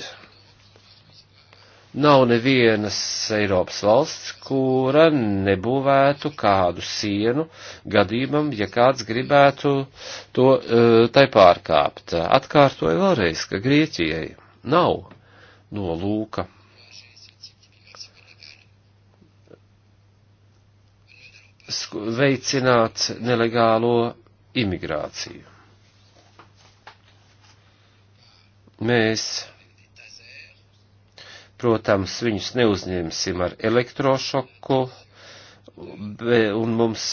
nav nevienas Eiropas valsts, kura nebūvētu kādu sienu gadījumam, ja kāds gribētu to e, tai pārkāpt. Atkārtoju vēlreiz, ka Grieķijai nav nolūka. No veicināt nelegālo imigrāciju. Mēs, protams, viņus neuzņemsim ar elektrošoku, un mums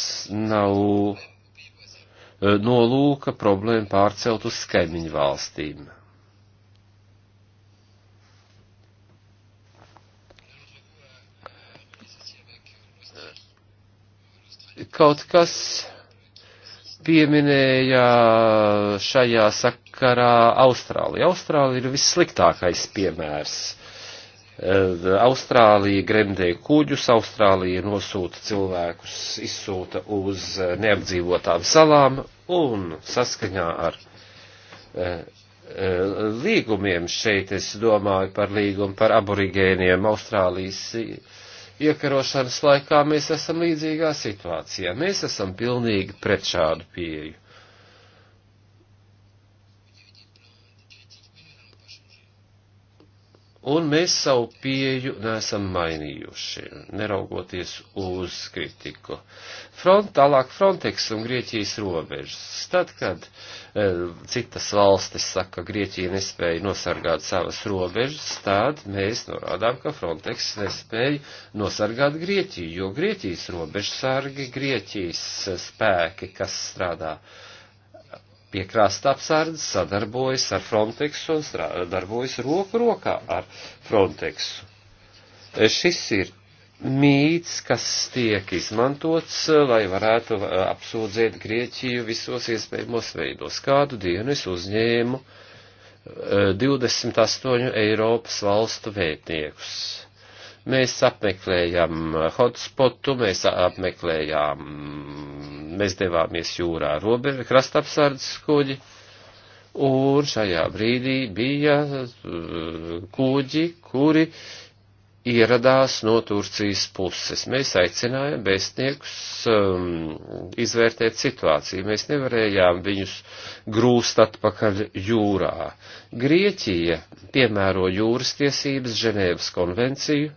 nav e, nolūka problēma pārcelt uz kaimiņu valstīm. kaut kas pieminēja šajā sakarā Austrāliju. Austrālija ir vissliktākais piemērs. Austrālija gremdē kuģus, Austrālija nosūta cilvēkus, izsūta uz neapdzīvotām salām un saskaņā ar e, e, līgumiem šeit es domāju par līgumu par aborigēniem Austrālijas iekarošanas laikā mēs esam līdzīgā situācijā. Mēs esam pilnīgi pret šādu pieeju. Un mēs savu pieju nesam mainījuši, neraugoties uz kritiku. Front, tālāk Frontex un Grieķijas robežas. Tad, kad e, citas valstis saka, ka Grieķija nespēja nosargāt savas robežas, tad mēs norādām, ka Frontex nespēja nosargāt Grieķiju, jo Grieķijas robežsargi, Grieķijas spēki, kas strādā. E, piekrasta apsardzes sadarbojas ar Frontex un darbojas roku rokā ar Frontexu. E, šis ir mīts, kas tiek izmantots, e, lai varētu e, apsūdzēt Grieķiju visos iespējamos veidos. Kādu dienu es uzņēmu 28 Eiropas valstu vētniekus Mēs apmeklējām hotspotu, mēs apmeklējām, mēs devāmies jūrā krastapsardzes kuģi, un šajā brīdī bija uh, kuģi, kuri ieradās no Turcijas puses. Mēs aicinājām bēstniekus um, izvērtēt situāciju. Mēs nevarējām viņus grūst atpakaļ jūrā. Grieķija piemēro jūras tiesības Ženēvas konvenciju,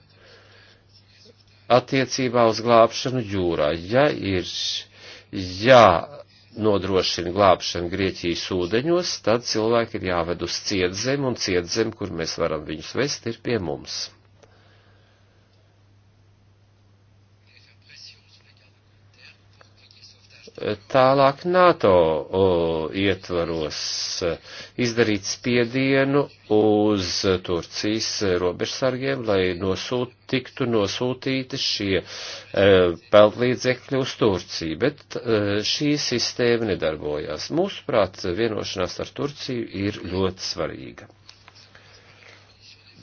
attiecībā uz glābšanu jūrā. Ja ir jānodrošina ja glābšana Grieķijas ūdeņos, tad cilvēki ir jāved uz cietzem, un cietzem, kur mēs varam viņus vest, ir pie mums. tālāk NATO ietvaros e, izdarīt spiedienu uz Turcijas robežsargiem, lai nosūt, tiktu nosūtīti šie e, peltlīdzekļi uz Turciju, bet e, šī sistēma nedarbojās. Mūsuprāt, vienošanās ar Turciju ir ļoti svarīga.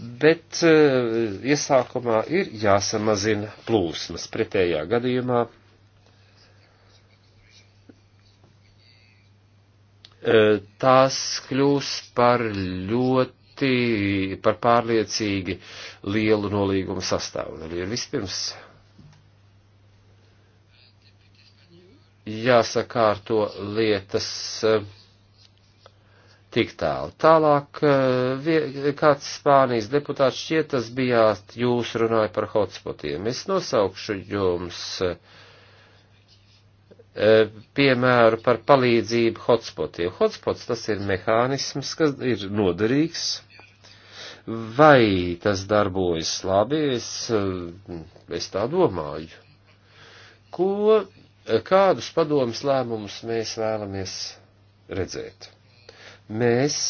Bet iesākumā ir jāsamazina plūsmas pretējā gadījumā E, tās kļūs par ļoti, par pārliecīgi lielu nolīgumu sastāvdaļu. Ir vispirms jāsakārto lietas e, tik tālu. Tālāk e, kāds Spānijas deputāts šķiet, tas bijāt, jūs runāja par hotspotiem. Es nosaukšu jums uh, E, piemēru par palīdzību hotspotiem. Hotspots tas ir mehānisms, kas ir noderīgs. Vai tas darbojas labi? Es, e, es tā domāju. Ko, e, kādus padomus lēmumus mēs vēlamies redzēt? Mēs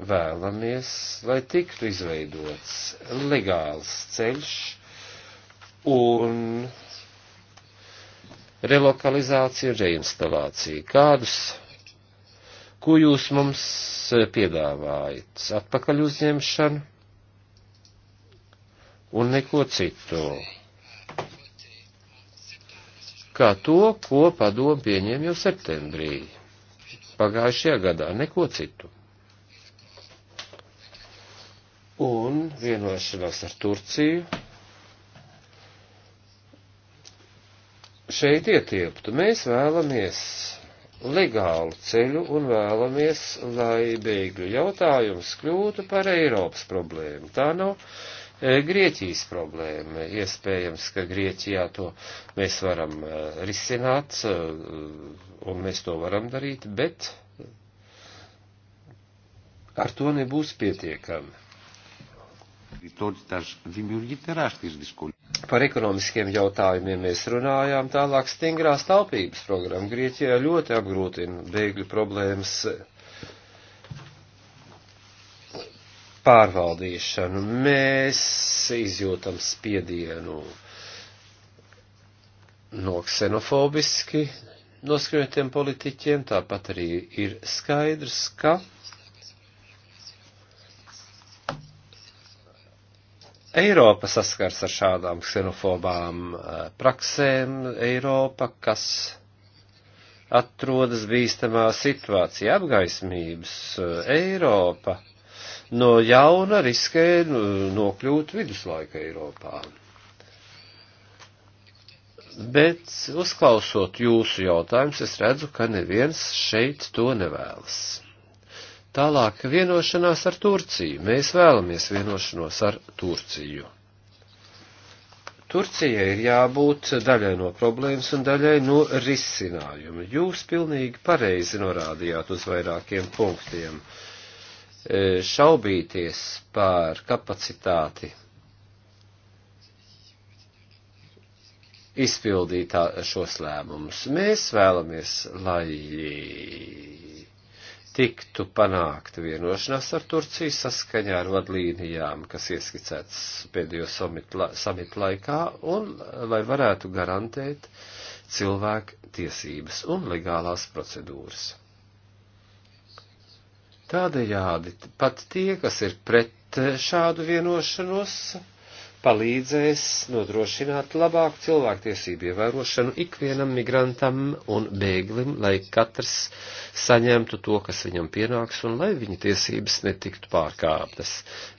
vēlamies, lai tiktu izveidots legāls ceļš un relokalizācija un reinstalācija. Kādus, ko jūs mums eh, piedāvājat? Atpakaļ uzņemšanu un neko citu. Kā to, ko padomu pieņēma jau septembrī pagājušajā gadā, neko citu. Un vienošanās ar Turciju šeit ietilptu. Mēs vēlamies legālu ceļu un vēlamies, lai bēgļu jautājums kļūtu par Eiropas problēmu. Tā nav e, Grieķijas problēma. Iespējams, ka Grieķijā to mēs varam e, risināt e, un mēs to varam darīt, bet ar to nebūs pietiekami par ekonomiskiem jautājumiem mēs runājām, tālāk stingrā staupības programma Grieķijā ļoti apgrūtina bēgļu problēmas pārvaldīšanu. Mēs izjūtam spiedienu no ksenofobiski noskaņotiem politiķiem, tāpat arī ir skaidrs, ka Eiropa saskars ar šādām ksenofobām eh, praksēm, Eiropa, kas atrodas bīstamā situācija, apgaismības, eh, Eiropa no jauna riskē nu, nokļūt viduslaika Eiropā. Bet uzklausot jūsu jautājumus, es redzu, ka neviens šeit to nevēlas. Tālāk vienošanās ar Turciju. Mēs vēlamies vienošanos ar Turciju. Turcija ir jābūt daļai no problēmas un daļai no risinājuma. Jūs pilnīgi pareizi norādījāt uz vairākiem punktiem. E, šaubīties par kapacitāti izpildīt šos lēmumus. Mēs vēlamies, lai tiktu panākta vienošanās ar Turciju saskaņā ar vadlīnijām, kas ieskicētas pēdējo samitu laikā, un eh, lai varētu garantēt cilvēku tiesības un legālās procedūras. Tādējādi pat tie, kas ir pret eh, šādu vienošanos, palīdzēs nodrošināt labāku cilvēktiesību ievērošanu ikvienam migrantam un bēglim, lai katrs saņemtu to, kas viņam pienāks, un lai viņa tiesības netiktu pārkāptas.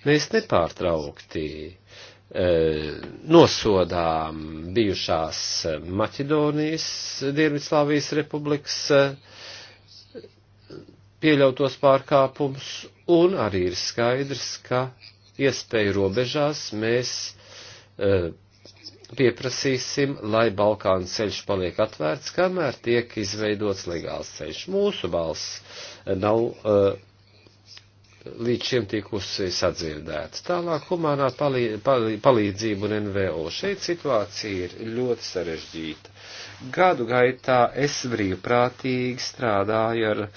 Mēs nepārtraukti e, nosodām bijušās Maķedonijas, Dienvidslāvijas republikas e, pieļautos pārkāpumus, un arī ir skaidrs, ka iespēju robežās mēs e, pieprasīsim, lai Balkānu ceļš paliek atvērts, kamēr tiek izveidots legāls ceļš. Mūsu balss nav uh, e, līdz šim tikusi sadzirdēts. Tālāk humanā palī, palī, palīdzība un NVO. Šeit situācija ir ļoti sarežģīta. Gadu gaitā es brīvprātīgi strādāju ar e,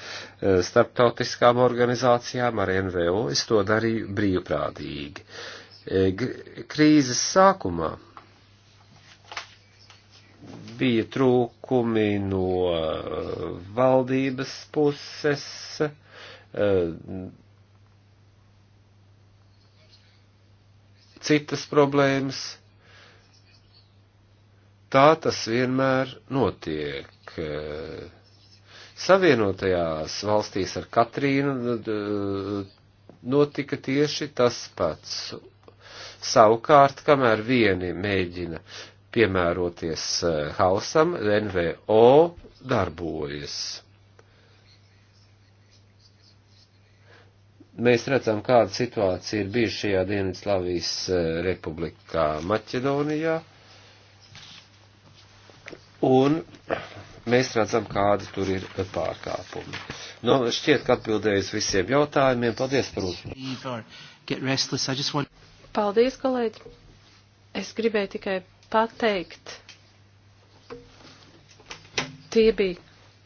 starptautiskām organizācijām, ar NVO. Es to darīju brīvprātīgi. E, krīzes sākumā bija trūkumi no e, valdības puses citas problēmas. Tā tas vienmēr notiek. Savienotajās valstīs ar Katrīnu eh, notika tieši tas pats. Savukārt, kamēr vieni mēģina piemēroties eh, hausam, NVO darbojas. mēs redzam, kāda situācija ir bijusi šajā Dienvidslāvijas e, republikā Maķedonijā, un mēs redzam, kādi tur ir pārkāpumi. Nu, no, šķiet, ka atbildējis visiem jautājumiem. Paldies par uzmanību. Paldies, kolēģi. Es gribēju tikai pateikt, tie bija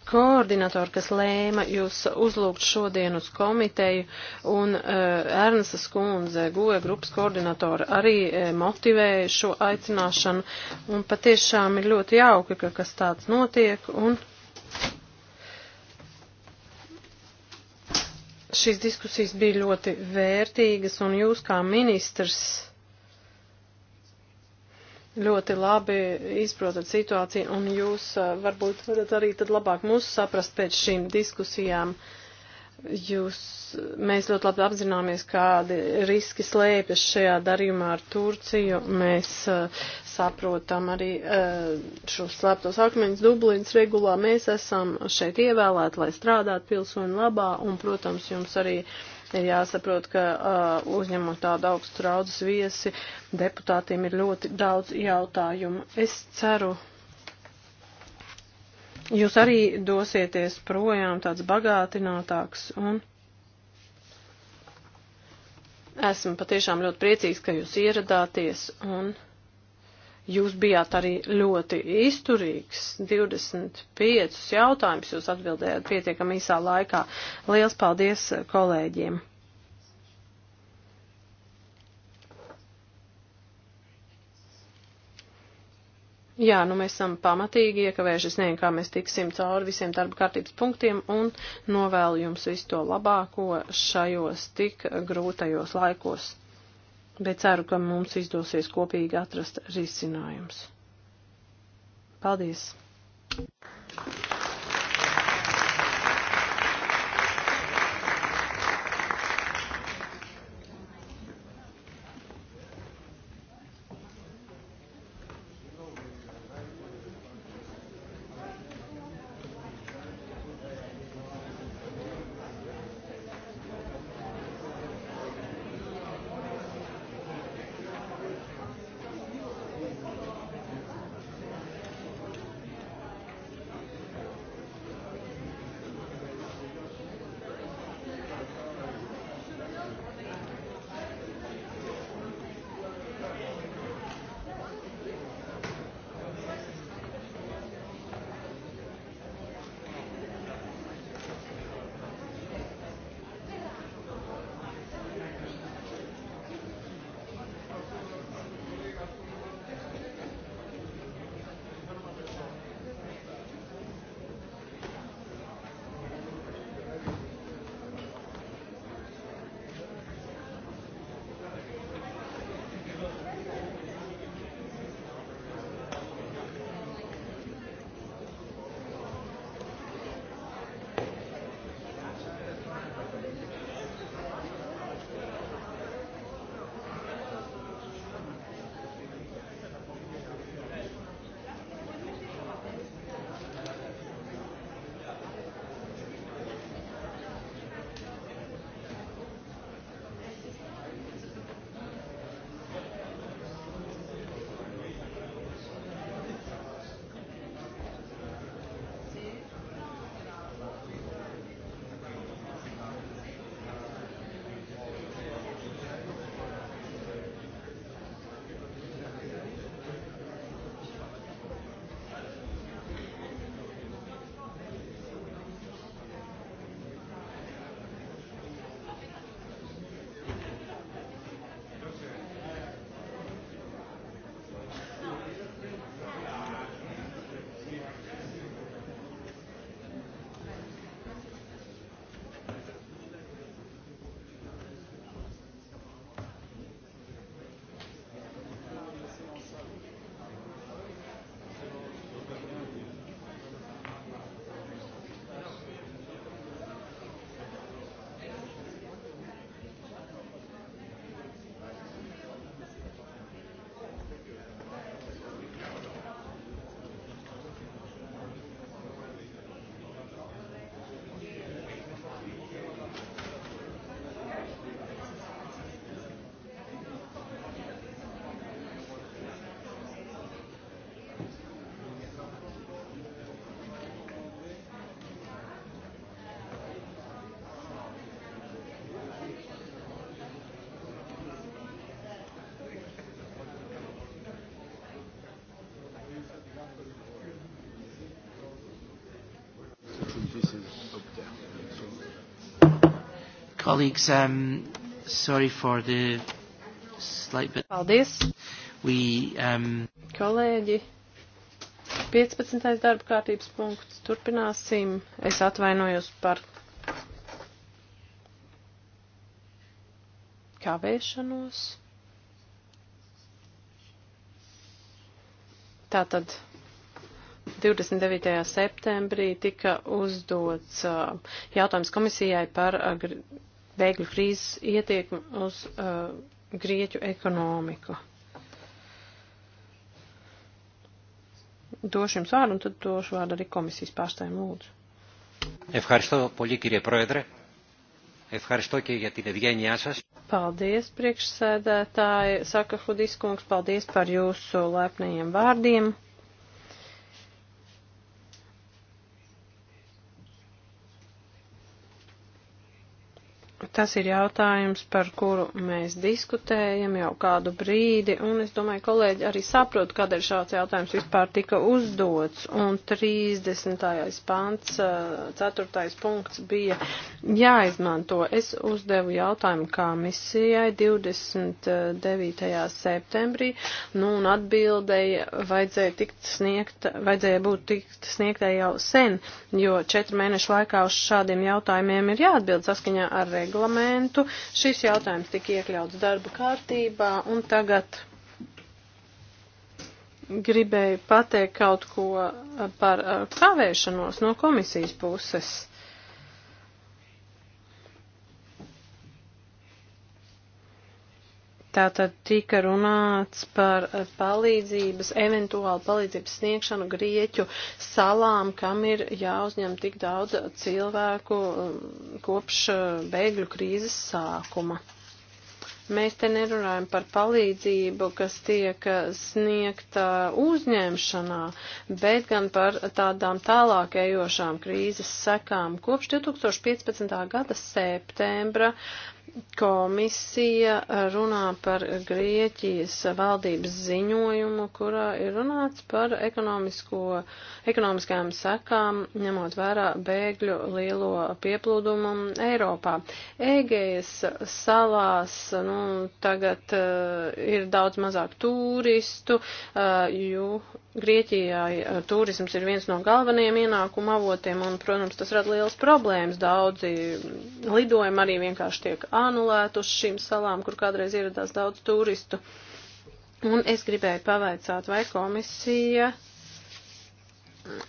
koordinatori, kas lēma jūs uzlūgt šodien uz komiteju, un uh, Ernsta Skundze, goja grupas koordinatori, arī uh, motivēja šo aicināšanu, un patiešām ir ļoti jauki, ka kas tāds notiek, un šīs diskusijas bija ļoti vērtīgas, un jūs kā ministrs ļoti labi izprotat situāciju, un jūs varbūt varat arī tad labāk mūs saprast pēc šīm diskusijām. Jūs, mēs ļoti labi apzināmies, kādi riski slēpjas šajā darījumā ar Turciju. Mēs uh, saprotam arī uh, šos slēptos akmeņus Dublīnas regulā. Mēs esam šeit ievēlēti, lai strādātu pilsoņu labā, un, protams, jums arī uh, Ir jāsaprot, ka uh, uzņemot tādu augstu raudzes viesi, deputātiem ir ļoti daudz jautājumu. Es ceru, jūs arī dosieties projām tāds bagātinātāks un. Esmu patiešām ļoti priecīgs, ka jūs ieradāties un. Jūs bijāt arī ļoti izturīgs, 25 jautājumus jūs atbildējāt pietiekam īsā laikā. Liels paldies kolēģiem! Jā, nu mēs esam pamatīgi iekavējuši, es nezinu, kā mēs tiksim cauri visiem darba kārtības punktiem un novēlu jums visu to labāko šajos tik grūtajos laikos bet ceru, ka mums izdosies kopīgi atrast risinājums. Paldies! Thank you. This is up there. Colleagues, um, sorry for the slight bit. Paldies. We, um... Kolēģi, 15. darba kārtības punkts. Turpināsim. Es atvainojos par kavēšanos. Tātad 29. septembrī tika uzdots uh, jautājums komisijai par uh, bēgļu krīzes ietiekmi uz uh, grieķu ekonomiku. Došu jums vārdu un tad došu vārdu arī komisijas pārstāvjiem lūdzu. Ευχαριστώ πολύ κύριε Πρόεδρε. Ευχαριστώ και για την ευγένειά σας. Paldies, priekšsēdētāji, saka Hudiskungs, paldies par jūsu lepnajiem vārdiem. Tas ir jautājums, par kuru mēs diskutējam jau kādu brīdi, un es domāju, kolēģi arī saprot, kādēļ šāds jautājums vispār tika uzdots, un 30. pants, 4. Eh, punkts bija jāizmanto. Es uzdevu jautājumu komisijai 29. septembrī, nu, un atbildēja vajadzēja tikt sniegta, vajadzēja būt tikt sniegtai jau sen, jo četru mēnešu laikā uz šādiem jautājumiem ir jāatbild saskaņā ar reglamentu parlamentu. Šis jautājums tika iekļauts darba kārtībā un tagad gribēju pateikt kaut ko par eh, kavēšanos no komisijas puses. Tātad tika runāts par eh, palīdzības, eventuālu palīdzības sniegšanu Grieķu salām, kam ir jāuzņem tik daudz cilvēku eh, kopš eh, bēgļu krīzes sākuma. Mēs te nerunājam par palīdzību, kas tiek sniegta uzņemšanā, bet gan par tādām tālāk ejošām krīzes sekām. Kopš 2015. gada septembra uh, Komisija runā par Grieķijas valdības ziņojumu, kurā ir runāts par ekonomiskajām sekām, ņemot vērā bēgļu lielo pieplūdumu Eiropā. Egejas salās nu, tagad uh, ir daudz mazāk turistu, uh, eh, jo Grieķijai eh, turisms ir viens no galvenajiem ienākuma avotiem, un, protams, tas rada liels problēmas. Daudzi lidojumi arī vienkārši tiek anulēti uz šīm salām, kur kādreiz ieradās daudz turistu. Un es gribēju pavaicāt, vai komisija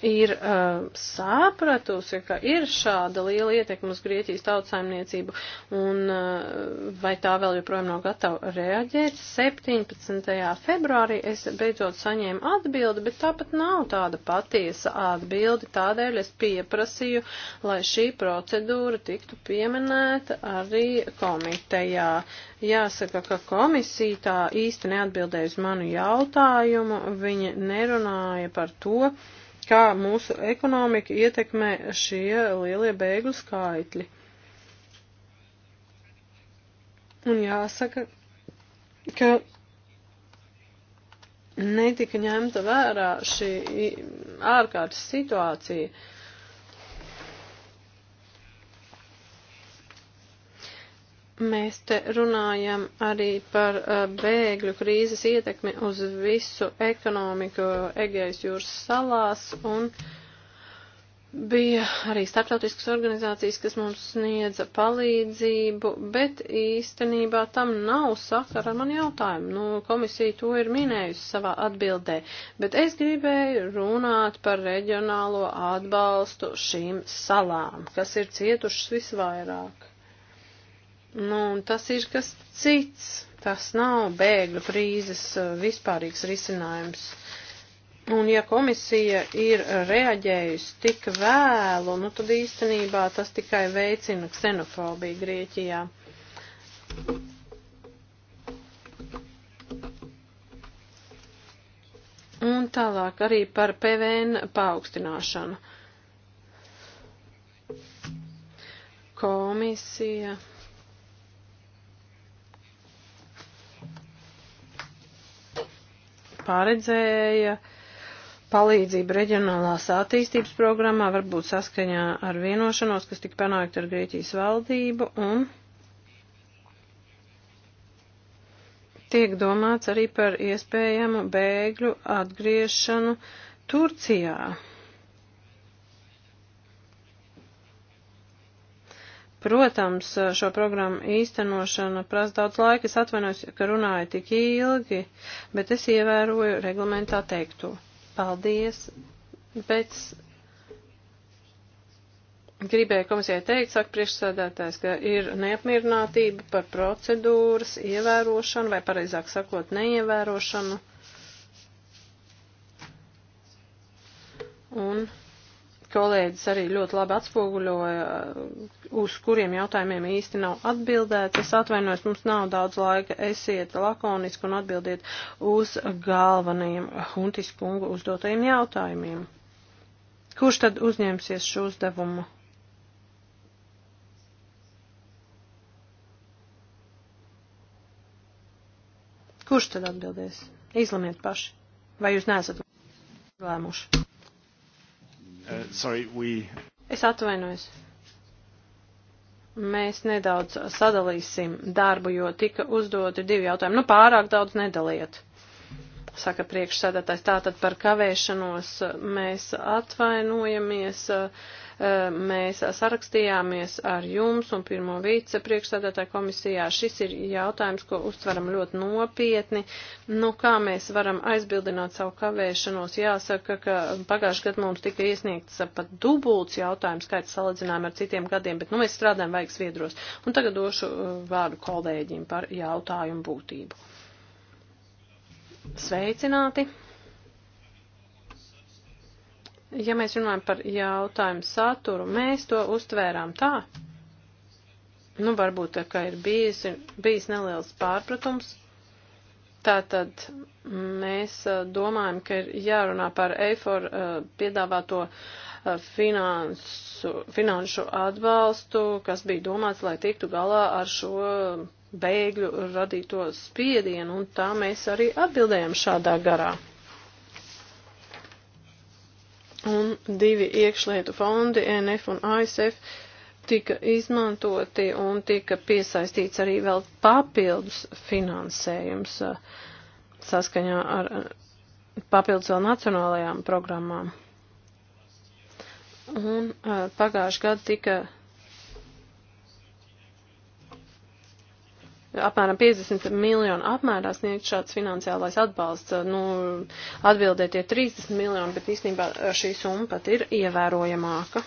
ir uh, sapratusi, ka ir šāda liela ietekme uz Grieķijas tautsaimniecību, un uh, vai tā vēl joprojām nav gatava reaģēt. 17. februārī es beidzot saņēmu atbildi, bet tāpat nav tāda patiesa atbildi, tādēļ es pieprasīju, lai šī procedūra tiktu pieminēta arī komitejā. Jāsaka, ka komisija tā īsti neatbildēja uz manu jautājumu, viņa nerunāja par to, kā mūsu ekonomika ietekmē šie lielie bēgļu skaitļi. Un jāsaka, ka netika ņemta vērā šī ārkārtas situācija. Uh, Mēs te runājam arī par uh, bēgļu krīzes ietekmi uz visu ekonomiku Egejas jūras salās un bija arī starptautiskas organizācijas, kas mums sniedza palīdzību, bet īstenībā tam nav sakara ar man jautājumu. Nu, komisija to ir minējusi savā atbildē, bet es gribēju runāt par reģionālo atbalstu šīm salām, kas ir cietušas visvairāk. Nu, un tas ir kas cits. Tas nav bēgļu krīzes eh, vispārīgs risinājums. Un ja komisija ir reaģējusi tik vēlu, nu tad īstenībā tas tikai veicina ksenofobiju Grieķijā. Un tālāk arī par PVN paaugstināšanu. Komisija paredzēja palīdzību reģionālās attīstības programmā, varbūt saskaņā ar vienošanos, kas tika panākt ar Grieķijas valdību, un tiek domāts arī par iespējamu bēgļu atgriešanu Turcijā. Protams, šo programmu īstenošana prasa daudz laika, es atvainojos, ka runāju tik ilgi, bet es ievēroju reglamentā teikto. Paldies, bet gribēju komisijai teikt, saka priekšsēdētājs, ka ir neapmierinātība par procedūras ievērošanu vai pareizāk sakot neievērošanu. Un kolēģis arī ļoti labi atspoguļoja, uz kuriem jautājumiem īsti nav atbildēts. Es atvainojos, mums nav daudz laika, esiet lakoniski un atbildiet uz galvenajiem Huntis kungu uzdotajiem jautājumiem. Kurš tad uzņemsies šo uzdevumu? Kurš tad atbildēs? Izlemiet paši. Vai jūs neesat lēmuši? Uh, sorry, we... Es atvainojos. Mēs nedaudz sadalīsim darbu, jo tika uzdoti divi jautājumi. Nu, pārāk daudz nedaliet saka priekšsēdētājs, tātad par kavēšanos mēs atvainojamies. Uh, Eh, mēs sarakstījāmies ar jums un pirmo vicepriekšstādātāju komisijā. Šis ir jautājums, ko uztveram ļoti nopietni. Nu, kā mēs varam aizbildināt savu kavēšanos? Jāsaka, ka pagājušajā gadā mums tika iesniegts pat dubults jautājums skaits salīdzinājumā ar citiem gadiem, bet nu mēs strādājam vajag sviedros. Un tagad došu eh, vārdu kolēģim par jautājumu būtību. Sveicināti! ja mēs runājam par jautājumu saturu, mēs to uztvērām tā. Nu, varbūt, ka ir bijis, ir bijis neliels pārpratums. Tātad mēs domājam, ka ir jārunā par EFOR piedāvāto finansu, finanšu atbalstu, kas bija domāts, lai tiktu galā ar šo bēgļu radīto spiedienu, un tā mēs arī atbildējam šādā garā un divi iekšlietu fondi, e NF un ASF, tika izmantoti un tika piesaistīts arī vēl papildus finansējums uh, saskaņā ar uh, papildus vēl nacionālajām programmām. Un uh, pagājuši gadu tika apmēram 50 miljonu apmērā sniegt šāds finansiālais atbalsts. Nu, atbildēt ir 30 miljoni, bet īstenībā šī summa pat ir ievērojamāka.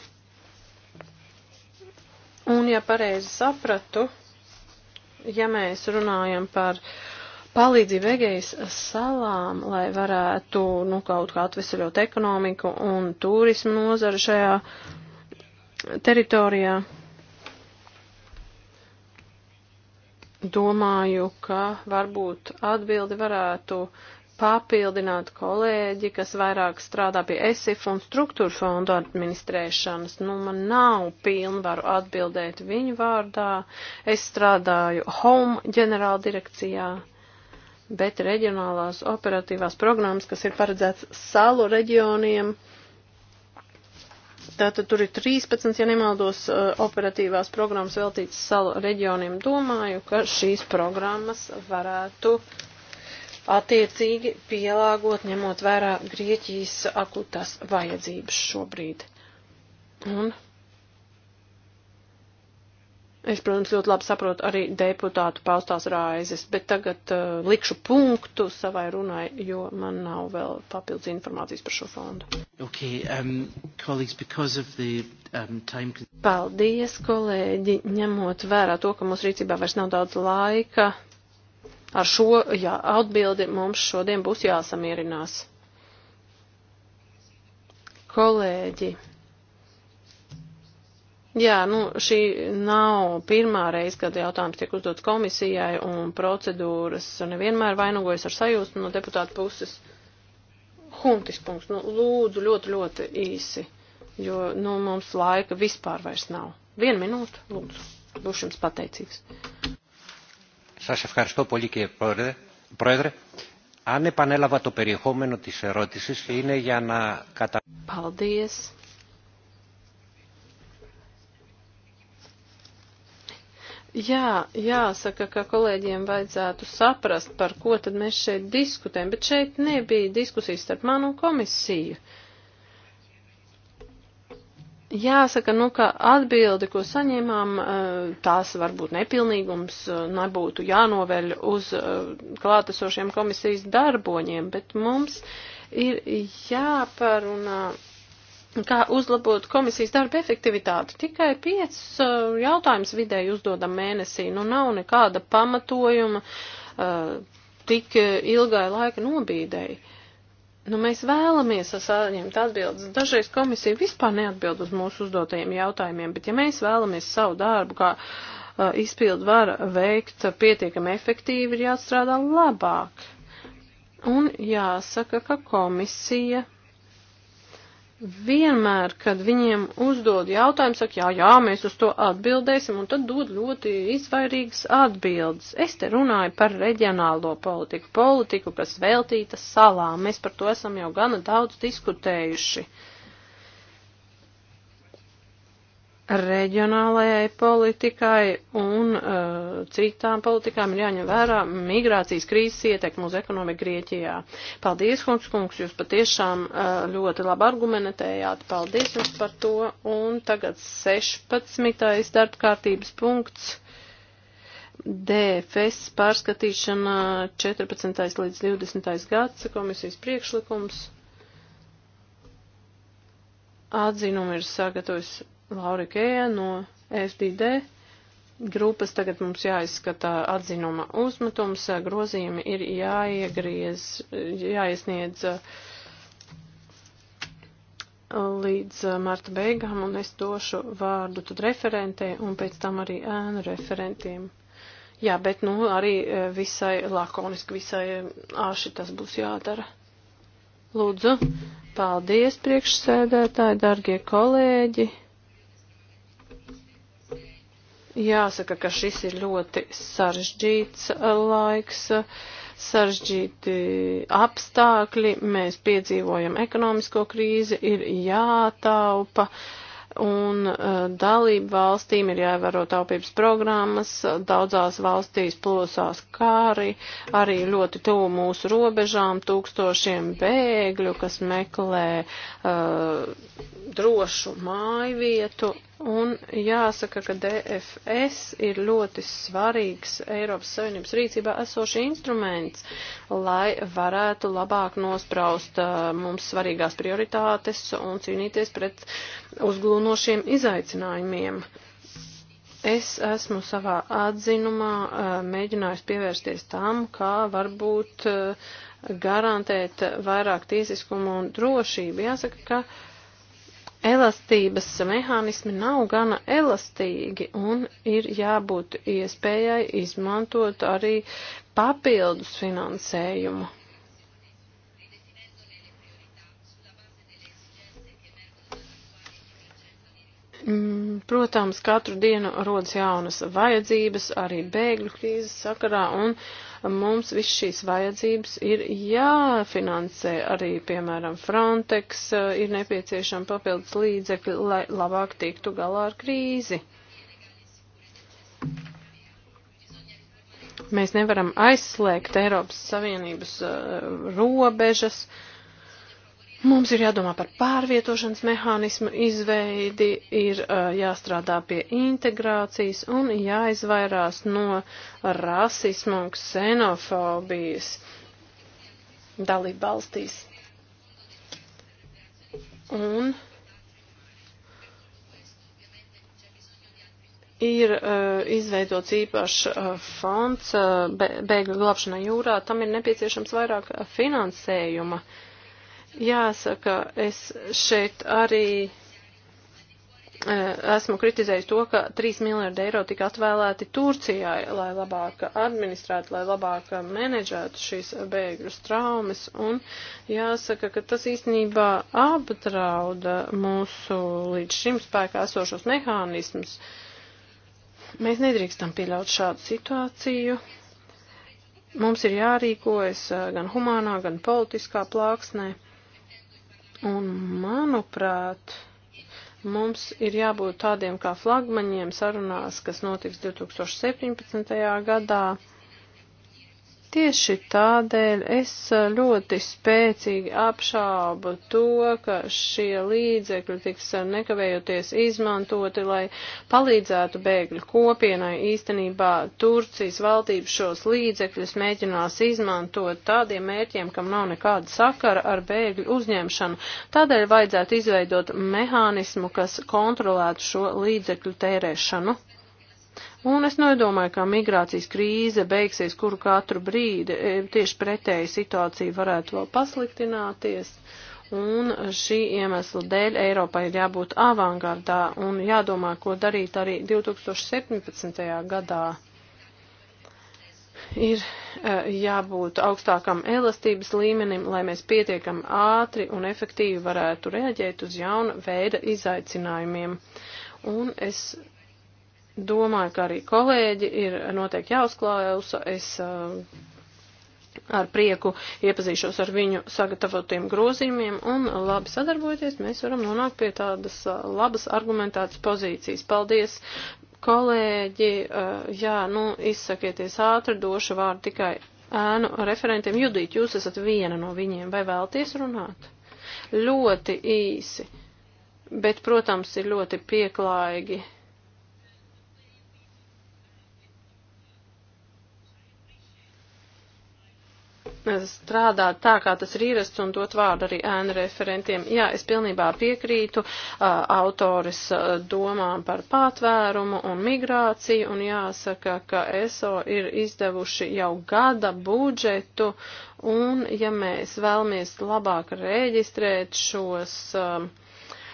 Un, ja pareizi sapratu, ja mēs runājam par palīdzību Egejas salām, lai varētu, nu, kaut kā atvesaļot ekonomiku un turismu nozara šajā teritorijā, domāju, ka varbūt atbildi varētu papildināt kolēģi, kas vairāk strādā pie ESIF un struktūra fondu administrēšanas. Nu, man nav pilnvaru atbildēt viņu vārdā. Es strādāju Home ģenerāla direkcijā, bet reģionālās operatīvās programmas, kas ir paredzēts salu reģioniem, uh, Tātad tur ir 13, ja nemaldos, uh, operatīvās programmas veltītas salu reģioniem. Domāju, ka šīs programmas varētu attiecīgi pielāgot, ņemot vērā Grieķijas akūtās vajadzības šobrīd. Un Es, protams, ļoti labi saprotu arī deputātu paustās raizes, bet tagad uh, likšu punktu savai runai, jo man nav vēl papildus informācijas par šo fondu. Okay, um, colleagues, because of the um, time... Paldies, kolēģi, ņemot vērā to, ka mūsu rīcībā vairs nav daudz laika. Ar šo jā, atbildi mums šodien būs jāsamierinās. Kolēģi. Jā, nu, šī nav pirmā reize, kad jautājums tiek uzdots komisijai, un procedūras nevienmēr vainagojas ar sajūsmu no deputāta puses. Huntis punkts, nu, lūdzu, ļoti, ļoti īsi, jo, nu, mums laika vispār vairs nav. Vienu minūtu, lūdzu, būšu jums pateicīgs. Σας ευχαριστώ πολύ κύριε Πρόεδρε. Πρόεδρε, αν επανέλαβα το περιεχόμενο της ερώτησης είναι για να κατα... Paldies. Jā, jāsaka, ka kolēģiem vajadzētu saprast, par ko tad mēs šeit diskutējam, bet šeit nebija diskusijas starp manu komisiju. Jāsaka, nu, ka atbildi, ko saņēmām, eh, tās varbūt nepilnīgums eh, nebūtu jānoveļ uz eh, klātesošiem komisijas darboņiem, bet mums ir jāparunā. Uh, kā uzlabot komisijas darba efektivitāti. Tikai piecus uh, jautājumus vidēji uzdodam mēnesī. Nu, nav nekāda pamatojuma uh, tik ilgai laika nobīdēji. Nu, mēs vēlamies saņemt atbildes. Dažreiz komisija vispār neatbild uz mūsu uzdotajiem jautājumiem, bet ja mēs vēlamies savu darbu, kā uh, izpildu var veikt pietiekami efektīvi, ir jāstrādā labāk. Un jāsaka, ka komisija vienmēr, kad viņiem uzdod jautājumu, saka, jā, jā, mēs uz to atbildēsim, un tad dod ļoti izvairīgas atbildes. Es te runāju par reģionālo politiku, politiku, kas veltīta salām. Mēs par to esam jau gana daudz diskutējuši. Uh, reģionālajai politikai un uh, citām politikām ir jāņem vērā migrācijas krīzes ietekmu uz ekonomiku Grieķijā. Paldies, Hunks kungs, jūs patiešām uh, ļoti labi argumentējāt. Paldies jums par to. Un tagad 16. darbkārtības punkts. DFS pārskatīšana 14. līdz 20. gads komisijas priekšlikums. Atzinumi ir sagatavojis Laura Kēja no FDD grupas. Tagad mums jāizskata atzinuma uzmetums, grozījumi ir jāiegriez, jāiesniedz uh, līdz uh, marta beigām, un es došu vārdu tad referentē un pēc tam arī ēnu referentiem. Jā, bet nu arī uh, visai lakoniski, visai āši tas būs jādara. Lūdzu, paldies priekšsēdētāji, dargie kolēģi. Jāsaka, ka šis ir ļoti sarežģīts uh, laiks, uh, sarežģīti apstākļi, mēs piedzīvojam ekonomisko krīzi, ir jātaupa un uh, dalību valstīm ir jāievēro taupības programmas, daudzās valstīs plosās kāri, arī ļoti tuvu mūsu robežām tūkstošiem bēgļu, kas meklē uh, drošu mājvietu Un jāsaka, ka DFS ir ļoti svarīgs Eiropas Savienības rīcībā esošs instruments, lai varētu labāk nospraust uh, mums svarīgās prioritātes un cīnīties pret uzglūnošiem izaicinājumiem. Es esmu savā atzinumā uh, mēģinājis pievērsties tam, kā varbūt uh, garantēt vairāk tiesiskumu un drošību. Jāsaka, ka elastības mehānismi nav gana elastīgi un ir jābūt iespējai izmantot arī papildus finansējumu. Mm, protams, katru dienu rodas jaunas vajadzības arī bēgļu krīzes sakarā un uh, Mums viss šīs vajadzības ir jāfinansē. Arī, piemēram, Frontex eh, ir nepieciešama papildus līdzekļi, lai labāk tiktu galā ar krīzi. Mēs nevaram aizslēgt Eiropas Savienības uh, robežas. Uh, Mums ir jādomā par pārvietošanas mehānismu izveidi, ir uh, jāstrādā pie integrācijas un jāizvairās no rasismu un ksenofobijas dalību valstīs. Un ir uh, izveidots īpašs uh, fonds uh, bēgļu glābšanai jūrā, tam ir nepieciešams vairāk uh, finansējuma. Uh, Jāsaka, es šeit arī eh, esmu kritizējis to, ka 3 miljārdi eiro tika atvēlēti Turcijai, lai labāk administrētu, lai labāk menedžētu šīs bēgļu traumas. Un jāsaka, ka tas īstenībā apdrauda mūsu līdz šim spēkā esošos mehānismus. Mēs nedrīkstam pieļaut šādu situāciju. Mums ir jārīkojas eh, gan humānā, gan politiskā plāksnē. Un, manuprāt, mums ir jābūt tādiem kā flagmaņiem sarunās, kas notiks 2017. gadā. Tieši tādēļ es eh, ļoti spēcīgi apšābu to, ka šie līdzekļi tiks eh, nekavējoties izmantoti, lai palīdzētu bēgļu kopienai. Īstenībā Turcijas valdība šos līdzekļus mēģinās izmantot tādiem mērķiem, kam nav nekāda sakara ar bēgļu uzņemšanu. Tādēļ vajadzētu izveidot mehānismu, kas kontrolētu šo līdzekļu tērēšanu. Un es nedomāju, ka migrācijas krīze beigsies kuru katru brīdi. E, tieši pretēji situācija varētu vēl pasliktināties. Un šī iemesla dēļ Eiropai ir jābūt avangardā un jādomā, ko darīt arī 2017. gadā ir e, jābūt augstākam elastības līmenim, lai mēs pietiekam ātri un efektīvi varētu reaģēt uz jauna veida izaicinājumiem. Un es domāju, ka arī kolēģi ir noteikti jāuzklājusa. Es um, ar prieku iepazīšos ar viņu sagatavotiem grozījumiem un labi sadarbojoties, mēs varam nonākt pie tādas uh, labas argumentētas pozīcijas. Paldies! Kolēģi, uh, jā, nu, izsakieties ātri, došu vārdu tikai ēnu referentiem. Judīt, jūs esat viena no viņiem, vai vēlties runāt? Ļoti īsi, bet, protams, ir ļoti pieklājīgi strādāt tā, kā tas ir ierasts un dot vārdu arī ēnu referentiem. Jā, es pilnībā piekrītu uh, autoris uh, domām par pātvērumu un migrāciju un jāsaka, ka ESO ir izdevuši jau gada budžetu un ja mēs vēlamies labāk reģistrēt šos uh,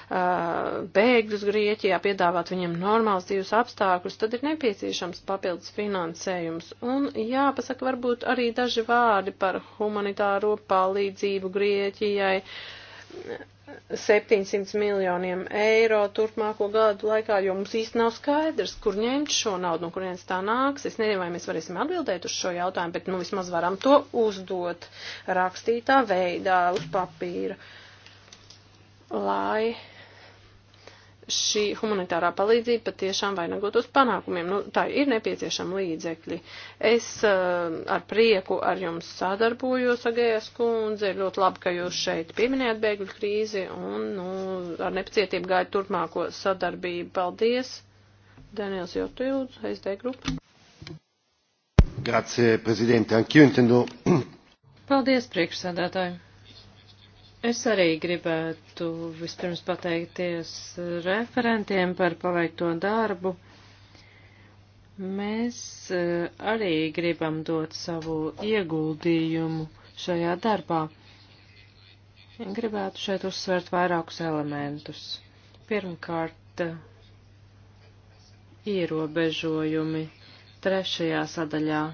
bēgļus Grieķijā, piedāvāt viņiem normāls dzīves apstākļus, tad ir nepieciešams papildus finansējums. Un jāpasaka varbūt arī daži vārdi par humanitāro palīdzību Grieķijai. 700 miljoniem eiro turpmāko gadu laikā, jo mums īsti nav skaidrs, kur ņemt šo naudu, no kurienes tā nāks. Es nezinu, vai mēs varēsim atbildēt uz šo jautājumu, bet nu vismaz varam to uzdot rakstītā veidā uz papīra, lai šī humanitārā palīdzība patiešām vainagotos panākumiem. Nu, tā ir nepieciešama līdzekļi. Es uh, ar prieku ar jums sadarbojos, Agējas kundze, ir ļoti labi, ka jūs šeit pieminējat bēgļu krīzi un nu, ar nepacietību gaidu turpmāko sadarbību. Paldies! Daniels Jotilds, SD grupa. Grazie, prezidente. Anch'io intendo. Paldies, priekšsēdētāji. Es arī gribētu vispirms pateikties referentiem par paveikto darbu. Mēs eh, arī gribam dot savu ieguldījumu šajā darbā. Gribētu šeit uzsvērt vairākus elementus. Pirmkārt, ierobežojumi trešajā sadaļā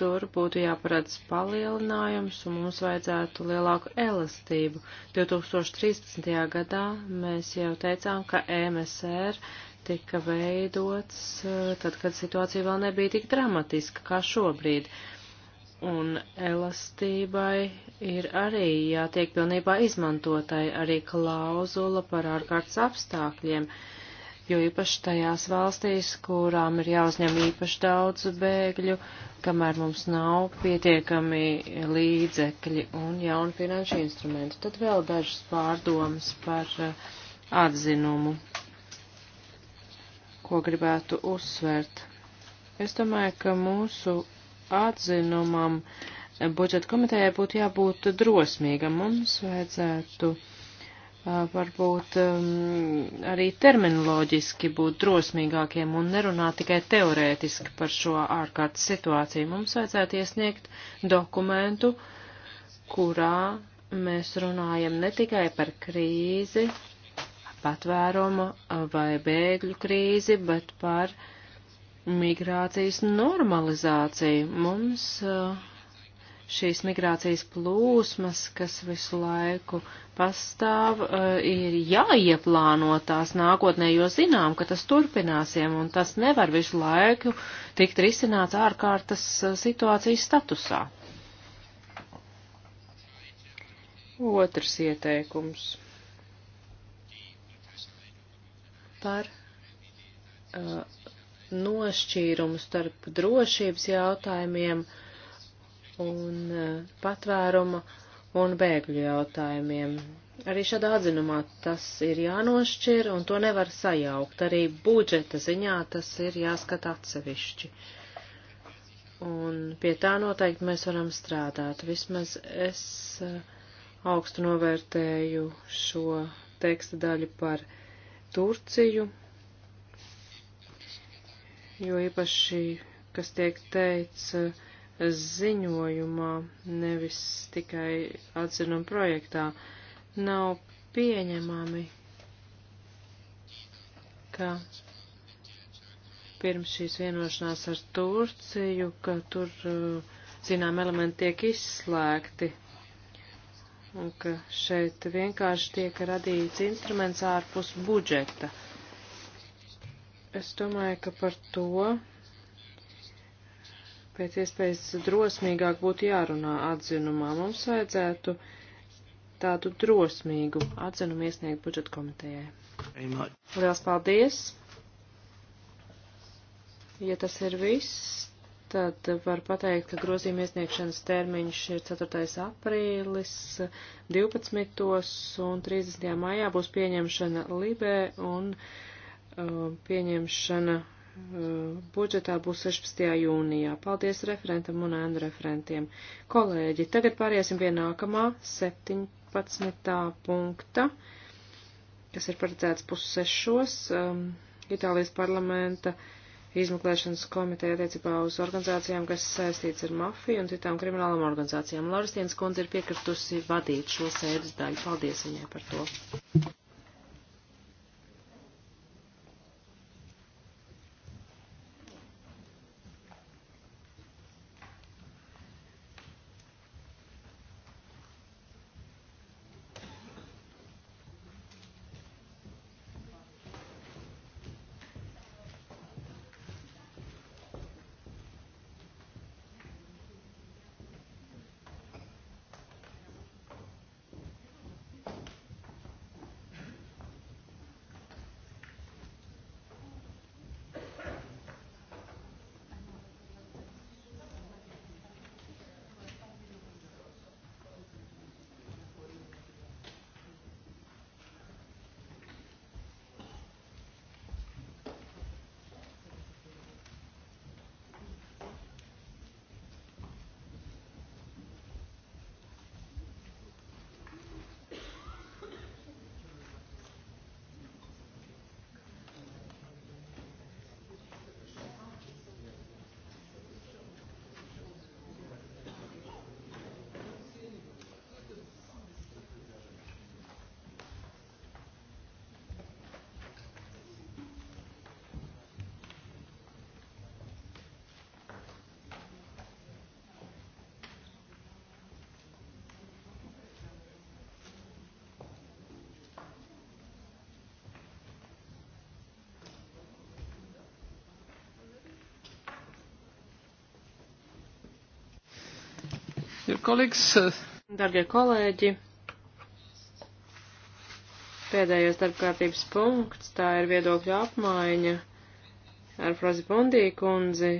tur būtu jāparedz palielinājums un mums vajadzētu lielāku elastību. 2013. gadā mēs jau teicām, ka e MSR tika veidots eh, tad, kad situācija vēl nebija tik dramatiska kā šobrīd. Un elastībai ir arī jātiek pilnībā izmantotai arī klauzula par ārkārtas apstākļiem jo īpaši tajās valstīs, kurām ir jāuzņem īpaši daudz bēgļu, kamēr mums nav pietiekami līdzekļi un jauni finanšu instrumenti. Tad vēl dažas pārdomas par eh, atzinumu, ko gribētu uzsvērt. Es domāju, ka mūsu atzinumam eh, budžeta komitejai būtu jābūt drosmīgam. Mums vajadzētu varbūt um, arī terminoloģiski būt drosmīgākiem un nerunāt tikai teorētiski par šo ārkārtas situāciju. Mums vajadzētu iesniegt dokumentu, kurā mēs runājam ne tikai par krīzi, patvērumu vai bēgļu krīzi, bet par migrācijas normalizāciju. Mums uh, šīs migrācijas plūsmas, kas visu laiku pastāv, eh, ir jāieplāno tās nākotnē, jo zinām, ka tas turpināsiem un tas nevar visu laiku tikt risināts ārkārtas eh, situācijas statusā. Otrs ieteikums par uh, nošķīrumu starp drošības jautājumiem uh, un eh, patvērumu un bēgļu jautājumiem. Arī šādā atzinumā tas ir jānošķir un to nevar sajaukt. Arī budžeta ziņā tas ir jāskat atsevišķi. Un pie tā noteikti mēs varam strādāt. Vismaz es eh, augstu novērtēju šo teksta daļu par Turciju, jo īpaši, kas tiek teica, ziņojumā, nevis tikai atzinuma projektā. Nav pieņemami, ka pirms šīs vienošanās ar Turciju, ka tur, eh, zinām, elementi tiek izslēgti, un ka šeit vienkārši tiek radīts instruments ārpus budžeta. Es domāju, ka par to pēc iespējas drosmīgāk būtu jārunā atzinumā. Mums vajadzētu tādu drosmīgu atzinumu iesniegt budžeta komitejai. Lielas paldies! Ja tas ir viss, tad var pateikt, ka grozījuma iesniegšanas termiņš ir 4. aprīlis 12. un 30. maijā būs pieņemšana Libē un uh, pieņemšana Eh, budžetā būs 16. jūnijā. Paldies referentam un ēnu referentiem. Kolēģi, tagad pāriesim pie nākamā 17. punkta, kas ir paredzēts pussešos um, Itālijas parlamenta izmeklēšanas komiteja attiecībā uz organizācijām, kas saistīts ar mafiju un citām kriminālām organizācijām. Lauristīnas kundze ir piekritusi vadīt šo sēdes daļu. Paldies viņai par to. Uh, Dargie kolēģi, pēdējais darbkārtības punkts, tā ir viedokļu apmaiņa ar Frozi Pondiju kundzi,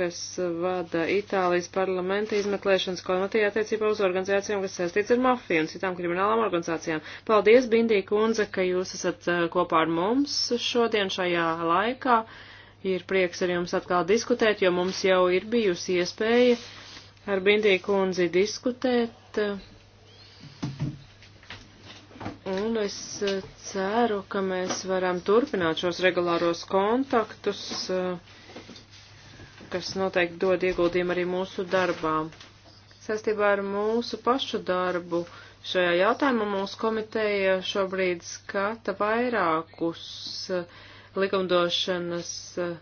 kas vada Itālijas parlamenta izmeklēšanas komitejā attiecībā uz organizācijām, kas saistīts ar mafiju un citām kriminālām organizācijām. Paldies, Bindī kundze, ka jūs esat uh, kopā ar mums šodien šajā laikā. Ir prieks ar jums atkal diskutēt, jo mums jau ir bijusi iespēja ar Bindī kundzi diskutēt. Un es eh, ceru, ka mēs varam turpināt šos regulāros kontaktus, eh, kas noteikti dod ieguldījumu arī mūsu darbām. Sastībā ar mūsu pašu darbu šajā jautājumā mūsu komiteja šobrīd skata vairākus eh, likumdošanas uh,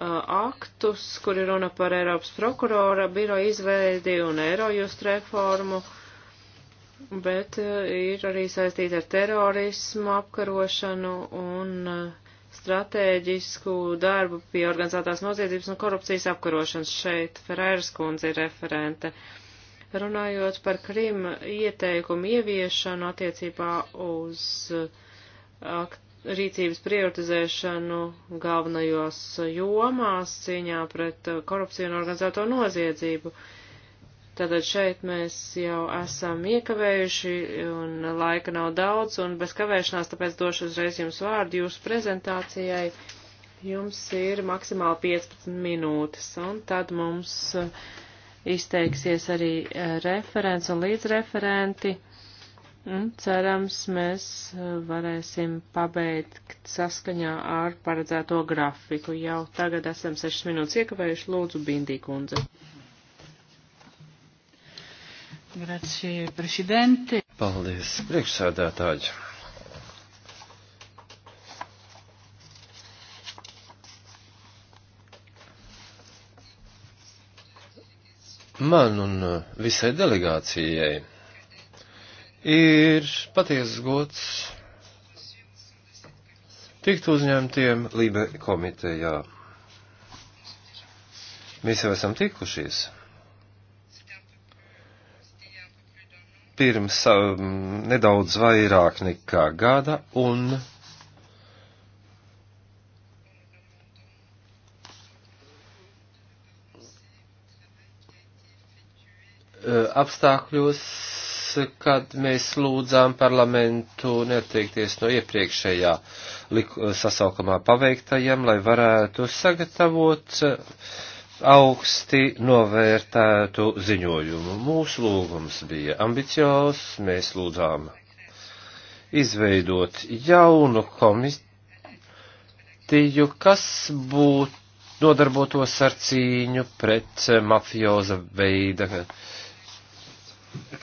Uh, aktus, kur ir runa par Eiropas prokurora biro izveidi un Eirojust reformu, bet uh, ir arī saistīta ar terorismu apkarošanu un uh, stratēģisku darbu pie organizētās noziedzības un korupcijas apkarošanas šeit. Ferēras kundze ir referente. Runājot par Krim ieteikumu ieviešanu attiecībā uz akt, rīcības prioritizēšanu galvenajos jomās cīņā pret korupciju un organizēto noziedzību. Tātad šeit mēs jau esam iekavējuši un laika nav daudz un bez kavēšanās, tāpēc došu uzreiz jums vārdu jūsu prezentācijai. Jums ir maksimāli 15 minūtes un tad mums izteiksies arī referents un līdzreferenti. Un cerams, mēs uh, varēsim pabeigt saskaņā ar paredzēto grafiku. Jau tagad esam 6 minūtes iekavējuši. Lūdzu, Bindī kundze. Grazie, prezidenti. Paldies, priekšsēdētāji. Man un uh, visai delegācijai ir patiesas gods tikt uzņemtiem Lībe komitejā. Mēs jau esam tikušies. Pirms um, nedaudz vairāk nekā gada un uh, apstākļos kad mēs lūdzām parlamentu neatteikties no iepriekšējā sasaukumā paveiktajiem, lai varētu sagatavot eh, augsti novērtētu ziņojumu. Mūsu lūgums bija ambiciozs, mēs lūdzām izveidot jaunu komisiju, kas būtu nodarbotos ar cīņu pret mafioza veida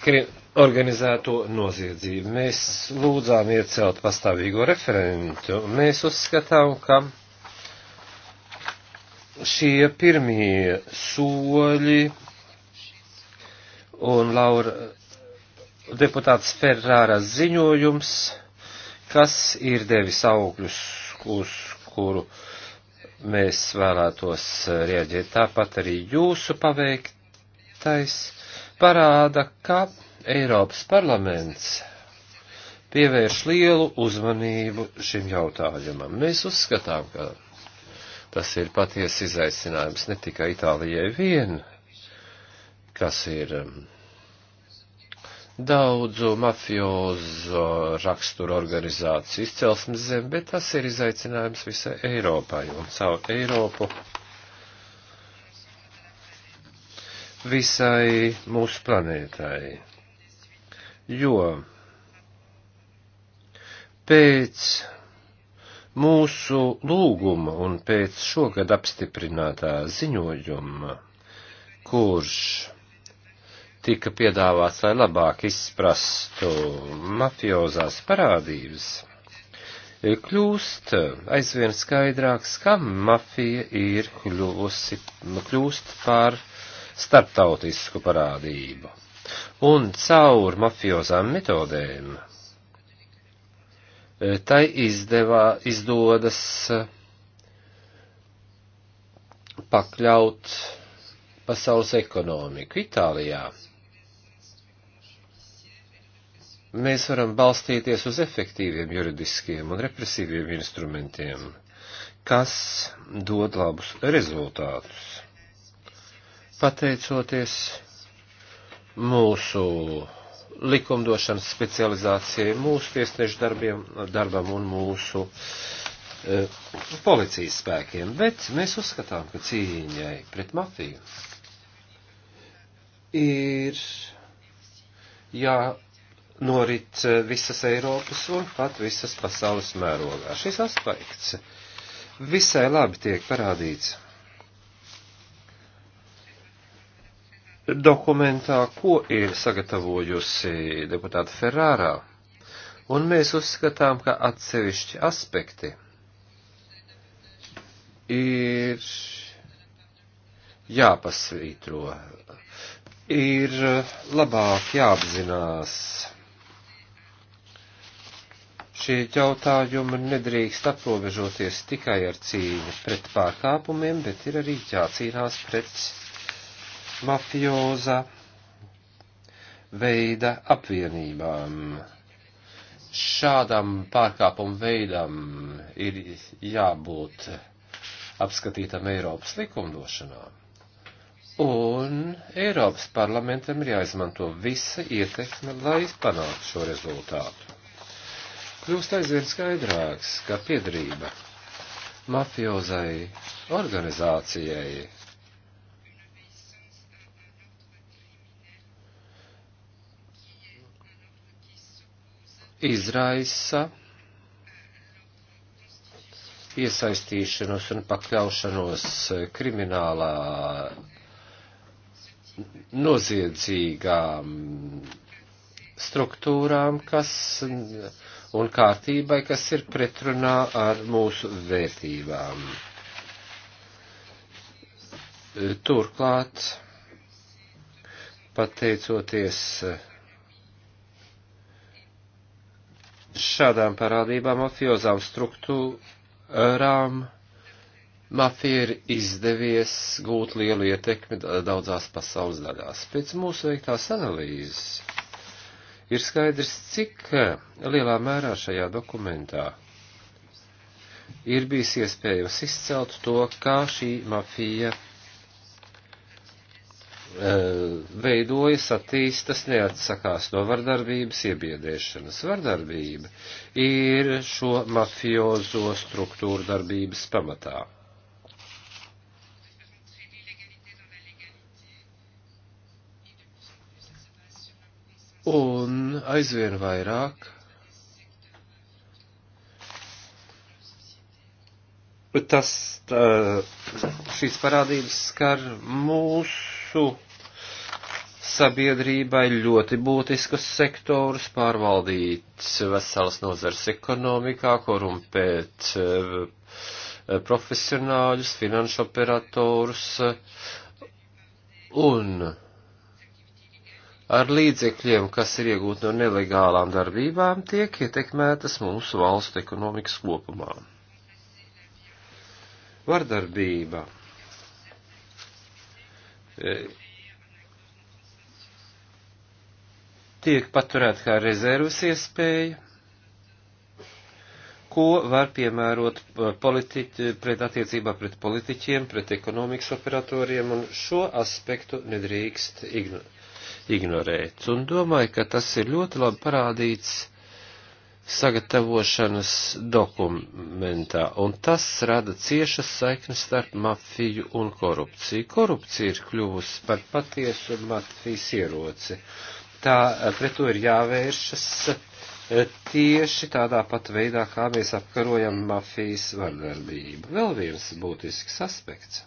kri organizēto noziedzību. Mēs lūdzām iecelt pastāvīgo referentu. Mēs uzskatām, ka šie pirmie soļi un Laura deputāts Ferrāras ziņojums, kas ir devis augļus, uz kuru mēs vēlētos rieģēt. Tāpat arī jūsu paveiktais parāda, ka Eiropas parlaments pievērš lielu uzmanību šim jautājumam. Mēs uzskatām, ka tas ir patiesi izaicinājums ne tikai Itālijai vien, kas ir um, daudzu mafiozo raksturu organizāciju izcelsmes zem, bet tas ir izaicinājums visai Eiropai un caur Eiropu visai mūsu planētai jo pēc mūsu lūguma un pēc šogad apstiprinātā ziņojuma, kurš tika piedāvāts, lai labāk izprastu mafiozās parādības, kļūst aizvien skaidrāks, ka mafija ir kļūsi, kļūst par starptautisku parādību un caur mafiozām metodēm. Eh, tai izdevā, izdodas eh, pakļaut pasaules ekonomiku Itālijā. Mēs varam balstīties uz efektīviem juridiskiem un represīviem instrumentiem, kas dod labus rezultātus. Pateicoties mūsu likumdošanas specializācijai, mūsu tiesnešu darbiem, darbam un mūsu e, policijas spēkiem. Bet mēs uzskatām, ka cīņai pret mafiju ir jānorit visas Eiropas un pat visas pasaules mērogā. Šis aspekts visai labi tiek parādīts dokumentā, ko ir sagatavojusi deputāta Ferrārā, un mēs uzskatām, ka atsevišķi aspekti ir jāpasvītro, ir labāk jāapzinās. Šie jautājumi nedrīkst aprobežoties tikai ar cīņu pret pārkāpumiem, bet ir arī jācīnās pret mafioza veida apvienībām. Šādam pārkāpumu veidam ir jābūt apskatītam Eiropas likumdošanā. Un Eiropas parlamentam ir jāizmanto visa ietekme, lai panāktu šo rezultātu. Kļūst aizvien skaidrāks, ka piedarība mafiozai organizācijai izraisa iesaistīšanos un pakļaušanos kriminālā noziedzīgām struktūrām, kas un kārtībai, kas ir pretrunā ar mūsu vērtībām. Turklāt, pateicoties uh, šādām parādībām, mafiozām struktūrām, mafija ir izdevies gūt lielu ietekmi daudzās pasaules daļās. Pēc mūsu veiktās analīzes ir skaidrs, cik lielā mērā šajā dokumentā ir bijis iespējams izcelt to, kā šī mafija Eh, veidojas, attīstas, neatsakās no vardarbības, iebiedēšanas. Vardarbība ir šo mafiozo struktūru darbības pamatā. Un aizvien vairāk tas, tā, eh, šīs parādības skar mūsu mūsu sabiedrībai ļoti būtiskus sektorus pārvaldīt veselas nozars ekonomikā, korumpēt eh, profesionāļus, finanšu operatorus un ar līdzekļiem, kas ir iegūti no nelegālām darbībām, tiek ietekmētas mūsu valstu ekonomikas kopumā. Vardarbība Eh, tiek paturēta kā rezervas iespēja, ko var piemērot eh, politiķi, pret attiecībā pret politiķiem, pret ekonomikas operatoriem, un šo aspektu nedrīkst igno, ignorēt. Un domāju, ka tas ir ļoti labi parādīts sagatavošanas dokumentā, un tas rada ciešas saiknes starp mafiju un korupciju. Korupcija ir kļuvusi par patiesu mafijas ieroci. Tā pret to ir jāvēršas eh, tieši tādā pat veidā, kā mēs apkarojam mafijas vardarbību. Vēl viens būtisks aspekts.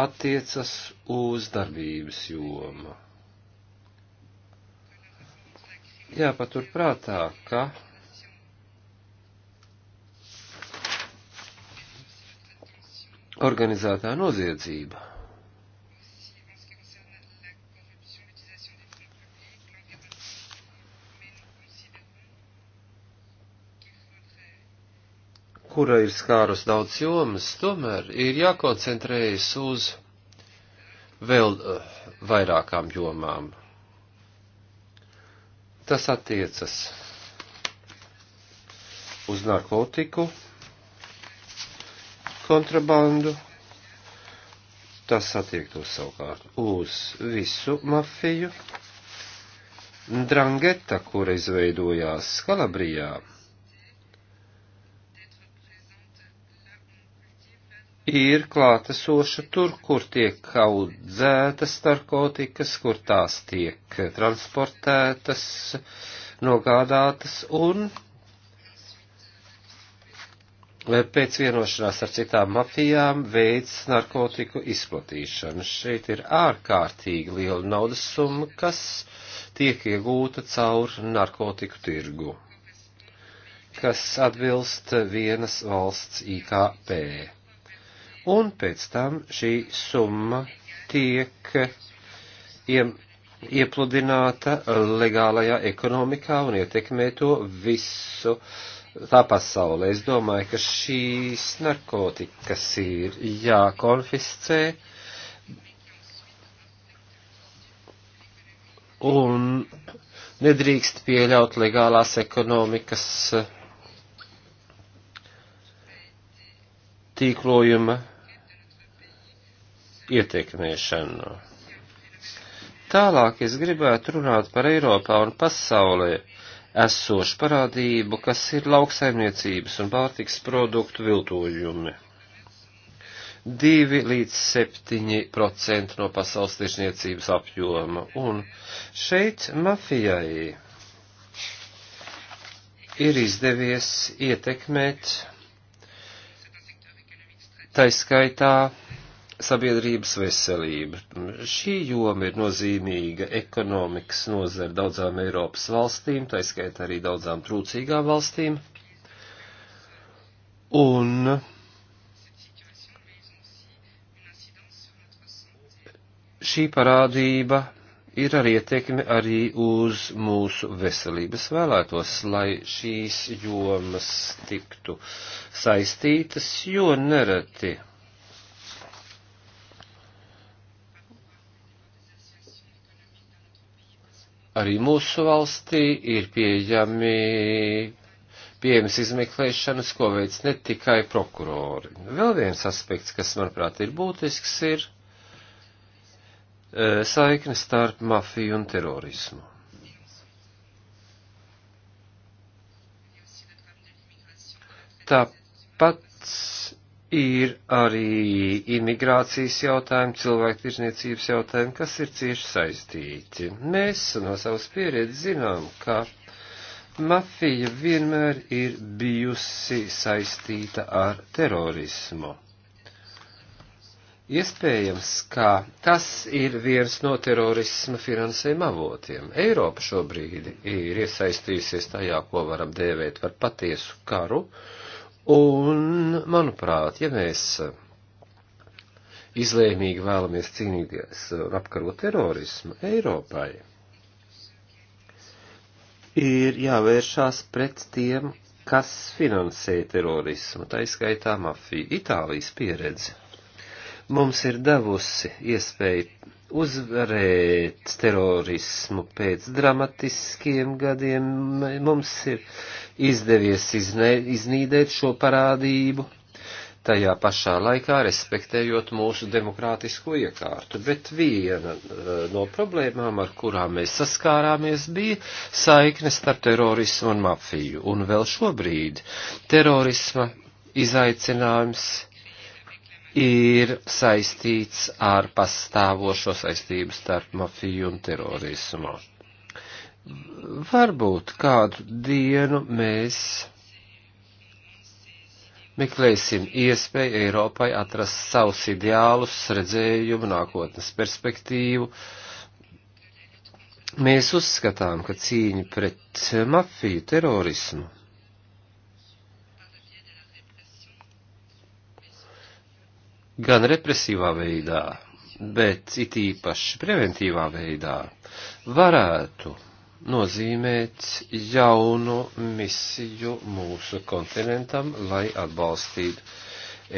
attiecas uz darbības jomu jāpatur prātā, ka organizētā noziedzība kura ir skārus daudz jomas, tomēr ir jākoncentrējas uz vēl eh, vairākām jomām. Tas attiecas uz narkotiku, kontrabandu, tas attiektos savukārt uz visu mafiju. Drangeta, kura izveidojās Kalabrijā, ir klātesoša tur, kur tiek audzētas narkotikas, kur tās tiek transportētas, nogādātas un pēc vienošanās ar citām mafijām veids narkotiku izplatīšanu. Šeit ir ārkārtīgi liela naudas summa, kas tiek iegūta caur narkotiku tirgu, kas atbilst vienas valsts IKP un pēc tam šī summa tiek iepludināta legālajā ekonomikā un ietekmē to visu tā pasaulē. Es domāju, ka šīs narkotikas ir jākonfiscē un nedrīkst pieļaut legālās ekonomikas tīklojuma ietekmēšanu. Tālāk es gribētu runāt par Eiropā un pasaulē esošu parādību, kas ir lauksaimniecības un pārtiks produktu viltojumi. 2 līdz 7% no pasaules tiešniecības apjoma. Un šeit mafijai ir izdevies ietekmēt taiskaitā sabiedrības veselība. Šī joma ir nozīmīga ekonomikas nozara daudzām Eiropas valstīm, tā skaitā arī daudzām trūcīgām valstīm. Un šī parādība ir ar ietekmi arī uz mūsu veselības vēlētos, lai šīs jomas tiktu saistītas, jo nereti arī mūsu valstī ir pieejami, pieejams izmeklēšanas, ko veic ne tikai prokurori. Vēl viens aspekts, kas, manuprāt, ir būtisks, ir eh, saikne starp mafiju un terorismu. Tāpat ir arī imigrācijas jautājumi, cilvēktirzniecības jautājumi, kas ir cieši saistīti. Mēs no savas pieredzes zinām, ka mafija vienmēr ir bijusi saistīta ar terorismu. Iespējams, ka tas ir viens no terorisma finansējuma avotiem. Eiropa šobrīd ir iesaistījusies tajā, ko varam dēvēt par patiesu karu, uh, Un, manuprāt, ja mēs izlēmīgi vēlamies cīnīties un apkarot terorismu Eiropai, ir jāvēršās pret tiem, kas finansē terorismu, tā izskaitā mafiju. Itālijas pieredze mums ir devusi iespēju uzvarēt terorismu pēc dramatiskiem gadiem. Mums ir izdevies iznē, iznīdēt šo parādību, tajā pašā laikā respektējot mūsu demokrātisko iekārtu. Bet viena eh, no problēmām, ar kurām mēs saskārāmies, bija saikne starp terorismu un mafiju. Un vēl šobrīd terorisma izaicinājums ir saistīts ar pastāvošo saistību starp mafiju un terorismu. Varbūt kādu dienu mēs meklēsim iespēju Eiropai atrast savus ideālus, redzējumu, nākotnes perspektīvu. Mēs uzskatām, ka cīņa pret mafiju, terorismu gan represīvā veidā, bet it īpaši preventīvā veidā varētu nozīmēt jaunu misiju mūsu kontinentam, lai atbalstītu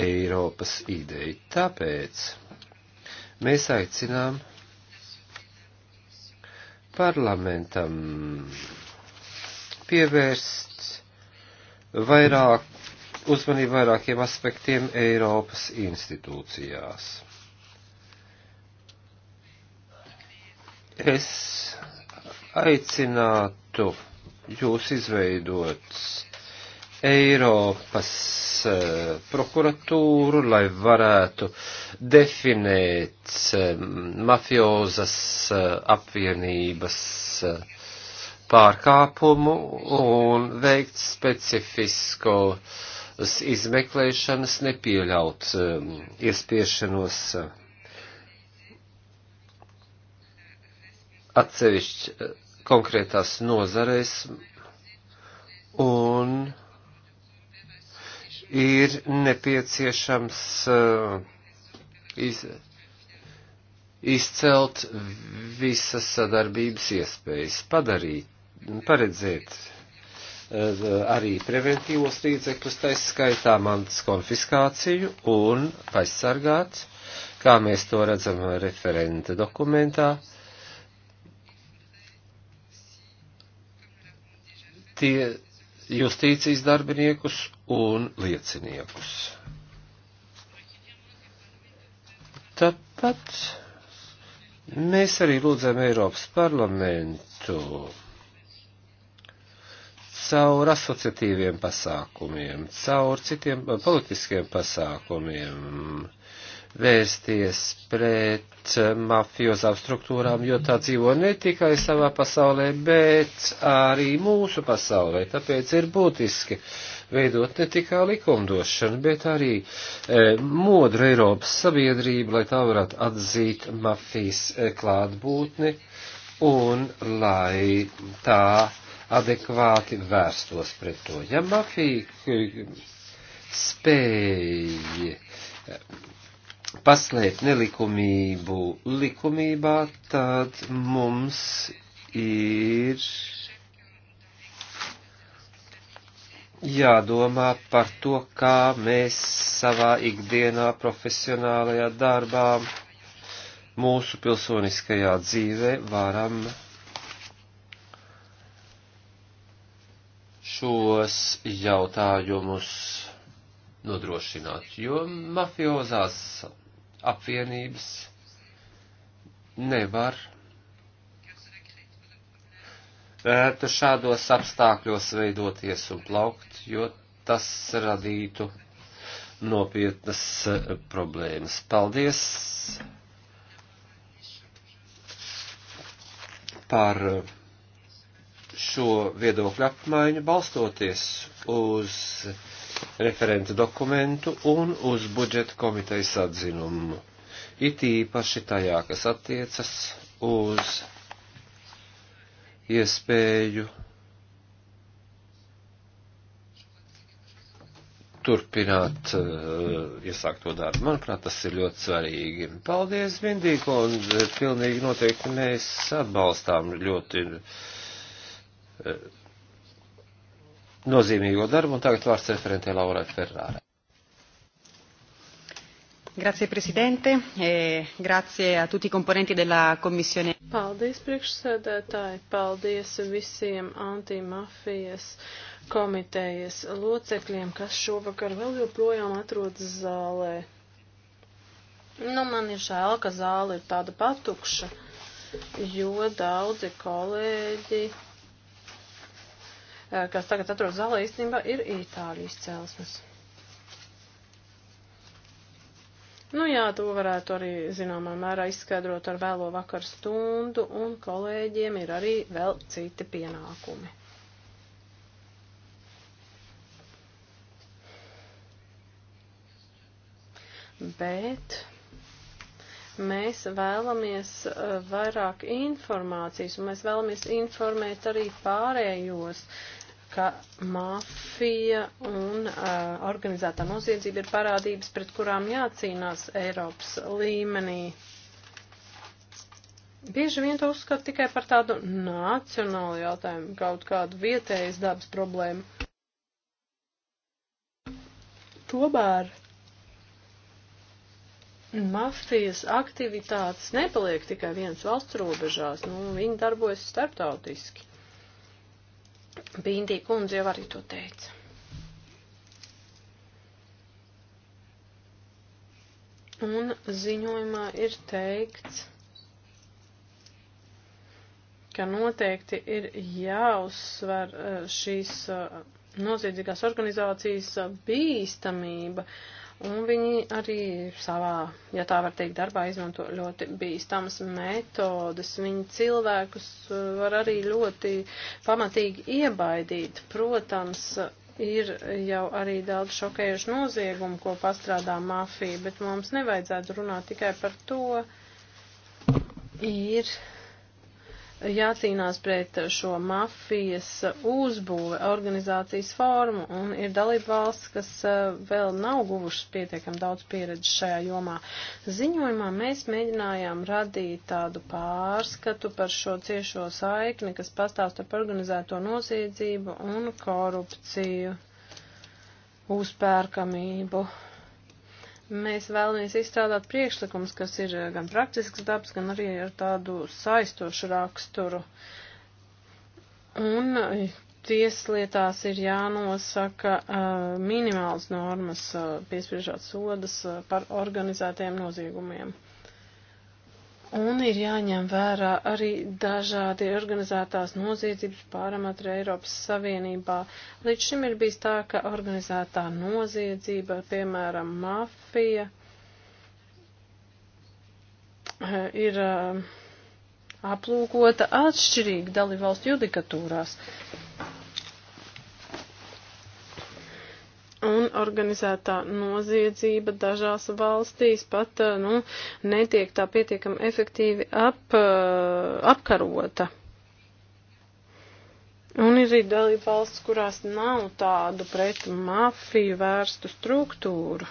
Eiropas ideju. Tāpēc mēs aicinām parlamentam pievērst vairāk, uzmanību vairākiem aspektiem Eiropas institūcijās. Es aicinātu jūs izveidot Eiropas eh, prokuratūru, lai varētu definēt eh, mafiozas eh, apvienības pārkāpumu un veikt specifiskos izmeklēšanas nepieļaut iespiešanos. Um, atsevišķi eh, konkrētās nozareis un ir nepieciešams eh, iz, izcelt visas sadarbības iespējas, padarīt, paredzēt eh, arī preventīvos līdzekļus, taiskaitā mantas konfiskāciju un aizsargāt, kā mēs to redzam referenta dokumentā, uh, tie justīcijas darbiniekus un lieciniekus. Tāpat mēs arī lūdzam Eiropas parlamentu caur asociatīviem pasākumiem, caur citiem politiskiem pasākumiem vērsties pret mafiozām struktūrām, jo tā dzīvo ne tikai savā pasaulē, bet arī mūsu pasaulē. Tāpēc ir būtiski veidot ne tikai likumdošanu, bet arī e, modru Eiropas sabiedrību, lai tā varētu atzīt mafijas e, klātbūtni un lai tā adekvāti vērstos pret to. Ja mafija spēja paslēpt nelikumību likumībā, tad mums ir jādomā par to, kā mēs savā ikdienā, profesionālajā darbā, mūsu pilsoniskajā dzīvē varam šos jautājumus nodrošināt, jo mafiozās apvienības nevar e, šādos apstākļos veidoties un plaukt, jo tas radītu nopietnas e, problēmas. Paldies par šo viedokļu apmaiņu balstoties uz referenta dokumentu un uz budžeta komitejas atzinumu. It īpaši tajā, kas attiecas uz iespēju turpināt uh, iesākt to darbu. Manuprāt, tas ir ļoti svarīgi. Paldies, Vindīko, un pilnīgi noteikti mēs atbalstām ļoti. Uh, nozīmīgo darbu, un tagad vārds referentē Laurai Ferrārai. Grazie Presidente, e grazie a tutti i componenti della Commissione. Paldies priekšsēdētāji, paldies visiem antimafijas komitejas locekļiem, kas šovakar vēl joprojām atrodas zālē. Nu, man ir žēl, ka zāle ir tāda patukša, jo daudzi kolēģi Eh, kas tagad atrodas zālē, īstenībā ir Itāļu izcelsmes. Nu jā, to varētu arī zināmā mērā izskaidrot ar vēlo vakaru stundu, un kolēģiem ir arī vēl citi pienākumi. Bet mēs vēlamies eh, vairāk informācijas, un mēs vēlamies informēt arī pārējos, ka mafija un uh, organizētā noziedzība ir parādības, pret kurām jācīnās Eiropas līmenī. Bieži vien to uzskata tikai par tādu nacionālu jautājumu, kaut kādu vietējas dabas problēmu. Tomēr mafijas aktivitātes nepaliek tikai viens valsts robežās, nu, viņi darbojas starptautiski. Bindī kundze jau arī to teica. Un ziņojumā ir teikts, ka noteikti ir jāuzsver eh, šīs eh, noziedzīgās organizācijas eh, bīstamība. Uh, un viņi arī savā, ja tā var teikt, darbā izmanto ļoti bīstamas metodas. Viņi cilvēkus uh, var arī ļoti pamatīgi iebaidīt. Protams, ir jau arī daudz šokējuši noziegumu, ko pastrādā mafija, bet mums nevajadzētu runāt tikai par to. Ir jācīnās pret šo mafijas uzbūve organizācijas formu, un ir dalība valsts, kas eh, vēl nav guvušas pietiekam daudz pieredzes šajā jomā. Ziņojumā mēs mēģinājām radīt tādu pārskatu par šo ciešo saikni, kas pastāv starp organizēto noziedzību un korupciju, uzpērkamību, Mēs vēlamies izstrādāt priekšlikums, kas ir eh, gan praktisks dabas, gan arī ar tādu saistošu raksturu. Un eh, tieslietās ir jānosaka uh, minimāls normas, uh, piespriežot sodas uh, par organizētiem noziegumiem. Uh, Un ir jāņem vērā arī dažādi organizētās noziedzības parametri Eiropas Savienībā. Līdz šim ir bijis tā, ka organizētā noziedzība, piemēram, mafija, eh, ir eh, aplūkota atšķirīgi dalībvalstu judikatūrās. un organizētā noziedzība dažās valstīs pat, eh, nu, netiek tā pietiekam efektīvi ap, eh, apkarota. Un ir arī dalība valsts, kurās nav tādu pret mafiju vērstu struktūru.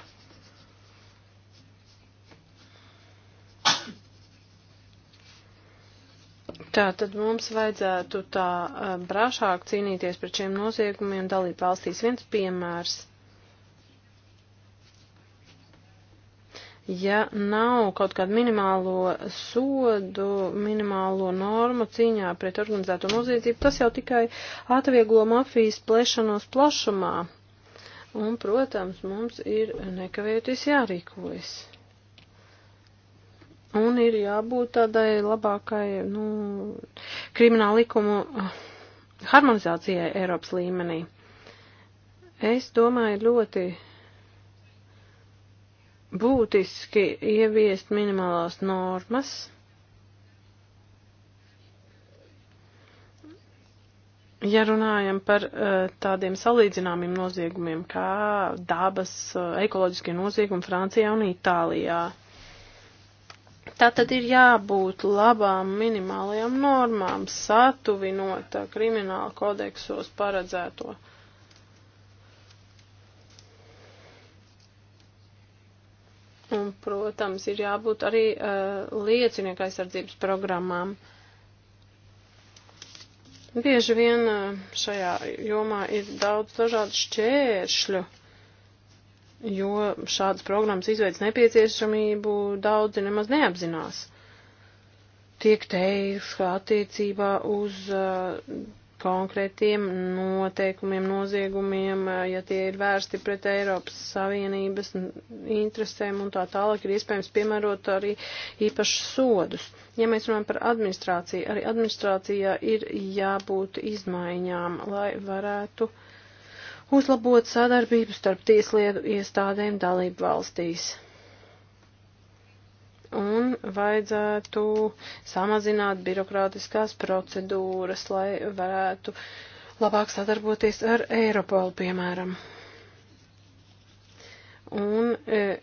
Tā tad mums vajadzētu tā eh, brašāk cīnīties pret šiem noziegumiem dalību valstīs. Viens piemērs ja nav kaut kādu minimālo sodu, minimālo normu cīņā pret organizēto noziedzību, tas jau tikai atvieglo mafijas plešanos plašumā. Un, protams, mums ir nekavējoties jārīkojas. Un ir jābūt tādai labākai, nu, krimināla likumu ah, harmonizācijai Eiropas līmenī. Es domāju, ļoti būtiski ieviest minimālās normas. Ja runājam par uh, tādiem salīdzināmiem noziegumiem, kā dabas uh, ekoloģiskie noziegumi Francijā un Itālijā, tā tad ir jābūt labām minimālajām normām, satuvinot eh, krimināla kodeksos paredzēto. Uh, Un, protams, ir jābūt arī uh, eh, liecinieku aizsardzības programmām. Bieži vien uh, šajā jomā ir daudz dažādu šķēršļu, jo šādas programmas izveids nepieciešamību daudzi nemaz neapzinās. Tiek teiks, ka attiecībā uz uh, konkrētiem noteikumiem, noziegumiem, eh, ja tie ir vērsti pret Eiropas Savienības interesēm un tā tālāk, ir iespējams piemērot arī īpašus sodus. Ja mēs runājam par administrāciju, arī administrācijā ir jābūt izmaiņām, lai varētu uzlabot sadarbību starp tieslietu iestādēm dalību valstīs un vajadzētu samazināt birokrātiskās procedūras, lai varētu labāk sadarboties ar Eiropolu, piemēram. Un e,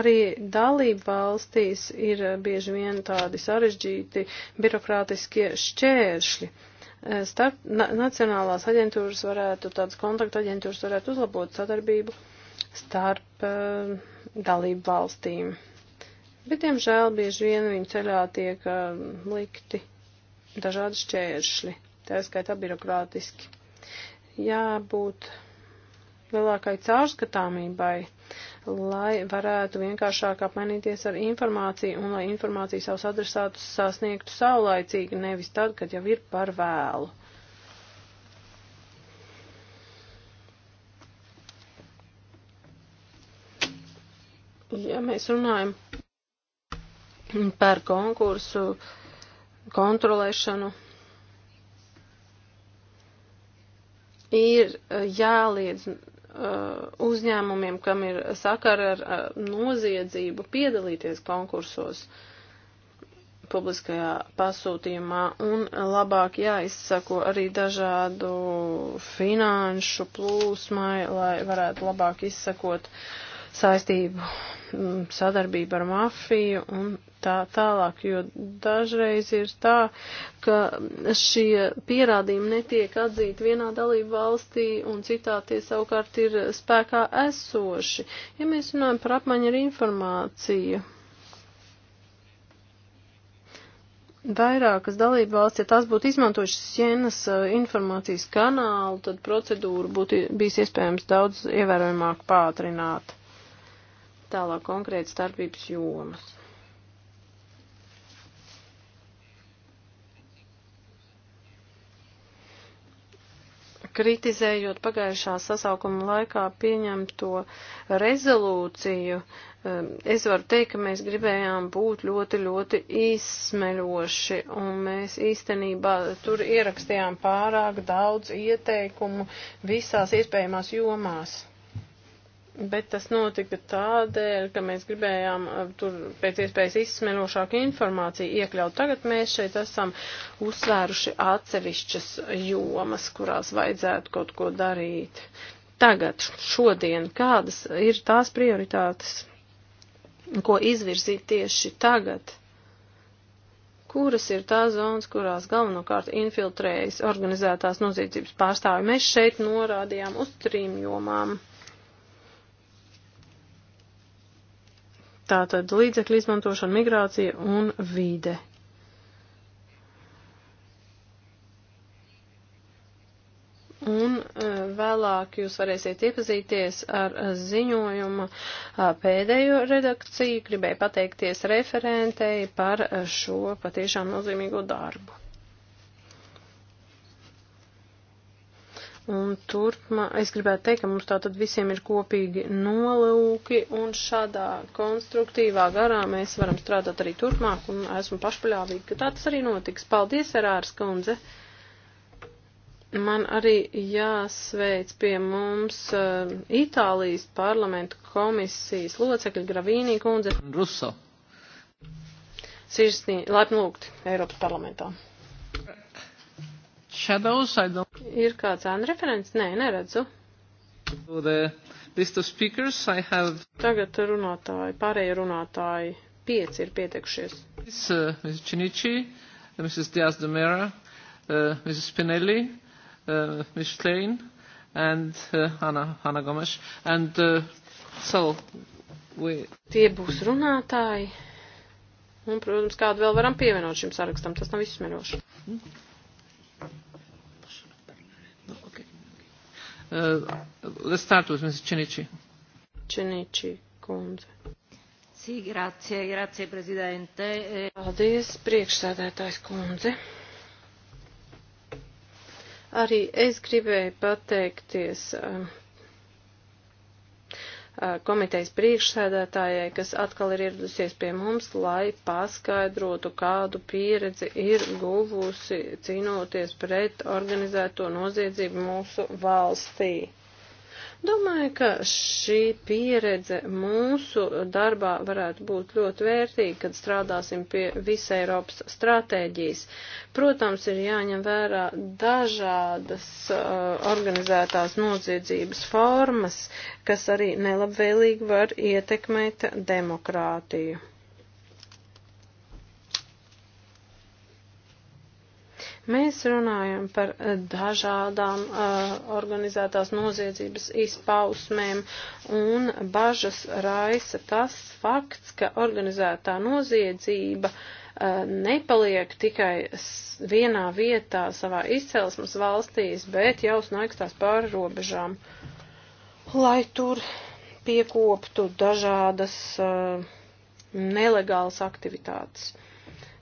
arī dalību valstīs ir bieži vien tādi sarežģīti birokrātiskie šķēršļi. E, starp na, nacionālās aģentūras varētu, tādas kontaktu aģentūras varētu uzlabot sadarbību starp e, dalību valstīm. Bet, diemžēl, bieži vien viņu ceļā tiek uh, likti dažādi šķēršļi, tā skaitā birokrātiski. Jābūt lielākai caurskatāmībai, lai varētu vienkāršāk apmainīties ar informāciju un lai informāciju savus adresātus sasniegtu saulaicīgi, nevis tad, kad jau ir par vēlu. Ja mēs runājam par konkursu kontrolēšanu. Ir eh, jāliedz eh, uzņēmumiem, kam ir sakara ar eh, noziedzību, piedalīties konkursos publiskajā pasūtījumā un labāk jāizsako arī dažādu finanšu plūsmai, lai varētu labāk izsakot uh, saistību, mm, sadarbību ar mafiju un tā tālāk, jo dažreiz ir tā, ka šie pierādījumi netiek atzīti vienā dalību valstī un citā tie savukārt ir spēkā esoši. Ja mēs runājam par apmaiņu ar informāciju, vairākas dalība valsts, ja tās būtu izmantojušas sienas uh, informācijas kanālu, tad procedūru būtu bijis iespējams daudz ievērojamāk pātrināt tālāk konkrēti starpības jomas. Kritizējot pagājušā sasaukuma laikā pieņemto rezolūciju, um, es varu teikt, ka mēs gribējām būt ļoti, ļoti izsmeļoši, un mēs īstenībā tur ierakstījām pārāk daudz ieteikumu visās iespējamās jomās. Bet tas notika tādēļ, ka mēs gribējām eh, tur pēc iespējas izsmeļošāku informāciju iekļaut. Tagad mēs šeit esam uzsvēruši atsevišķas jomas, kurās vajadzētu kaut ko darīt. Tagad, šodien, kādas ir tās prioritātes, ko izvirzīt tieši tagad? kuras ir tās zonas, kurās galvenokārt infiltrējas organizētās noziedzības pārstāvi. Mēs šeit norādījām uz trim jomām. Tātad līdzekļu izmantošana, migrācija un vīde. Un e, vēlāk jūs varēsiet iepazīties ar e, ziņojuma e, pēdējo redakciju. Gribēju pateikties referentei par šo patiešām nozīmīgo darbu. Un turpmā es gribētu teikt, ka mums tā tad visiem ir kopīgi nolūki un šādā konstruktīvā garā mēs varam strādāt arī turpmāk un esmu pašpaļāvīga, ka tā tas arī notiks. Paldies, Erārs Kundze! Man arī jāsveic pie mums uh, Itālijas parlamentu komisijas locekļa Gravīnī Kundze. Russo. Sirsnīgi, laipni lūgt Eiropas parlamentā. Shadows, I don't. Ir kāds anreferents? Nē, neredzu. Speakers, have... Tagad runātāji, pārējie runātāji, pieci ir pietekušies. This, uh, Mrs. Chinichi, uh, Mrs. Diaz de Mera, uh, Mrs. Spinelli, uh, Mrs. Klein and uh, Anna, Anna Gomes. And uh, so we... Tie būs runātāji. Un, protams, kādu vēl varam pievienot šim sarakstam, tas nav izsmeļoši. Mm. Eh, let's start with Mrs. Cinici. Cinici, kundze. Sī, grazie, grazie, prezidente. Eh, Paldies, priekšsēdētājs kundze. Arī es gribēju pateikties uh, komitejas priekšsēdētājai, kas atkal ir ieradusies pie mums, lai paskaidrotu, kādu pieredzi ir guvusi cīnoties pret organizēto noziedzību mūsu valstī. Domāju, ka šī pieredze mūsu darbā varētu būt ļoti vērtīga, kad strādāsim pie visa Eiropas stratēģijas. Protams, ir jāņem vērā dažādas uh, organizētās noziedzības formas, kas arī nelabvēlīgi var ietekmēt demokrātiju. Mēs runājam par eh, dažādām uh, organizētās noziedzības izpausmēm un bažas raisa tas fakts, ka organizētā noziedzība uh, nepaliek tikai vienā vietā savā izcelsmes valstīs, bet jau snaigstās pāri robežām, lai tur piekoptu dažādas uh, nelegālas aktivitātes.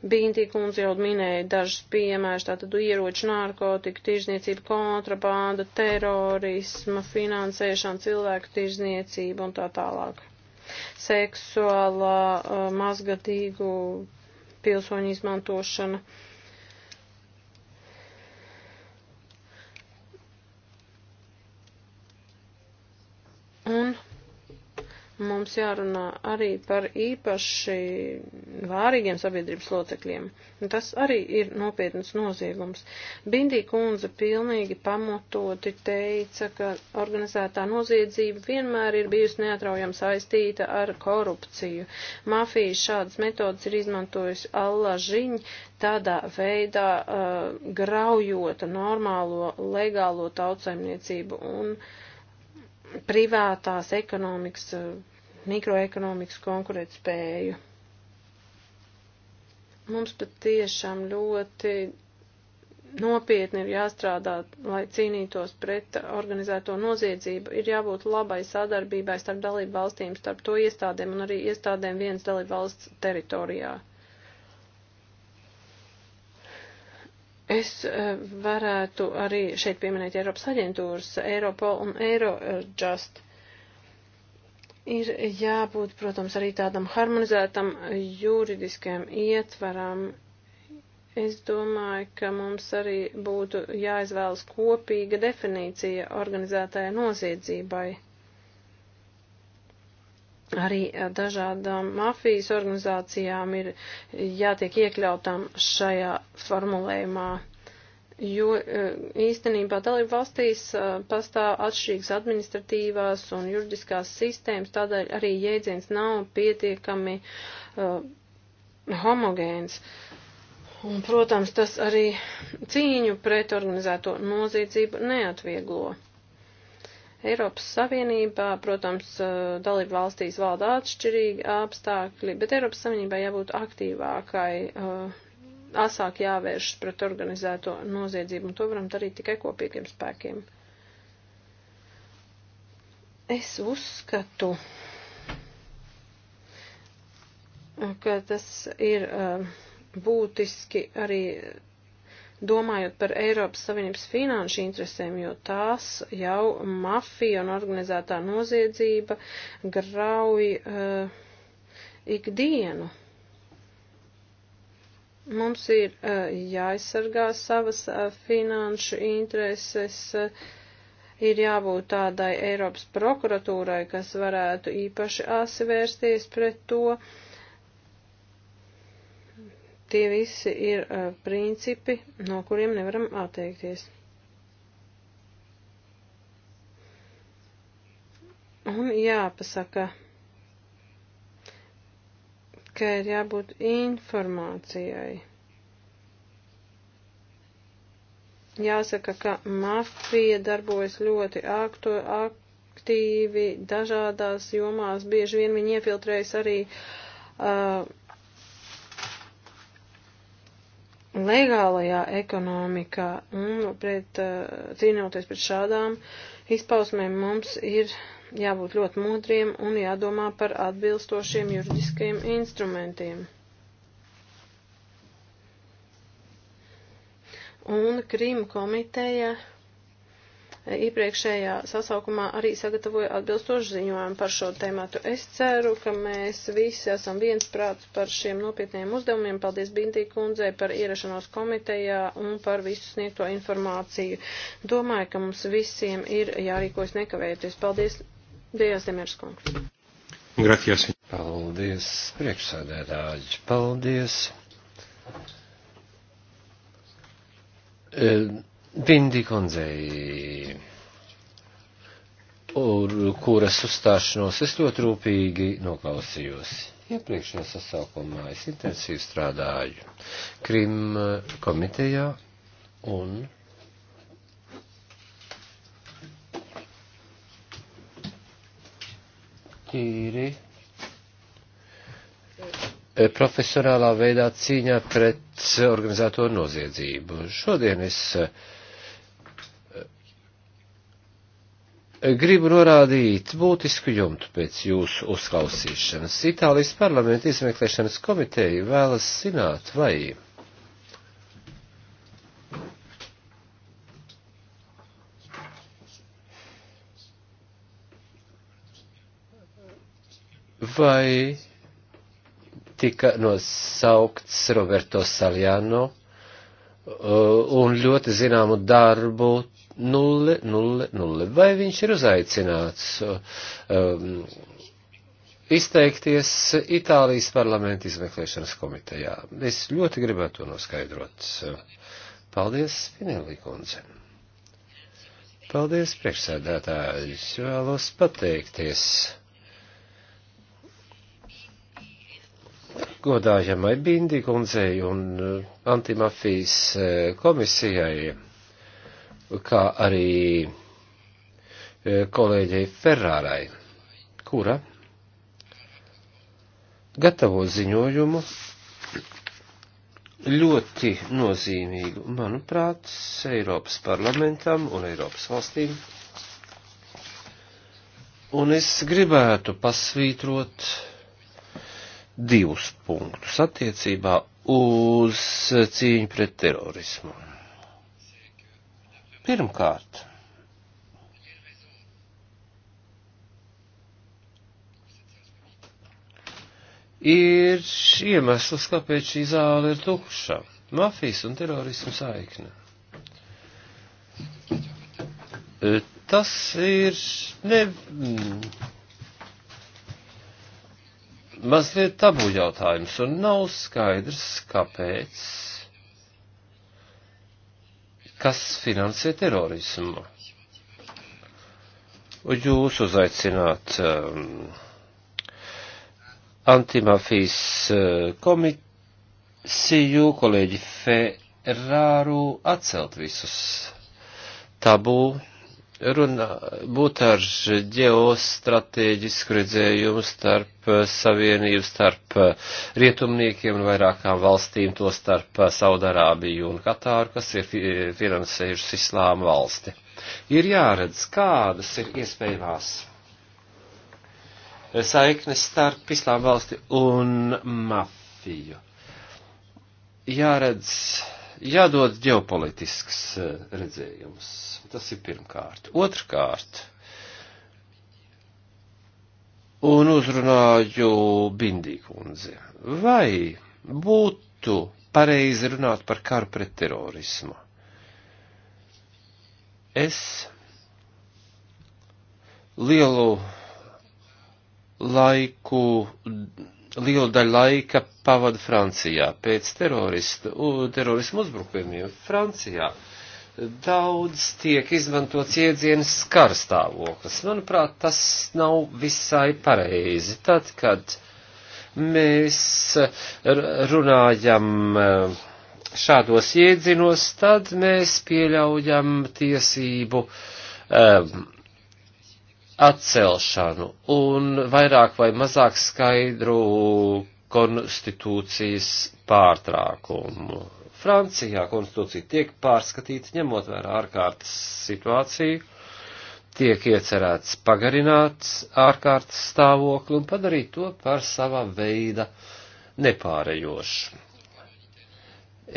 Bīntī kundze jau minēja dažus piemērus, tātad ieroču, narkotiku, tirzniecība, kontrabanda, terorisma, finansēšana, cilvēku tirzniecība un tā tālāk. Seksuālā, uh, mazgatīgu pilsoņu izmantošana. Un Mums jārunā arī par īpaši vārīgiem sabiedrības locekļiem. Tas arī ir nopietnas noziegums. Bindī kundze pilnīgi pamatoti teica, ka organizētā noziedzība vienmēr ir bijusi neatraujami saistīta ar korupciju. Mafija šādas metodas ir izmantojusi allažiņ, tādā veidā uh, graujota normālo legālo tautsaimniecību un uh, privātās ekonomikas, eh, mikroekonomikas konkurētspēju. Mums pat tiešām ļoti nopietni ir jāstrādā, lai cīnītos pret organizēto noziedzību. Ir jābūt labai sadarbībai starp dalību valstīm, starp to iestādēm un arī iestādēm vienas dalību valsts teritorijā. Es eh, varētu arī šeit pieminēt Eiropas aģentūras, Eiropol un Eurojust. Ir jābūt, protams, arī tādam harmonizētam juridiskajam ietvaram. Es domāju, ka mums arī būtu jāizvēlas kopīga definīcija organizētajai noziedzībai. Arī eh, dažādām mafijas organizācijām ir jātiek iekļautām šajā formulējumā, jo eh, īstenībā dalību valstīs eh, pastāv atšķirīgas administratīvās un juridiskās sistēmas, tādēļ arī jēdziens nav pietiekami uh, homogēns. Un, protams, tas arī cīņu pret organizēto noziedzību neatvieglo. Eiropas Savienībā, protams, eh, dalību valstīs valda atšķirīgi apstākļi, bet Eiropas Savienībā jābūt aktīvākai, eh, asāk jāvēršas pret organizēto noziedzību, un to varam darīt tikai kopīgiem spēkiem. Es uzskatu, eh, ka tas ir būtiski arī domājot par Eiropas Savienības finanšu interesēm, jo tās jau mafija un organizētā noziedzība grauj uh, ikdienu. Mums ir uh, jāaizsargā savas uh, finanšu intereses. Uh, Ir jābūt tādai Eiropas prokuratūrai, kas varētu īpaši asi vērsties pret to, uh, Tie visi ir uh, principi, no kuriem nevaram atteikties. Un jāpasaka, ka ir jābūt informācijai. Jāsaka, ka mafija darbojas ļoti aktu, aktīvi dažādās jomās. Bieži vien viņi iefiltrējas arī uh, legālajā ekonomikā un pret, eh, cīnoties pret šādām izpausmēm mums ir jābūt ļoti mudriem un jādomā par atbilstošiem juridiskiem instrumentiem. Un Krīma komiteja iepriekšējā sasaukumā arī sagatavoja atbilstošu ziņojumu par šo tēmatu. Es ceru, ka mēs visi esam viens prāts par šiem nopietniem uzdevumiem. Paldies Bintī kundzei par ierašanos komitejā un par visu sniegto informāciju. Domāju, ka mums visiem ir jārīkojas nekavējoties. Paldies, Diejas Demirskungs. Gracias. Paldies, priekšsēdētāji. Paldies. E Bindi kundzei, ur, kuras uzstāšanos es ļoti rūpīgi noklausījos. Iepriekšējā sasaukumā es intensīvi strādāju Krim komitejā un tīri e, profesionālā veidā cīņā pret organizēto noziedzību. Šodien es uh, Gribu norādīt būtisku jumtu pēc jūsu uzklausīšanas. Itālijas parlamenta izmeklēšanas komiteja vēlas zināt, vai vai tika nosaukts Roberto Saljano uh, un ļoti zināmu darbu 0, 0, 0. Vai viņš ir uzaicināts um, izteikties Itālijas parlamenta izmeklēšanas komitejā? Es ļoti gribētu to noskaidrot. Paldies, Spinelli kundze. Paldies, priekšsēdētājs. Vēlos pateikties. Godājamai Bindi kundzei un uh, antimafijas uh, komisijai kā arī e, kolēģei Ferrārai, kura gatavo ziņojumu ļoti nozīmīgu, manuprāt, Eiropas parlamentam un Eiropas valstīm. Un es gribētu pasvītrot divus punktus attiecībā uz cīņu pret terorismu. Pirmkārt, ir iemesls, kāpēc šī zāle ir tukša - mafijas un terorismu saikne. E, tas ir ne mm, mazliet tabu jautājums, un nav skaidrs, kāpēc kas finansē terorismu. Un jūs uzaicināt um, antimafijas uh, komisiju, kolēģi Ferāru, atcelt visus tabū runā, būt ar ģeostrateģisku redzējumu starp eh, savienību, starp eh, rietumniekiem un vairākām valstīm, to starp eh, Saudarābiju un Katāru, kas ir finansējušas islāma valsti. Ir jāredz, kādas ir iespējamās saiknes starp islāma valsti un mafiju. Jāredz, jādod ģeopolitisks e, redzējums. Tas ir pirmkārt. Otrkārt, un uzrunāju Bindīkundzi, vai būtu pareizi runāt par karu pret terorismu? Es lielu laiku lielu daļu laika pavada Francijā pēc teroristu, terorismu uzbrukumiem Francijā. Daudz tiek izmantots iedzienas karstāvoklis. Manuprāt, tas nav visai pareizi. Tad, kad mēs runājam e, šādos iedzienos, tad mēs pieļaujam tiesību um, atcelšanu un vairāk vai mazāk skaidru konstitūcijas pārtraukumu. Francijā konstitūcija tiek pārskatīta, ņemot vērā ārkārtas situāciju, tiek iecerēts pagarināt ārkārtas stāvokli un padarīt to par sava veida nepārējošu.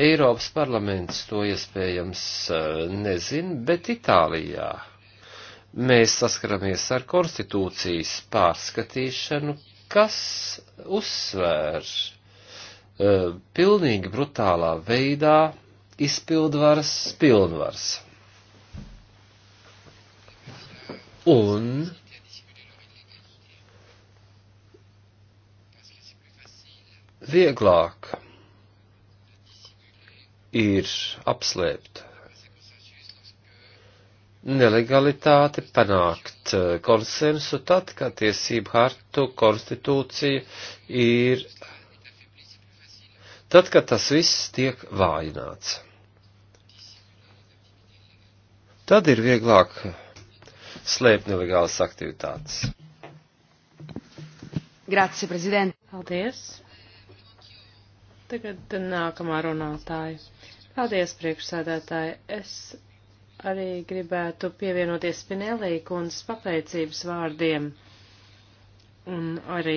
Eiropas parlaments to iespējams eh, nezin, bet Itālijā mēs saskaramies ar konstitūcijas pārskatīšanu, kas uzsvēr uh, pilnīgi brutālā veidā izpildvaras pilnvars. Un vieglāk ir apslēpt nelegalitāti, panākt eh, konsensu tad, kad tiesību hartu konstitūcija ir, tad, kad tas viss tiek vājināts. Tad ir vieglāk slēpt nelegālas aktivitātes. Grazie, prezident. Paldies. Tagad nākamā runātāja. Paldies, priekšsēdētāji. Es arī gribētu pievienoties Spinelī kundzes pateicības vārdiem un arī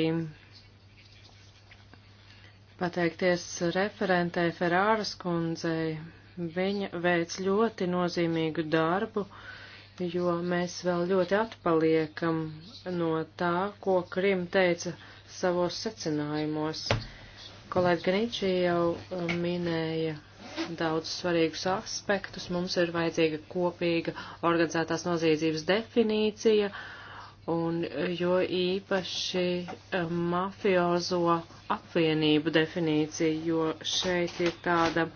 pateikties referentei Ferāras kundzei. Viņa veic ļoti nozīmīgu darbu, jo mēs vēl ļoti atpaliekam no tā, ko Krim teica savos secinājumos. Kolēģi Ganīči jau uh, minēja daudz svarīgus aspektus. Mums ir vajadzīga kopīga organizētās noziedzības definīcija, un jo īpaši eh, mafiozo apvienību definīcija, jo šeit ir tāda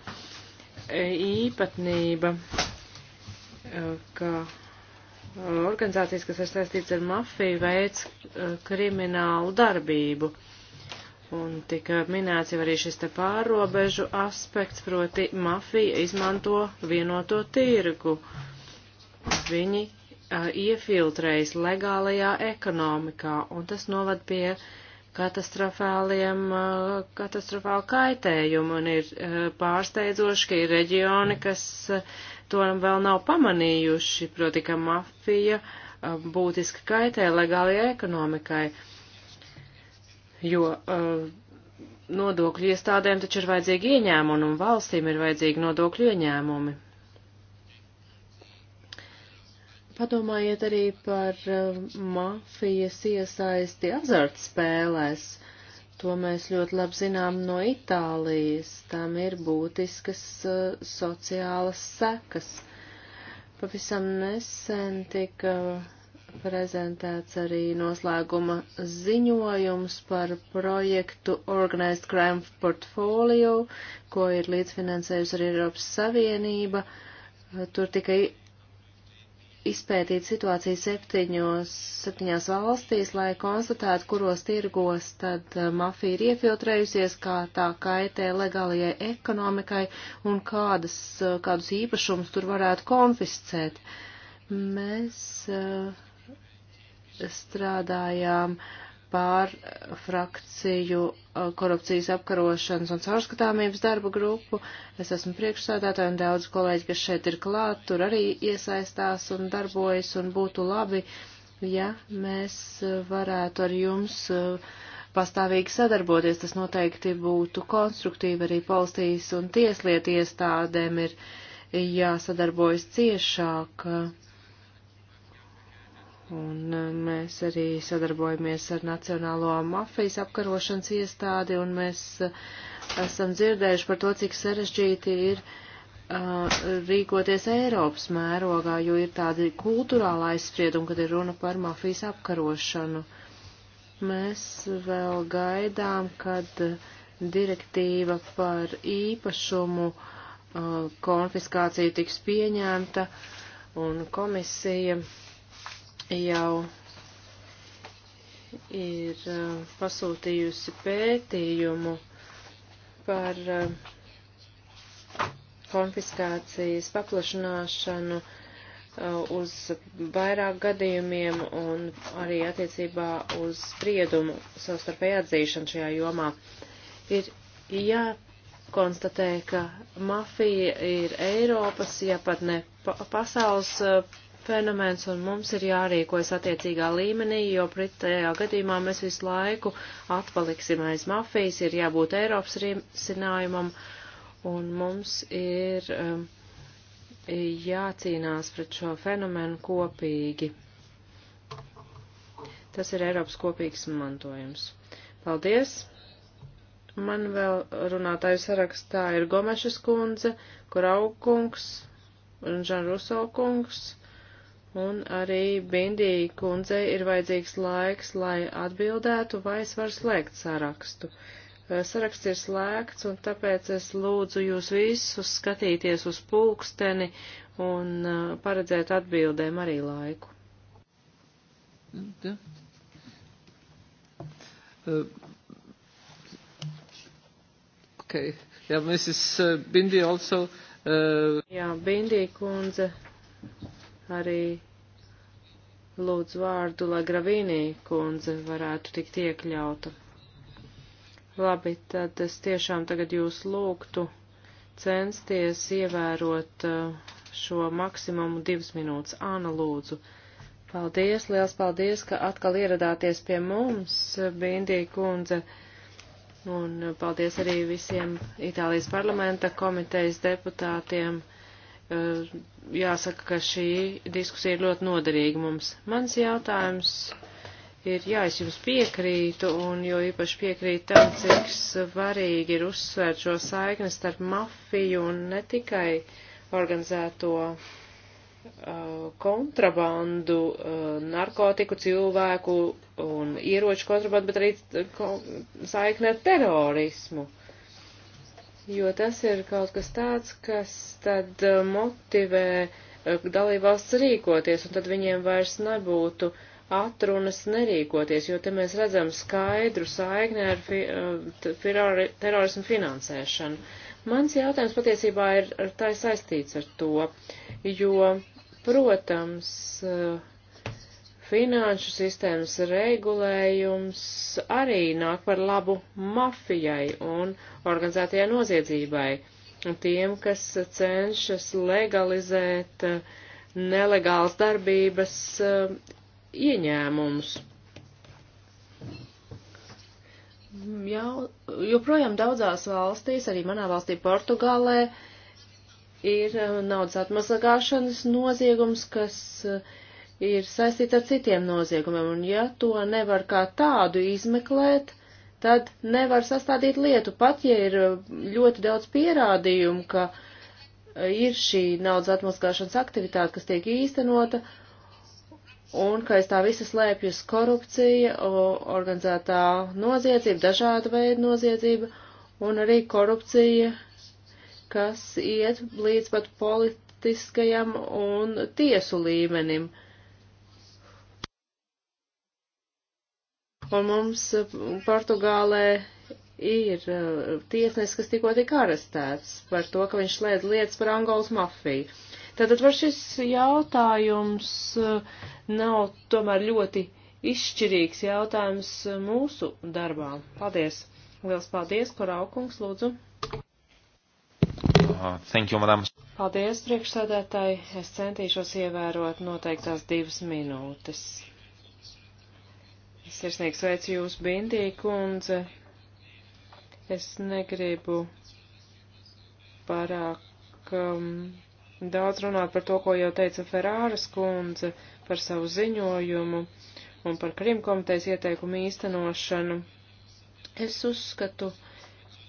eh, īpatnība, eh, ka organizācijas, kas ir saistīts ar mafiju, veids kriminālu darbību. Un tika minēts jau arī šis te pārobežu aspekts, proti mafija izmanto vienoto tirgu. Viņi uh, iefiltrējas legālajā ekonomikā, un tas novad pie katastrofāliem, uh, katastrofālu kaitējumu, un ir uh, pārsteidzoši, ka ir reģioni, kas uh, to vēl nav pamanījuši, proti, ka mafija uh, būtiski kaitē legālajai ekonomikai. Uh, jo uh, nodokļu iestādēm taču ir vajadzīgi ieņēmumi un valstīm ir vajadzīgi nodokļu ieņēmumi. Padomājiet arī par uh, mafijas iesaisti azartspēlēs. To mēs ļoti labi zinām no Itālijas. Tam ir būtiskas uh, sociālas sekas. Pavisam nesen tika uh, prezentēts arī noslēguma ziņojums par projektu Organized Crime Portfolio, ko ir līdzfinansējusi arī Eiropas Savienība. Tur tika izpētīt situāciju septiņos, septiņās valstīs, lai konstatētu, kuros tirgos tad eh, mafija ir iefiltrējusies, kā tā kaitē legālajai ekonomikai un kādas, eh, kādus īpašumus tur varētu konfiscēt. Mēs uh, strādājām pār frakciju uh, korupcijas apkarošanas un caurskatāmības darba grupu. Es esmu priekšsādātāja un daudz kolēģi, kas šeit ir klāt, tur arī iesaistās un darbojas un būtu labi, ja mēs uh, varētu ar jums uh, pastāvīgi sadarboties. Tas noteikti būtu konstruktīvi arī polstīs un tieslietu iestādēm ir jāsadarbojas ciešāk. Uh, Un uh, mēs arī sadarbojamies ar Nacionālo mafijas apkarošanas iestādi, un mēs uh, esam dzirdējuši par to, cik sarežģīti ir uh, rīkoties Eiropas mērogā, jo ir tādi kultūrāla aizspriedumi, kad ir runa par mafijas apkarošanu. Mēs vēl gaidām, kad uh, direktīva par īpašumu uh, konfiskāciju tiks pieņemta, un komisija jau ir uh, pasūtījusi pētījumu par uh, konfiskācijas paplašināšanu uh, uz vairāk gadījumiem un arī attiecībā uz spriedumu savstarpēju atzīšanu šajā jomā. Ir jākonstatē, ka mafija ir Eiropas, ja pat ne pasaules fenomens, un mums ir jārīkojas attiecīgā līmenī, jo pretējā gadījumā mēs visu laiku atpaliksim aiz mafijas, ir jābūt Eiropas risinājumam, un mums ir um, jācīnās pret šo fenomenu kopīgi. Tas ir Eiropas kopīgs mantojums. Paldies! Man vēl runātāju sarakstā ir Gomešas kundze, Kuraukungs un Žanruso kungs. Un arī Bindī kundzei ir vajadzīgs laiks, lai atbildētu, vai es varu slēgt sarakstu. Saraksts ir slēgts, un tāpēc es lūdzu jūs visus skatīties uz pulksteni un paredzēt atbildēm arī laiku. Da. Uh, okay. Yeah, Mrs. Bindi also. Uh... Jā, Bindi kundze arī lūdzu vārdu, lai Gravīnī kundze varētu tikt iekļauta. Labi, tad es tiešām tagad jūs lūgtu censties ievērot uh, šo maksimumu divas minūtes. Āna lūdzu. Paldies, liels paldies, ka atkal ieradāties pie mums, Bindī kundze. Un paldies arī visiem Itālijas parlamenta komitejas deputātiem Eh, jāsaka, ka šī diskusija ir ļoti noderīga mums. Mans jautājums ir, jā, es jums piekrītu, un jo īpaši piekrītu tam, cik svarīgi ir uzsvērt šo saikni starp mafiju un ne tikai organizēto uh, kontrabandu, uh, narkotiku, cilvēku un ieroču kontrabandu, bet arī saikni ar terorismu jo tas ir kaut kas tāds, kas tad uh, motivē uh, dalībvalsts rīkoties, un tad viņiem vairs nebūtu atrunas nerīkoties, jo te mēs redzam skaidru saikni ar fi, uh, terorismu finansēšanu. Mans jautājums patiesībā ir tā saistīts ar to, jo, protams, uh, Finanšu sistēmas regulējums arī nāk par labu mafijai un organizētajai noziedzībai un tiem, kas cenšas legalizēt uh, nelegāls darbības uh, ieņēmumus. Jau, joprojām daudzās valstīs, arī manā valstī Portugālē, ir uh, naudas atmazgāšanas noziegums, kas uh, ir saistīta ar citiem noziegumiem, un ja to nevar kā tādu izmeklēt, tad nevar sastādīt lietu, pat ja ir uh, ļoti daudz pierādījumu, ka uh, ir šī naudas atmaskāšanas aktivitāte, kas tiek īstenota, un ka aiz tā visa slēpjas korupcija, organizētā noziedzība, dažāda veida noziedzība, un arī korupcija, kas iet līdz pat politiskajam un tiesu līmenim. Uh, un mums eh, Portugālē ir eh, tiesnesis, kas tikko tika arestēts par to, ka viņš slēdz lietas par Angolas mafiju. Tātad var šis jautājums eh, nav tomēr ļoti izšķirīgs jautājums mūsu darbā. Paldies! Liels paldies, Koraukungs, lūdzu! Uh, thank you, madam. Paldies, priekšsādātāji. Es centīšos ievērot noteiktās divas minūtes. Sirsnīgi sveicu jūs, Bindī kundze. Es negribu pārāk um, daudz runāt par to, ko jau teica Ferāras kundze par savu ziņojumu un par Krimkomitejas ieteikumu īstenošanu. Es uzskatu,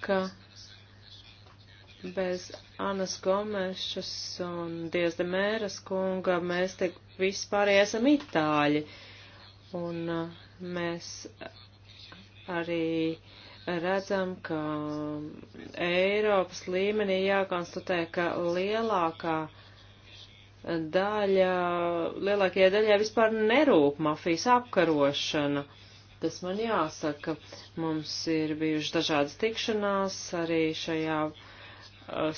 ka bez Anas Gomešas un Diezde Mēras kunga mēs te vispār esam itāļi. Un uh, Mēs arī redzam, ka Eiropas līmenī jākonstatē, ka lielākā daļa, lielākajai daļai vispār nerūp mafijas apkarošana. Tas man jāsaka, mums ir bijuši dažādas tikšanās arī šajā eh,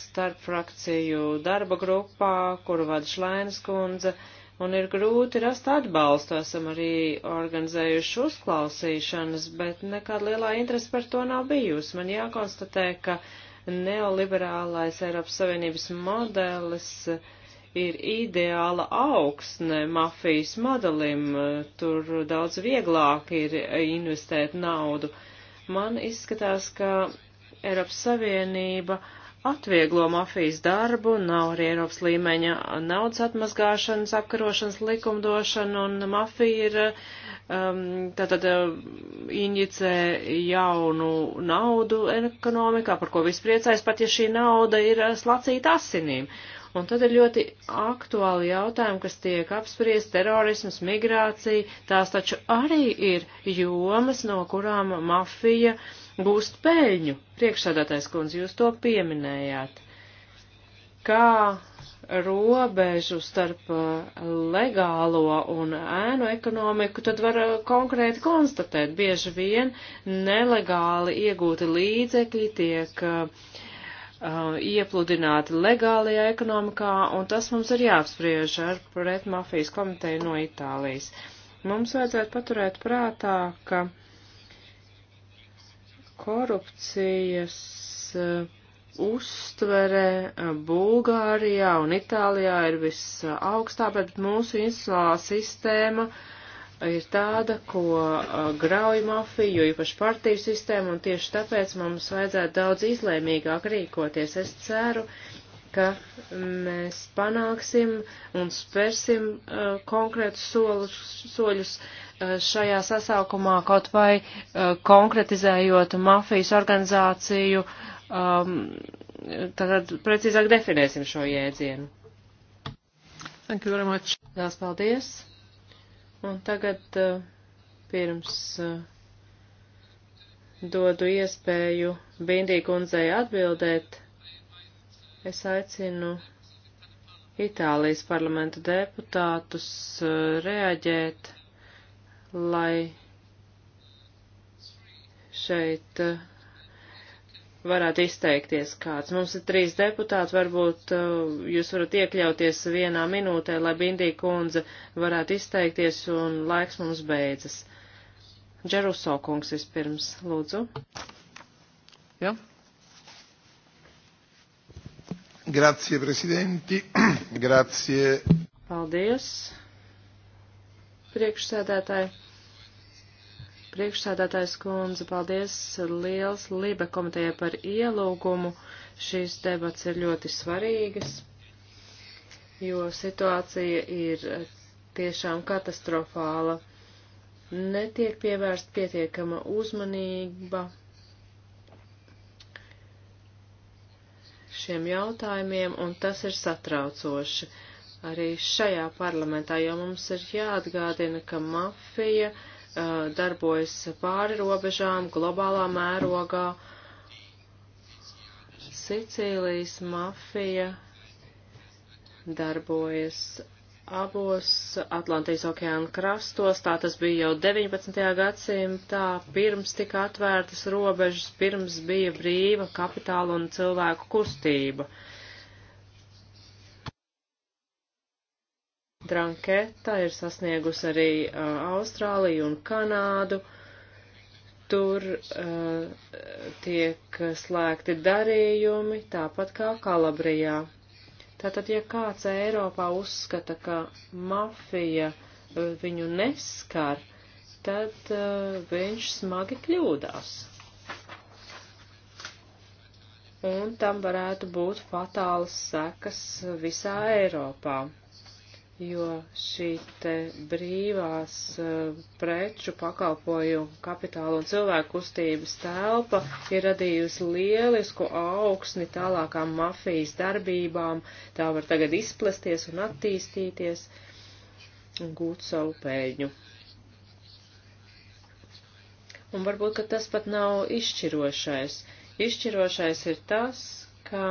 starpfrakciju darba grupā, kuru vada Šlainas kundze. Uh, un ir grūti rast atbalstu. Esam arī organizējuši uzklausīšanas, bet nekāda lielā interese par to nav bijusi. Man jākonstatē, ka neoliberālais Eiropas Savienības modelis ir ideāla augsne mafijas modelim. Tur daudz vieglāk ir investēt naudu. Man izskatās, ka Eiropas Savienība uh, atvieglo mafijas darbu, nav arī Eiropas līmeņa naudas atmazgāšanas, apkarošanas likumdošana, un mafija ir um, tātad um, injicē jaunu naudu ekonomikā, par ko viss priecājas, pat ja šī nauda ir uh, slacīta asinīm. Un tad ir ļoti aktuāli jautājumi, kas tiek apspriest - terorisms, migrācija. Tās taču arī ir jomas, no kurām mafija uh, gūst peļņu. Priekšsādātais kundze, jūs to pieminējāt. Kā robežu starp uh, legālo un ēnu ekonomiku, tad var uh, konkrēti konstatēt, bieži vien nelegāli iegūti līdzekļi tiek uh, uh, iepludināti legālajā ekonomikā, un tas mums ir jāapspriež ar pretmafijas komiteju no Itālijas. Mums vajadzētu paturēt prātā, ka korupcijas eh, uztvere eh, Bulgārijā un Itālijā ir visaugstā, bet mūsu institucionālā sistēma ir tāda, ko eh, grauj mafija, jo īpaši partiju sistēma, un tieši tāpēc mums vajadzētu daudz izlēmīgāk rīkoties. Es ceru, uh, ka mēs panāksim un spērsim uh, konkrētus soļus, soļus uh, šajā sasaukumā, kaut vai uh, konkretizējot mafijas organizāciju, um, tad precīzāk definēsim šo jēdzienu. Thank you very much. Lielas paldies. Un tagad uh, pirms. Uh, dodu iespēju Bindī kundzei atbildēt. Es aicinu Itālijas parlamenta deputātus uh, reaģēt, lai šeit uh, varētu izteikties kāds. Mums ir trīs deputāti, varbūt uh, jūs varat iekļauties vienā minūtē, lai Bindī kundze varētu izteikties un laiks mums beidzas. Džeruso kungs vispirms, lūdzu. Jā. Ja? Grazie, prezidenti. (clears throat) Grazie. Paldies, priekšsēdētāji. Priekšsēdētājs kundze, paldies liels Libe komitejai par ielūgumu. Šīs debats ir ļoti svarīgas, jo situācija ir tiešām katastrofāla. Netiek pievērst pietiekama uzmanība šiem jautājumiem, un tas ir satraucoši. Arī šajā parlamentā, jo mums ir jāatgādina, ka mafija uh, darbojas pāri robežām, globālā mērogā. Sicīlijas mafija darbojas abos Atlantijas okeāna krastos, tā tas bija jau 19. gadsimtā, pirms tika atvērtas robežas, pirms bija brīva kapitāla un cilvēku kustība. Dranketa ir sasniegusi arī uh, Austrāliju un Kanādu. Tur uh, tiek slēgti darījumi, tāpat kā Kalabrijā. Tātad, ja kāds Eiropā uzskata, ka mafija e, viņu neskar, tad uh, viņš smagi kļūdās. Un tam varētu būt fatālas sekas visā Eiropā jo šī te brīvās eh, preču pakalpojumu kapitāla un cilvēku kustības telpa ir radījusi lielisku augsni tālākām mafijas darbībām, tā var tagad izplesties un attīstīties un gūt savu pēļņu. Un varbūt, ka tas pat nav izšķirošais. Izšķirošais ir tas, ka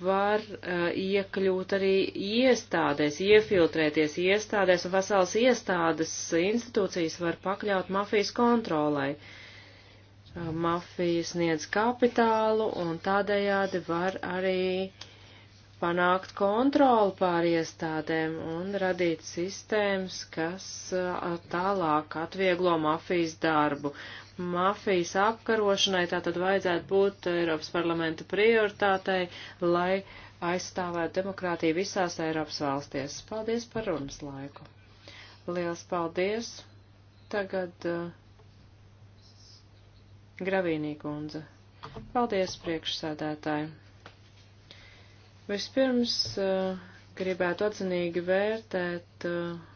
var uh, iekļūt arī iestādēs, iefiltrēties iestādēs, un vesels iestādes institūcijas var pakļaut mafijas kontrolai. Uh, mafija sniedz kapitālu, un tādējādi var arī panākt kontroli pār iestādēm un radīt sistēmas, kas uh, tālāk atvieglo mafijas darbu mafijas apkarošanai, tā tad vajadzētu būt Eiropas parlamenta prioritātei, lai aizstāvētu demokrātiju visās Eiropas valstīs. Paldies par runas laiku. Liels paldies. Tagad uh, Gravīnī kundze. Paldies, priekšsēdētāji. Vispirms uh, gribētu atzinīgi vērtēt uh,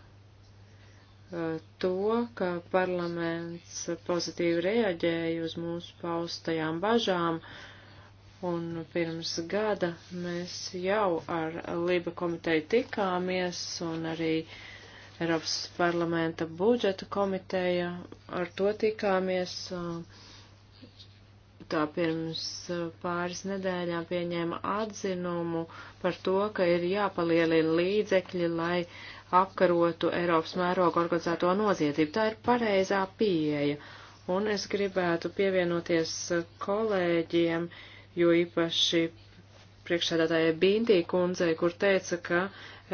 to, ka parlaments pozitīvi reaģēja uz mūsu paustajām bažām, un pirms gada mēs jau ar Liba komiteju tikāmies, un arī Eiropas parlamenta budžeta komiteja ar to tikāmies. Tā pirms pāris nedēļām pieņēma atzinumu par to, ka ir jāpalielina līdzekļi, lai uh, apkarotu Eiropas mēroga organizēto noziedzību. Tā ir pareizā pieeja, un es gribētu pievienoties eh, kolēģiem, jo īpaši priekšsēdētājai Bīndī kundzei, kur teica, ka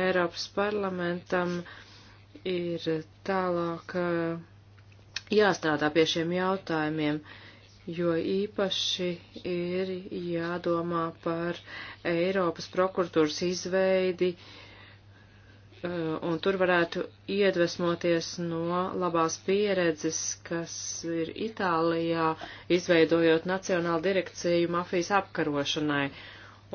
Eiropas parlamentam ir tālāk eh, jāstrādā pie šiem jautājumiem jo īpaši ir jādomā par Eiropas prokuratūras izveidi, uh, Eh, un tur varētu iedvesmoties no labās pieredzes, kas ir Itālijā, izveidojot Nacionālu direkciju mafijas apkarošanai.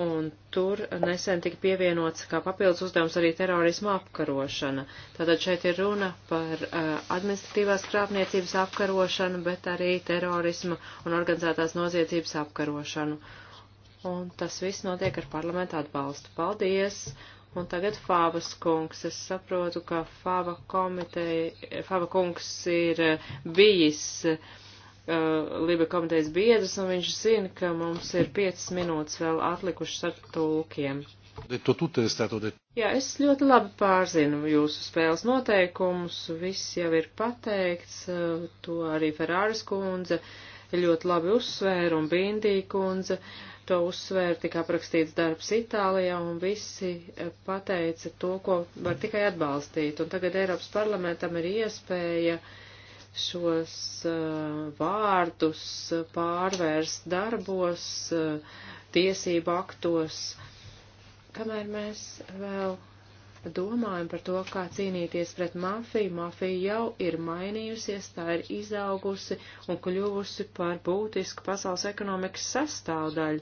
Un tur nesen tika pievienots kā papildus uzdevums arī terorismu apkarošana. Tātad šeit ir runa par uh, administratīvās krāpniecības apkarošanu, bet arī terorisma un organizētās noziedzības apkarošanu. Un tas viss notiek ar parlamentu atbalstu. Paldies! Un tagad Fāvas kungs. Es saprotu, ka Fāva komiteja, Fāva kungs ir eh, bijis uh, eh, Liba komitejas biedrs, un viņš zina, ka mums ir 5 minūtes vēl atlikušas ar tulkiem. Jā, es ļoti labi pārzinu jūsu spēles noteikumus, viss jau ir pateikts, eh, to arī Ferāras kundze ļoti labi uzsvēra un Bindī kundze. Uh, to uzsvēra, tika aprakstīts darbs Itālijā, un visi eh, pateica to, ko var tikai atbalstīt. Un tagad Eiropas parlamentam ir iespēja šos eh, vārdus pārvērst darbos, eh, tiesību aktos, kamēr mēs vēl domājam par to, kā cīnīties pret mafiju. Mafija jau ir mainījusies, tā ir izaugusi un kļuvusi par būtisku pasaules ekonomikas sastāvdaļu.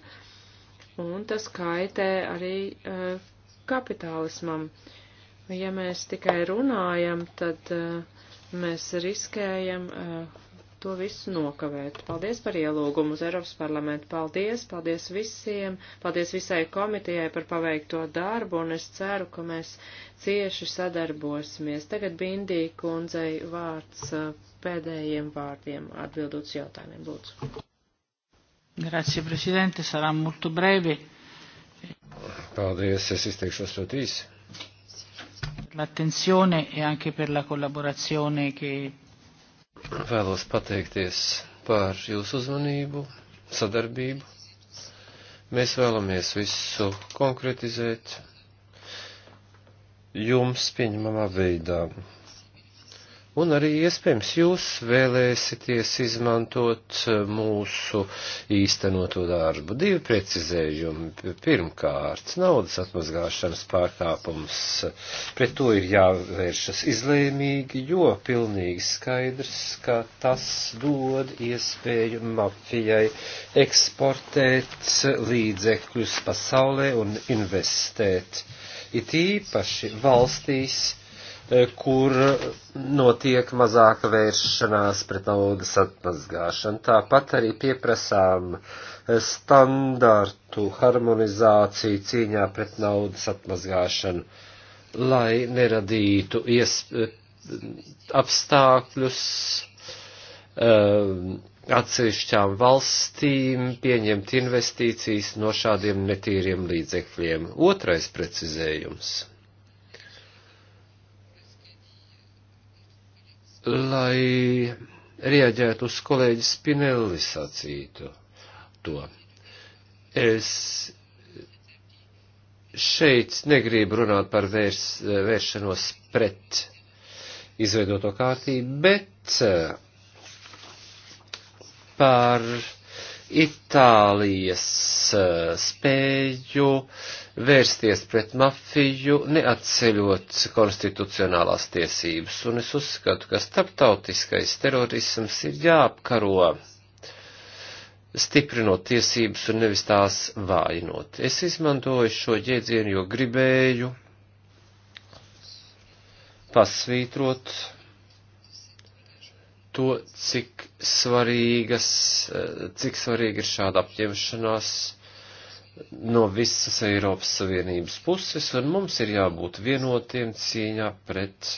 Un tas kaitē arī uh, kapitālismam. Ja mēs tikai runājam, tad uh, mēs riskējam uh, to visu nokavēt. Paldies par ielūgumu uz Eiropas parlamentu. Paldies, paldies visiem, paldies visai komitejai par paveikto darbu, un es ceru, ka mēs cieši sadarbosimies. Tagad Bindī kundzei vārds uh, pēdējiem vārdiem atbildot uz jautājumiem. Lūdzu. Grazie, prezidente, sarā multu brevi. Paldies, es izteikšos ļoti īsi. L'attenzione e anche per la collaborazione che Vēlos pateikties par jūsu uzmanību, sadarbību. Mēs vēlamies visu konkretizēt jums pieņemamā veidā. Un arī iespējams jūs vēlēsieties izmantot eh, mūsu īstenoto darbu. Divi precizējumi. Pirmkārt, naudas atmazgāšanas pārkāpums. Pret to ir jāvēršas izlēmīgi, jo pilnīgi skaidrs, ka tas dod iespēju mafijai eksportēt līdzekļus pasaulē un investēt. It īpaši valstīs, Eh, kur notiek mazāka vēršanās pret naudas atmazgāšanu. Tāpat arī pieprasām eh, standartu harmonizāciju cīņā pret naudas atmazgāšanu, lai neradītu ies, eh, apstākļus um, atsevišķām valstīm pieņemt investīcijas no šādiem netīriem līdzekļiem. Otrais precizējums lai rieģētu uz kolēģi Spinelli sacītu to. Es šeit negribu runāt par vērs, vēršanos pret izveidoto kārtību, bet eh, par Itālijas eh, spēju vērsties pret mafiju, neatceļot konstitucionālās tiesības, un es uzskatu, ka starptautiskais terorisms ir jāapkaro, stiprinot tiesības un nevis tās vājinot. Es izmantoju šo jēdzienu, jo gribēju pasvītrot to, cik svarīgas, eh, cik svarīga ir šāda apņemšanās no visas Eiropas Savienības puses, un mums ir jābūt vienotiem cīņā pret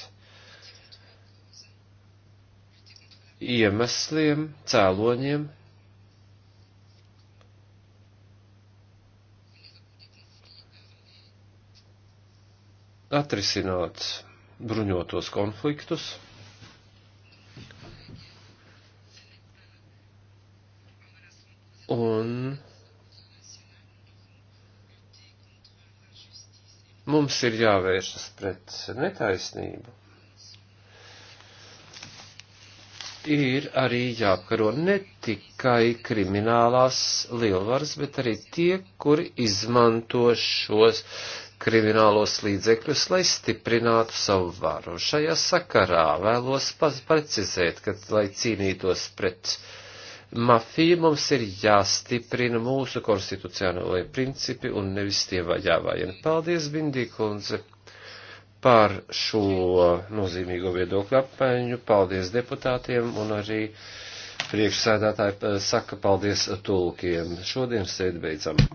iemesliem, cēloņiem, atrisināt bruņotos konfliktus. Un mums ir jāvēršas pret netaisnību. Ir arī jāapkaro ne tikai kriminālās lielvaras, bet arī tie, kuri izmanto šos kriminālos līdzekļus, lai stiprinātu savu varu. Šajā sakarā vēlos precizēt, ka, lai cīnītos pret uh, mafija, mums ir jāstiprina mūsu konstitucionālajie principi un nevis tie jāvajag. Paldies, Bindī kundze, par šo nozīmīgo viedokļu apmaiņu. Paldies deputātiem un arī priekšsēdētāji eh, saka paldies tulkiem. Šodien sēdi beidzam.